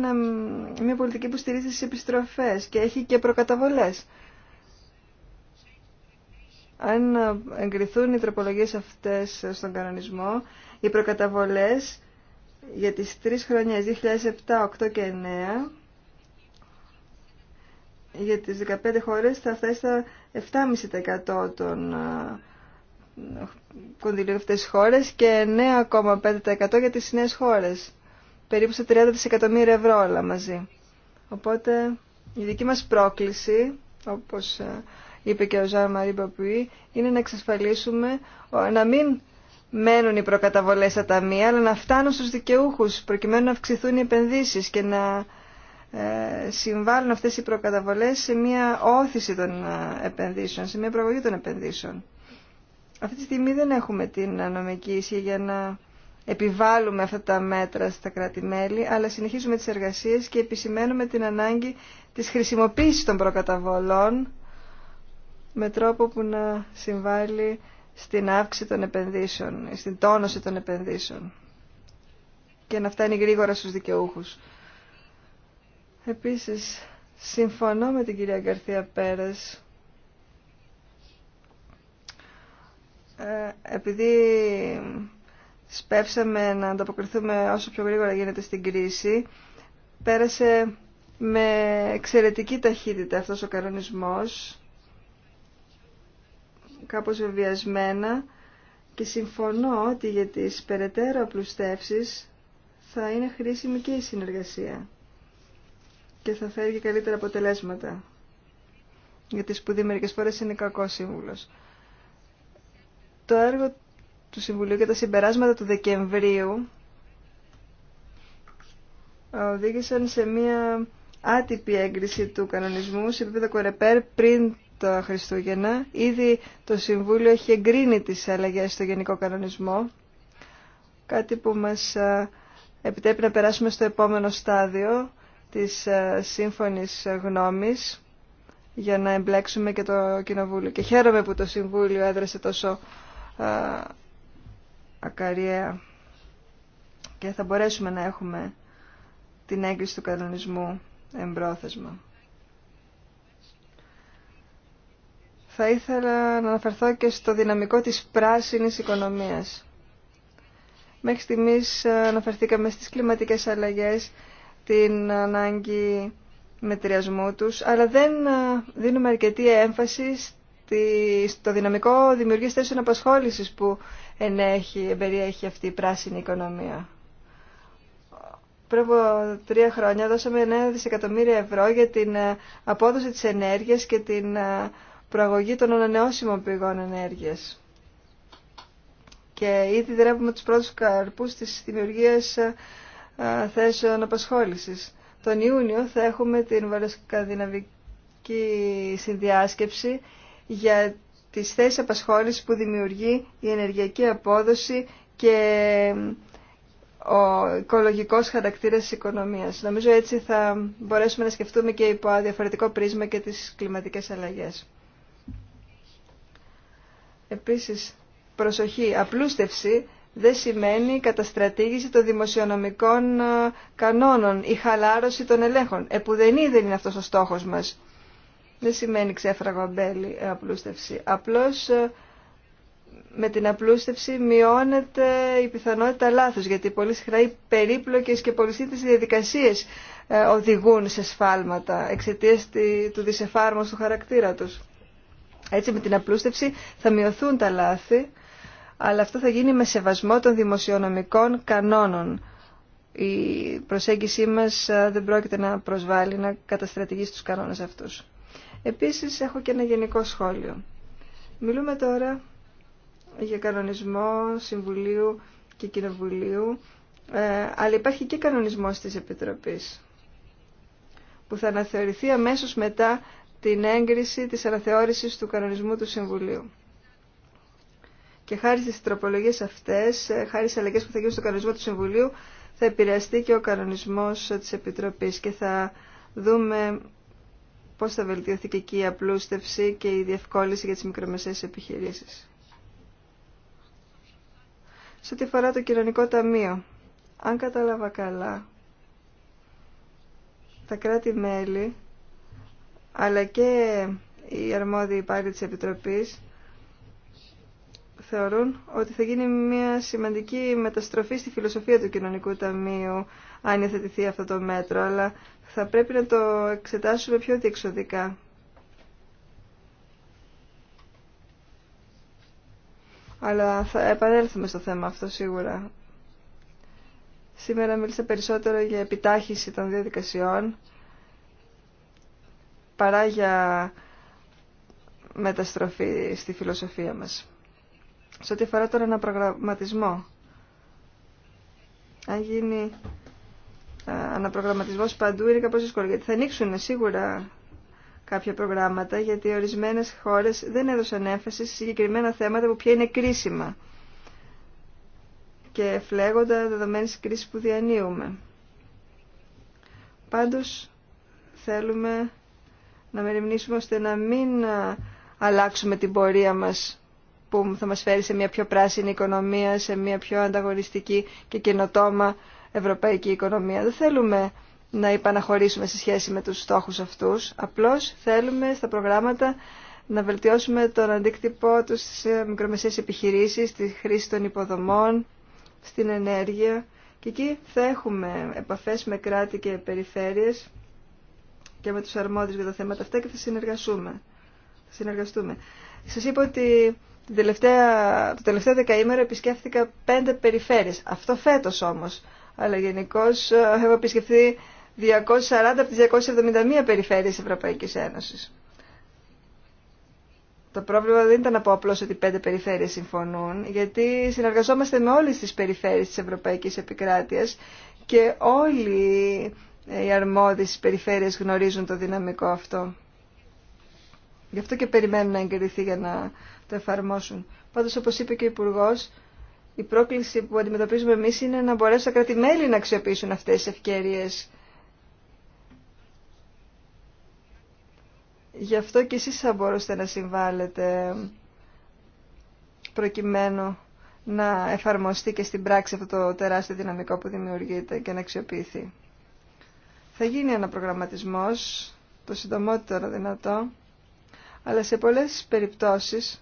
μια πολιτική που στηρίζει στι επιστροφέ και έχει και προκαταβολές. Αν εγκριθούν οι τροπολογίε αυτές στον κανονισμό, οι προκαταβολές για τις τρεις χρονιές 2007, 2008 και 2009 για τις 15 χώρες θα φτάσει 7,5% των ε, κονδυλίων χώρες και 9,5% για τις νέες χώρες. Περίπου στα 30 δισεκατομμύρια ευρώ όλα μαζί. Οπότε η δική μας πρόκληση, όπως ε, είπε και ο Ζαν Μαρή Παπουή, είναι να εξασφαλίσουμε να μην μένουν οι προκαταβολές στα ταμεία, αλλά να φτάνουν στους δικαιούχους, προκειμένου να αυξηθούν οι επενδύσεις και να ε, συμβάλλουν αυτές οι προκαταβολές σε μια όθηση των ε, επενδύσεων, σε μια προβολή των επενδύσεων. Αυτή τη στιγμή δεν έχουμε την νομική ίσια για να επιβάλλουμε αυτά τα μέτρα στα κράτη-μέλη, αλλά συνεχίζουμε τις εργασίες και επισημαίνουμε την ανάγκη της χρησιμοποίησης των προκαταβολών με τρόπο που να συμβάλλει στην αύξηση των επενδύσεων, στην τόνωση των επενδύσεων και να φτάνει γρήγορα στους δικαιούχους. Επίσης, συμφωνώ με την κυρία Γκαρθία Πέρες ε, επειδή σπεύσαμε να ανταποκριθούμε όσο πιο γρήγορα γίνεται στην κρίση, πέρασε με εξαιρετική ταχύτητα αυτός ο κανονισμός, κάπως βεβαιασμένα, και συμφωνώ ότι για τις περαιτέρω απλουστεύσεις θα είναι χρήσιμη και η συνεργασία και θα φέρει και καλύτερα αποτελέσματα. Γιατί σπουδή μερικές φορές είναι κακό σύμβουλος. Το έργο του Συμβουλίου και τα συμπεράσματα του Δεκεμβρίου ε, οδήγησαν σε μία άτυπη έγκριση του κανονισμού σε επίπεδο κορεπέρ πριν τα Χριστούγεννα. Ήδη το Συμβούλιο έχει εγκρίνει τις αλλαγές στο Γενικό Κανονισμό, κάτι που μας ε, επιτρέπει να περάσουμε στο επόμενο στάδιο, της ε, σύμφωνης ε, γνώμης για να εμπλέξουμε και το Κοινοβούλιο. Και χαίρομαι που το Συμβούλιο έδρασε τόσο ε, ακαριέα και θα μπορέσουμε να έχουμε την έγκριση του κανονισμού εμπρόθεσμα. Θα ήθελα να αναφερθώ και στο δυναμικό της πράσινης οικονομίας. Μέχρι στιγμής αναφερθήκαμε στις κλιματικές αλλαγές την ανάγκη μετριασμού τους, αλλά δεν ε, δίνουμε αρκετή έμφαση στο δυναμικό δημιουργής θέσεων απασχόλησης που ενέχει, εμπεριέχει αυτή η πράσινη οικονομία. Πριν από τρία χρόνια δώσαμε 9 δισεκατομμύρια ευρώ για την ε, απόδοση της ενέργειας και την ε, προαγωγή των ανανεώσιμων πηγών ενέργειας. Και ήδη δρεύουμε τους πρώτους καρπούς της δημιουργίας θέσεων απασχόλησης. Τον Ιούνιο θα έχουμε την βαλαιοσκαδιναβική συνδιάσκεψη για τις θέσεις απασχόλησης που δημιουργεί η ενεργειακή απόδοση και ο οικολογικός χαρακτήρας της οικονομίας. Νομίζω έτσι θα μπορέσουμε να σκεφτούμε και υπό διαφορετικό πρίσμα και τις κλιματικές αλλαγές. Επίσης, προσοχή, απλούστευση δεν σημαίνει καταστρατήγηση των δημοσιονομικών ε, κανόνων ή χαλάρωση των ελέγχων. Επουδενή δεν είναι αυτός ο στόχος μας. Δεν σημαίνει ξέφραγο μπέλη ε, απλούστευση. Απλώς ε, με την απλούστευση μειώνεται η πιθανότητα λάθους, γιατί πολύ συχνά οι περίπλοκες και πολυσύντες διαδικασίες οδηγούν σε σφάλματα εξαιτίας του δυσεφάρμοστου χαρακτήρα τους. Έτσι με την απλούστευση θα μειωθούν τα λάθη αλλά αυτό θα γίνει με σεβασμό των δημοσιονομικών κανόνων. Η προσέγγιση μας δεν πρόκειται να προσβάλλει, να καταστρατηγεί τους κανόνες αυτούς. Επίσης έχω και ένα γενικό σχόλιο. Μιλούμε τώρα για κανονισμό Συμβουλίου και Κοινοβουλίου, ε, αλλά υπάρχει και κανονισμός της Επιτροπής, που θα αναθεωρηθεί αμέσως μετά την έγκριση της αναθεώρησης του κανονισμού του Συμβουλίου. Και χάρη στι τροπολογίε αυτές, ε, χάρη στι αλλαγές που θα γίνουν στο κανονισμό του Συμβουλίου, θα επηρεαστεί και ο κανονισμός ε, τη Επιτροπή και θα δούμε πώς θα βελτιωθεί και εκεί η απλούστευση και η διευκόλυνση για τις μικρομεσαίες επιχειρήσεις. Σε ό,τι αφορά το κοινωνικό ταμείο, αν κατάλαβα καλά, τα κράτη-μέλη αλλά και οι αρμόδιοι υπάλληλοι της Επιτροπής θεωρούν ότι θα γίνει μια σημαντική μεταστροφή στη φιλοσοφία του κοινωνικού ταμείου αν υιοθετηθεί αυτό το μέτρο, αλλά θα πρέπει να το εξετάσουμε πιο διεξοδικά. Αλλά θα επανέλθουμε στο θέμα αυτό σίγουρα. Σήμερα μίλησα περισσότερο για επιτάχυση των διαδικασιών παρά για μεταστροφή στη φιλοσοφία μας. Σε ό,τι αφορά τον αναπρογραμματισμό, αν γίνει ε, αναπρογραμματισμός παντού είναι κάπως δύσκολο, γιατί θα ανοίξουν σίγουρα κάποια προγράμματα, γιατί ορισμένες χώρες δεν έδωσαν έμφαση σε συγκεκριμένα θέματα που πια είναι κρίσιμα και φλέγοντα δεδομένες κρίσης που διανύουμε. Πάντως θέλουμε να μεριμνήσουμε ώστε να μην ε, αλλάξουμε την πορεία μας που θα μας φέρει σε μια πιο πράσινη οικονομία, σε μια πιο ανταγωνιστική και καινοτόμα ευρωπαϊκή οικονομία. Δεν θέλουμε να υπαναχωρήσουμε σε σχέση με τους στόχους αυτούς, απλώς θέλουμε στα προγράμματα να βελτιώσουμε τον αντίκτυπό τους στις ε, μικρομεσαίες επιχειρήσεις, στη χρήση των υποδομών, στην ενέργεια και εκεί θα έχουμε επαφές με κράτη και περιφέρειες και με τους αρμόδιους για τα θέματα αυτά και θα συνεργαστούμε. Σας είπα ότι τελευταία, το τελευταίο δεκαήμερο επισκέφθηκα πέντε περιφέρειες. Αυτό φέτος όμως. Αλλά γενικώ ε, έχω επισκεφθεί 240 από τις 271 περιφέρειες Ευρωπαϊκής Ένωσης. Το πρόβλημα δεν ήταν να πω απλώς ότι πέντε περιφέρειες συμφωνούν, γιατί συνεργαζόμαστε με όλες τις περιφέρειες της Ευρωπαϊκής Επικράτειας και όλοι οι αρμόδιες περιφέρειες γνωρίζουν το δυναμικό αυτό. Γι' αυτό και περιμένουν να εγκριθεί για να το εφαρμόσουν. Πάντως, όπως είπε και ο Υπουργό, η πρόκληση που αντιμετωπίζουμε εμείς είναι να μπορέσουν τα κράτη-μέλη να αξιοποιήσουν αυτές τις ευκαιρίες. Γι' αυτό και εσείς θα μπορούσατε να συμβάλλετε προκειμένου να εφαρμοστεί και στην πράξη αυτό το τεράστιο δυναμικό που δημιουργείται και να αξιοποιηθεί. Θα γίνει ένα προγραμματισμός, το συντομότερο δυνατό, αλλά σε πολλές περιπτώσεις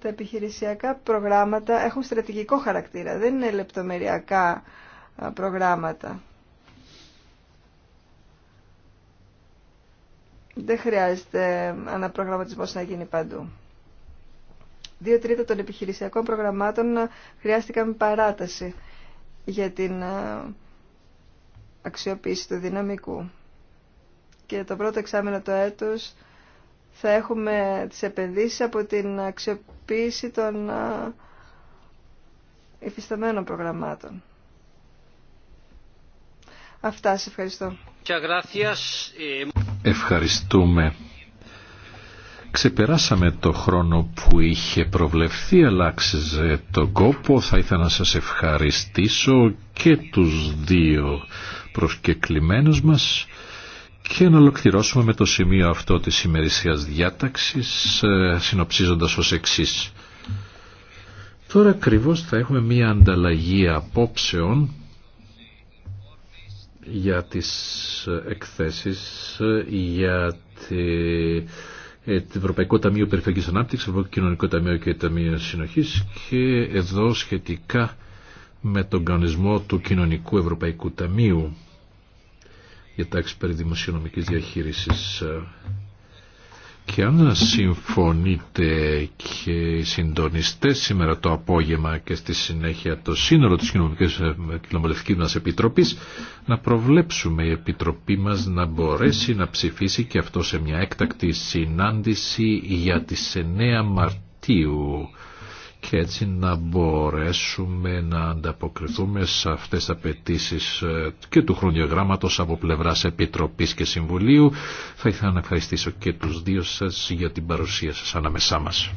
τα επιχειρησιακά προγράμματα έχουν στρατηγικό χαρακτήρα, δεν είναι λεπτομεριακά προγράμματα. Δεν χρειάζεται αναπρογραμματισμός να γίνει παντού. Δύο τρίτα των επιχειρησιακών προγραμμάτων χρειάστηκαν παράταση για την αξιοποίηση του δυναμικού. Και το πρώτο εξάμεινο του έτος θα έχουμε τις επενδύσεις από την αξιοποίηση των υφισταμένων προγραμμάτων. Αυτά, σε ευχαριστώ. Ευχαριστούμε. Ξεπεράσαμε το χρόνο που είχε προβλεφθεί, αλλάξιζε τον κόπο. Θα ήθελα να σας ευχαριστήσω και τους δύο προσκεκλημένους μας και να ολοκληρώσουμε με το σημείο αυτό της ημερησίας διάταξης ε, συνοψίζοντας ως εξής. Τώρα ακριβώ θα έχουμε μία ανταλλαγή απόψεων για τις εκθέσεις ε, για τη, ε, το Ευρωπαϊκό Ταμείο Περιφερειακής Ανάπτυξης, Ευρωπαϊκό Κοινωνικό Ταμείο και Ταμείο Συνοχής και εδώ σχετικά με τον κανονισμό του Κοινωνικού Ευρωπαϊκού Ταμείου για τάξη περί δημοσιονομικής διαχείρισης. Και αν συμφωνείτε και οι συντονιστέ σήμερα το απόγευμα και στη συνέχεια το σύνολο της Κοινοβουλευτικής μας Επιτροπής να προβλέψουμε η Επιτροπή μας να μπορέσει να ψηφίσει και αυτό σε μια έκτακτη συνάντηση για τις 9 Μαρτίου και έτσι να μπορέσουμε να ανταποκριθούμε σε αυτές τις απαιτήσει ε, και του χρονιογράμματος από πλευράς Επιτροπής και Συμβουλίου. Θα ήθελα να ευχαριστήσω και τους δύο σας για την παρουσία σας ανάμεσά μας.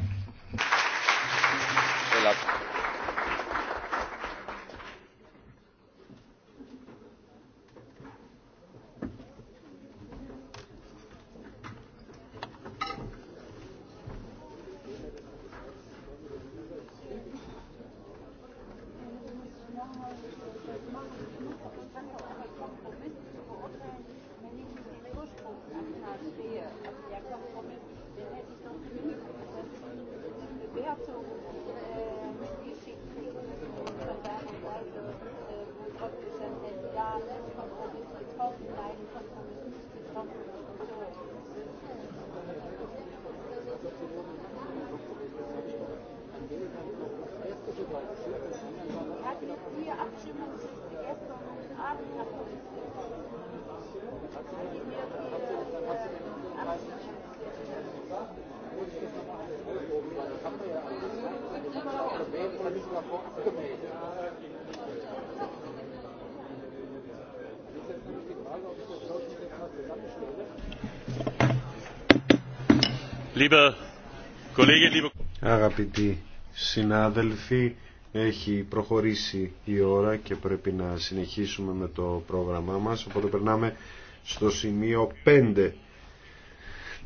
αγαπητοί συνάδελφοι, έχει προχωρήσει η ώρα και πρέπει να συνεχίσουμε με το πρόγραμμά μας, οπότε περνάμε στο σημείο 5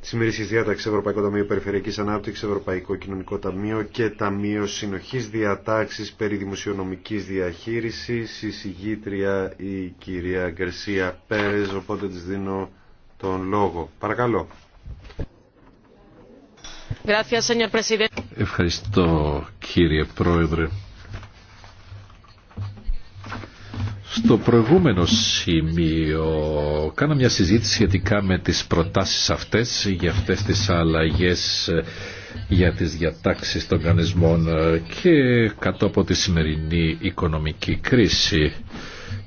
της ημερήσιας διάταξης Ευρωπαϊκό Ταμείο Περιφερειακής Ανάπτυξης, Ευρωπαϊκό Κοινωνικό Ταμείο και Ταμείο Συνοχής Διατάξης περί Δημοσιονομικής Διαχείρισης, η η κυρία Γκαρσία Πέρες, οπότε της δίνω τον λόγο. Παρακαλώ. Ευχαριστώ κύριε Πρόεδρε. Στο προηγούμενο σημείο κάνα μια συζήτηση σχετικά με τις προτάσεις αυτές για αυτές τις αλλαγές για τις διατάξεις των κανισμών και κάτω από τη σημερινή οικονομική κρίση.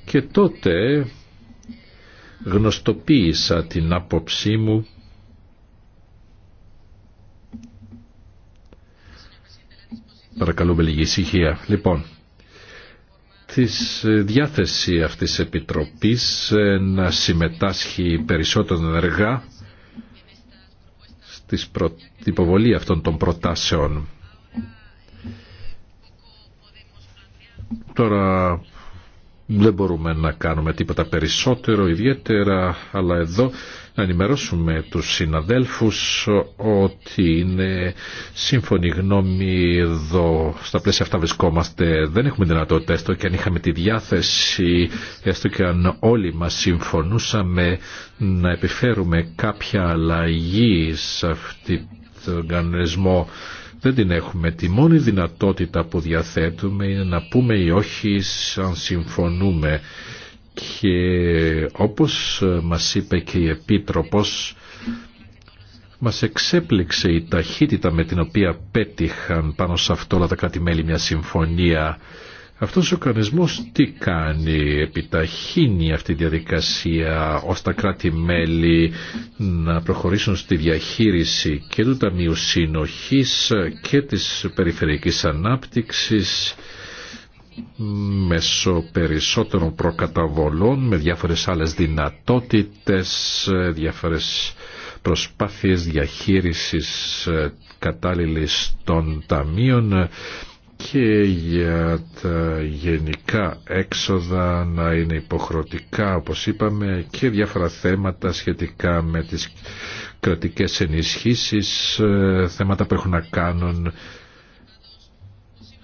Και τότε γνωστοποίησα την άποψή μου Παρακαλούμε λίγη ησυχία. Λοιπόν, τη ε, διάθεση αυτής της Επιτροπής ε, να συμμετάσχει περισσότερο ενεργά στην προ... υποβολή αυτών των προτάσεων. Τώρα δεν μπορούμε να κάνουμε τίποτα περισσότερο ιδιαίτερα, αλλά εδώ να ενημερώσουμε τους συναδέλφους ότι είναι σύμφωνη γνώμη εδώ στα πλαίσια αυτά βρισκόμαστε δεν έχουμε δυνατότητα έστω και αν είχαμε τη διάθεση έστω και αν όλοι μας συμφωνούσαμε να επιφέρουμε κάποια αλλαγή σε αυτή τον κανονισμό δεν την έχουμε. Τη μόνη δυνατότητα που διαθέτουμε είναι να πούμε ή όχι αν συμφωνούμε και όπως μας είπε και η Επίτροπος, μας εξέπληξε η ταχύτητα με την οποία πέτυχαν πάνω σε αυτό όλα τα κράτη-μέλη μια συμφωνία. Αυτός ο οργανισμός τι κάνει, επιταχύνει αυτή τη διαδικασία ώστε τα κράτη-μέλη να προχωρήσουν στη διαχείριση και του Ταμείου Συνοχής και της Περιφερειακής Ανάπτυξης μέσω περισσότερων προκαταβολών με διάφορες άλλες δυνατότητες, ε, διάφορες προσπάθειες διαχείρισης ε, κατάλληλης των ταμείων ε, και για τα γενικά έξοδα να είναι υποχρεωτικά όπως είπαμε και διάφορα θέματα σχετικά με τις κρατικές ενισχύσεις, θέματα που έχουν να κάνουν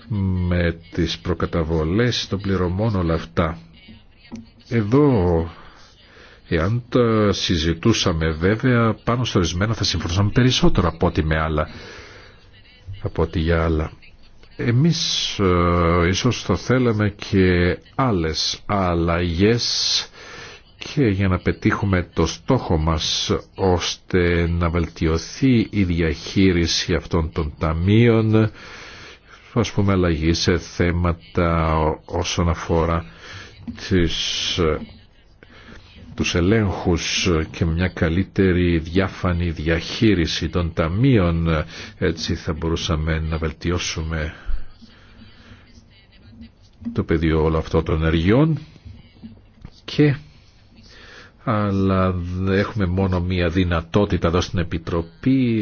με τις προκαταβολές των πληρωμών όλα αυτά. Εδώ Εάν τα συζητούσαμε βέβαια πάνω στορισμένα θα συμφωνούσαμε περισσότερο από ό,τι με άλλα. Από ό,τι για άλλα. Εμείς ε, ίσως θα θέλαμε και άλλες αλλαγές και για να πετύχουμε το στόχο μας ώστε να βελτιωθεί η διαχείριση αυτών των ταμείων ας πούμε αλλαγή σε θέματα όσον αφορά τις, τους ελέγχους και μια καλύτερη διάφανη διαχείριση των ταμείων έτσι θα μπορούσαμε να βελτιώσουμε το πεδίο όλο αυτό των ενεργειών και αλλά έχουμε μόνο μία δυνατότητα εδώ στην Επιτροπή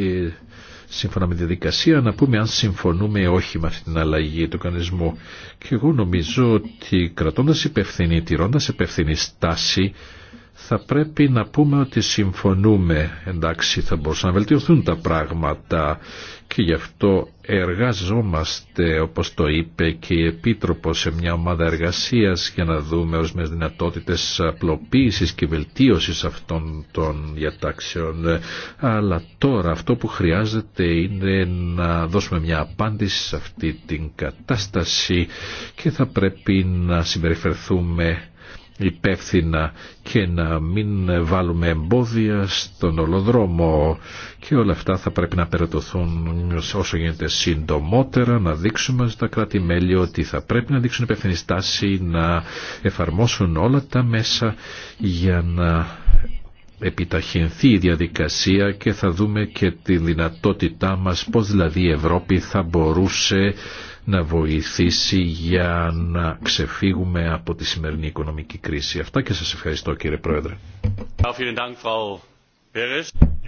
σύμφωνα με τη δικασία να πούμε αν συμφωνούμε ή όχι με αυτή την αλλαγή του κανονισμού. Και εγώ νομίζω ότι κρατώντας υπευθυνή, τηρώντας υπευθυνή στάση, θα πρέπει να πούμε ότι συμφωνούμε. Εντάξει, θα μπορούσαν να βελτιωθούν τα πράγματα και γι' αυτό εργαζόμαστε, όπως το είπε και η Επίτροπο, σε μια ομάδα εργασίας για να δούμε ως με δυνατότητες απλοποίησης και βελτίωσης αυτών των διατάξεων. Αλλά τώρα αυτό που χρειάζεται είναι να δώσουμε μια απάντηση σε αυτή την κατάσταση και θα πρέπει να συμπεριφερθούμε υπεύθυνα και να μην βάλουμε εμπόδια στον ολοδρόμο και όλα αυτά θα πρέπει να περαιτωθούν όσο γίνεται συντομότερα να δείξουμε στα κράτη-μέλη ότι θα πρέπει να δείξουν υπεύθυνη στάση να εφαρμόσουν όλα τα μέσα για να επιταχυνθεί η διαδικασία και θα δούμε και τη δυνατότητά μας πώς δηλαδή η Ευρώπη θα μπορούσε να βοηθήσει για να ξεφύγουμε από τη σημερινή οικονομική κρίση. Αυτά και σας ευχαριστώ κύριε Πρόεδρε.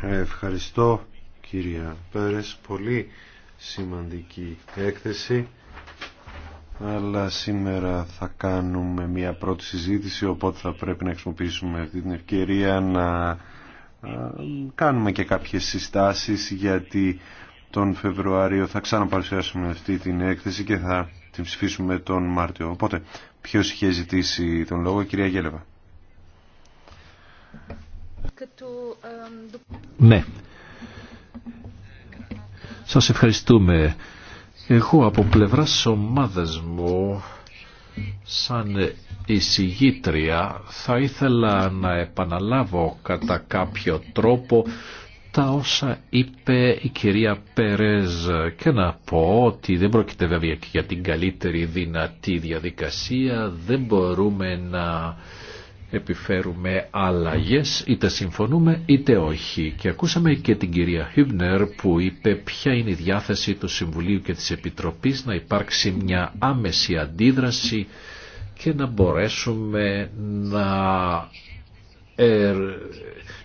Ευχαριστώ κυρία Πέρες. Πολύ σημαντική έκθεση. Αλλά σήμερα θα κάνουμε μια πρώτη συζήτηση οπότε θα πρέπει να χρησιμοποιήσουμε αυτή την ευκαιρία να κάνουμε και κάποιες συστάσεις γιατί τον Φεβρουάριο θα ξαναπαρουσιάσουμε αυτή την έκθεση και θα την ψηφίσουμε τον Μάρτιο. Οπότε, ποιος είχε ζητήσει τον λόγο, κυρία Γέλεβα. Ναι. Σας ευχαριστούμε. Εγώ από πλευράς ομάδας μου, σαν εισηγήτρια, θα ήθελα να επαναλάβω κατά κάποιο τρόπο τα όσα είπε η κυρία Περέζ και να πω ότι δεν πρόκειται βέβαια για την καλύτερη δυνατή διαδικασία, δεν μπορούμε να επιφέρουμε αλλαγές, είτε συμφωνούμε είτε όχι. Και ακούσαμε και την κυρία Χίμπνερ που είπε ποια είναι η διάθεση του Συμβουλίου και της Επιτροπής να υπάρξει μια άμεση αντίδραση και να μπορέσουμε να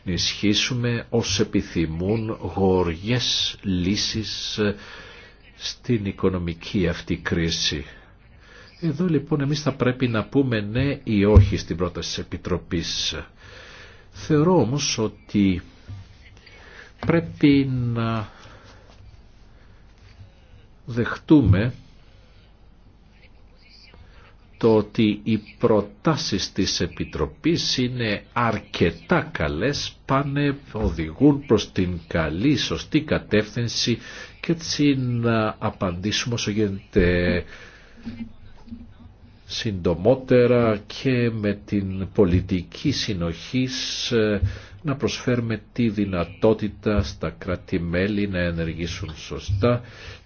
ενισχύσουμε ως επιθυμούν γοργές λύσεις στην οικονομική αυτή κρίση. Εδώ λοιπόν εμείς θα πρέπει να πούμε ναι ή όχι στην πρόταση της Επιτροπής. Θεωρώ όμως ότι πρέπει να δεχτούμε το ότι οι προτάσεις της Επιτροπής είναι αρκετά καλές, πάνε, οδηγούν προς την καλή, σωστή κατεύθυνση και έτσι να απαντήσουμε όσο γίνεται συντομότερα και με την πολιτική συνοχής ε, να προσφέρουμε τη δυνατότητα στα κράτη-μέλη να ενεργήσουν σωστά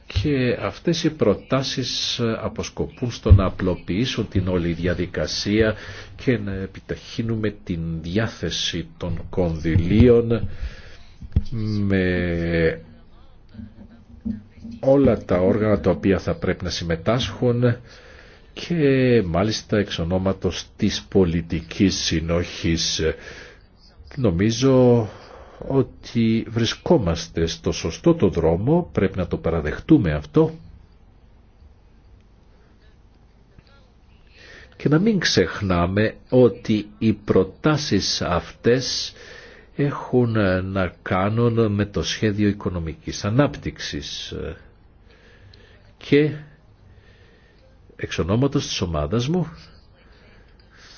και αυτές οι προτάσεις αποσκοπούν στο να απλοποιήσουν την όλη διαδικασία και να επιταχύνουμε την διάθεση των κονδυλίων με όλα τα όργανα τα οποία θα πρέπει να συμμετάσχουν και μάλιστα εξ ονόματος της πολιτικής συνοχής. Νομίζω ότι βρισκόμαστε στο σωστό το δρόμο, πρέπει να το παραδεχτούμε αυτό και να μην ξεχνάμε ότι οι προτάσεις αυτές έχουν να κάνουν με το σχέδιο οικονομικής ανάπτυξης και εξ ονόματος της ομάδας μου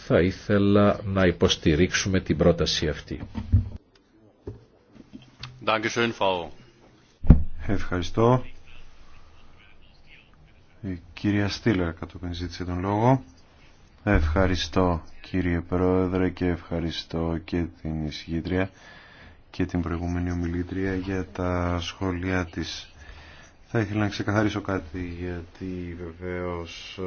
θα ήθελα να υποστηρίξουμε την πρόταση αυτή. Ευχαριστώ. Η κυρία Στήλερ κατόπιν ζήτησε τον λόγο. Ευχαριστώ κύριε Πρόεδρε και ευχαριστώ και την εισηγήτρια και την προηγούμενη ομιλήτρια για τα σχόλια της. Θα ήθελα να ξεκαθαρίσω κάτι γιατί βεβαίως ε,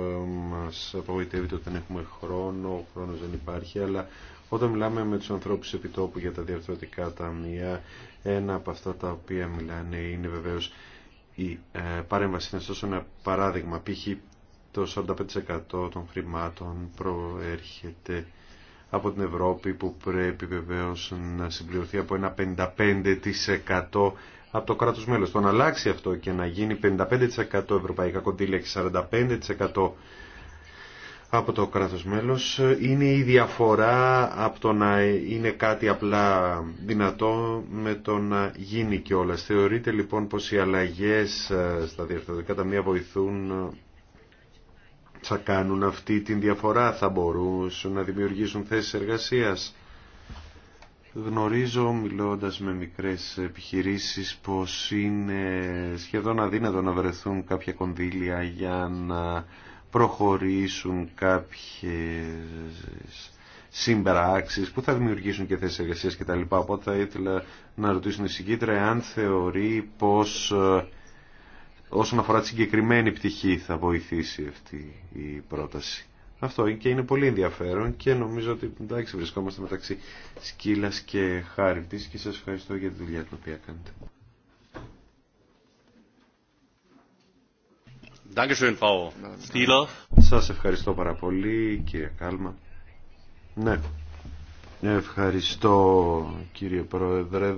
μας απογοητεύεται ότι δεν έχουμε χρόνο, ο χρόνος δεν υπάρχει αλλά όταν μιλάμε με τους ανθρώπους επιτόπου για τα διαρθρωτικά ταμεία, ένα από αυτά τα οποία μιλάνε είναι βεβαίως η ε, παρέμβαση. Είναι ωστόσο ένα παράδειγμα, π.χ. το 45% των χρημάτων προέρχεται από την Ευρώπη που πρέπει βεβαίως να συμπληρωθεί από ένα 55% από το κράτος μέλος. Το να αλλάξει αυτό και να γίνει 55% ευρωπαϊκά κοντήλια και 45% από το κράτος μέλος είναι η διαφορά από το να είναι κάτι απλά δυνατό με το να γίνει κιόλα. Θεωρείτε λοιπόν πως οι αλλαγές ε, στα διευθυντικά ταμεία βοηθούν ε, θα κάνουν αυτή την διαφορά, θα μπορούσαν να δημιουργήσουν θέσεις εργασίας. Γνωρίζω μιλώντας με μικρές επιχειρήσεις πως είναι σχεδόν αδύνατο να βρεθούν κάποια κονδύλια για να προχωρήσουν κάποιες συμπράξεις που θα δημιουργήσουν και θέσεις εργασίας και τα λοιπά. Οπότε θα ήθελα να ρωτήσουν η αν εάν θεωρεί πως ε, όσον αφορά τη συγκεκριμένη πτυχή θα βοηθήσει αυτή η πρόταση. Αυτό και είναι πολύ ενδιαφέρον και νομίζω ότι εντάξει βρισκόμαστε μεταξύ σκύλας και χάριτης και σας ευχαριστώ για τη δουλειά την οποία κάνετε. Σας ευχαριστώ πάρα πολύ κύριε Κάλμα. Ναι. Ευχαριστώ κύριε Πρόεδρε.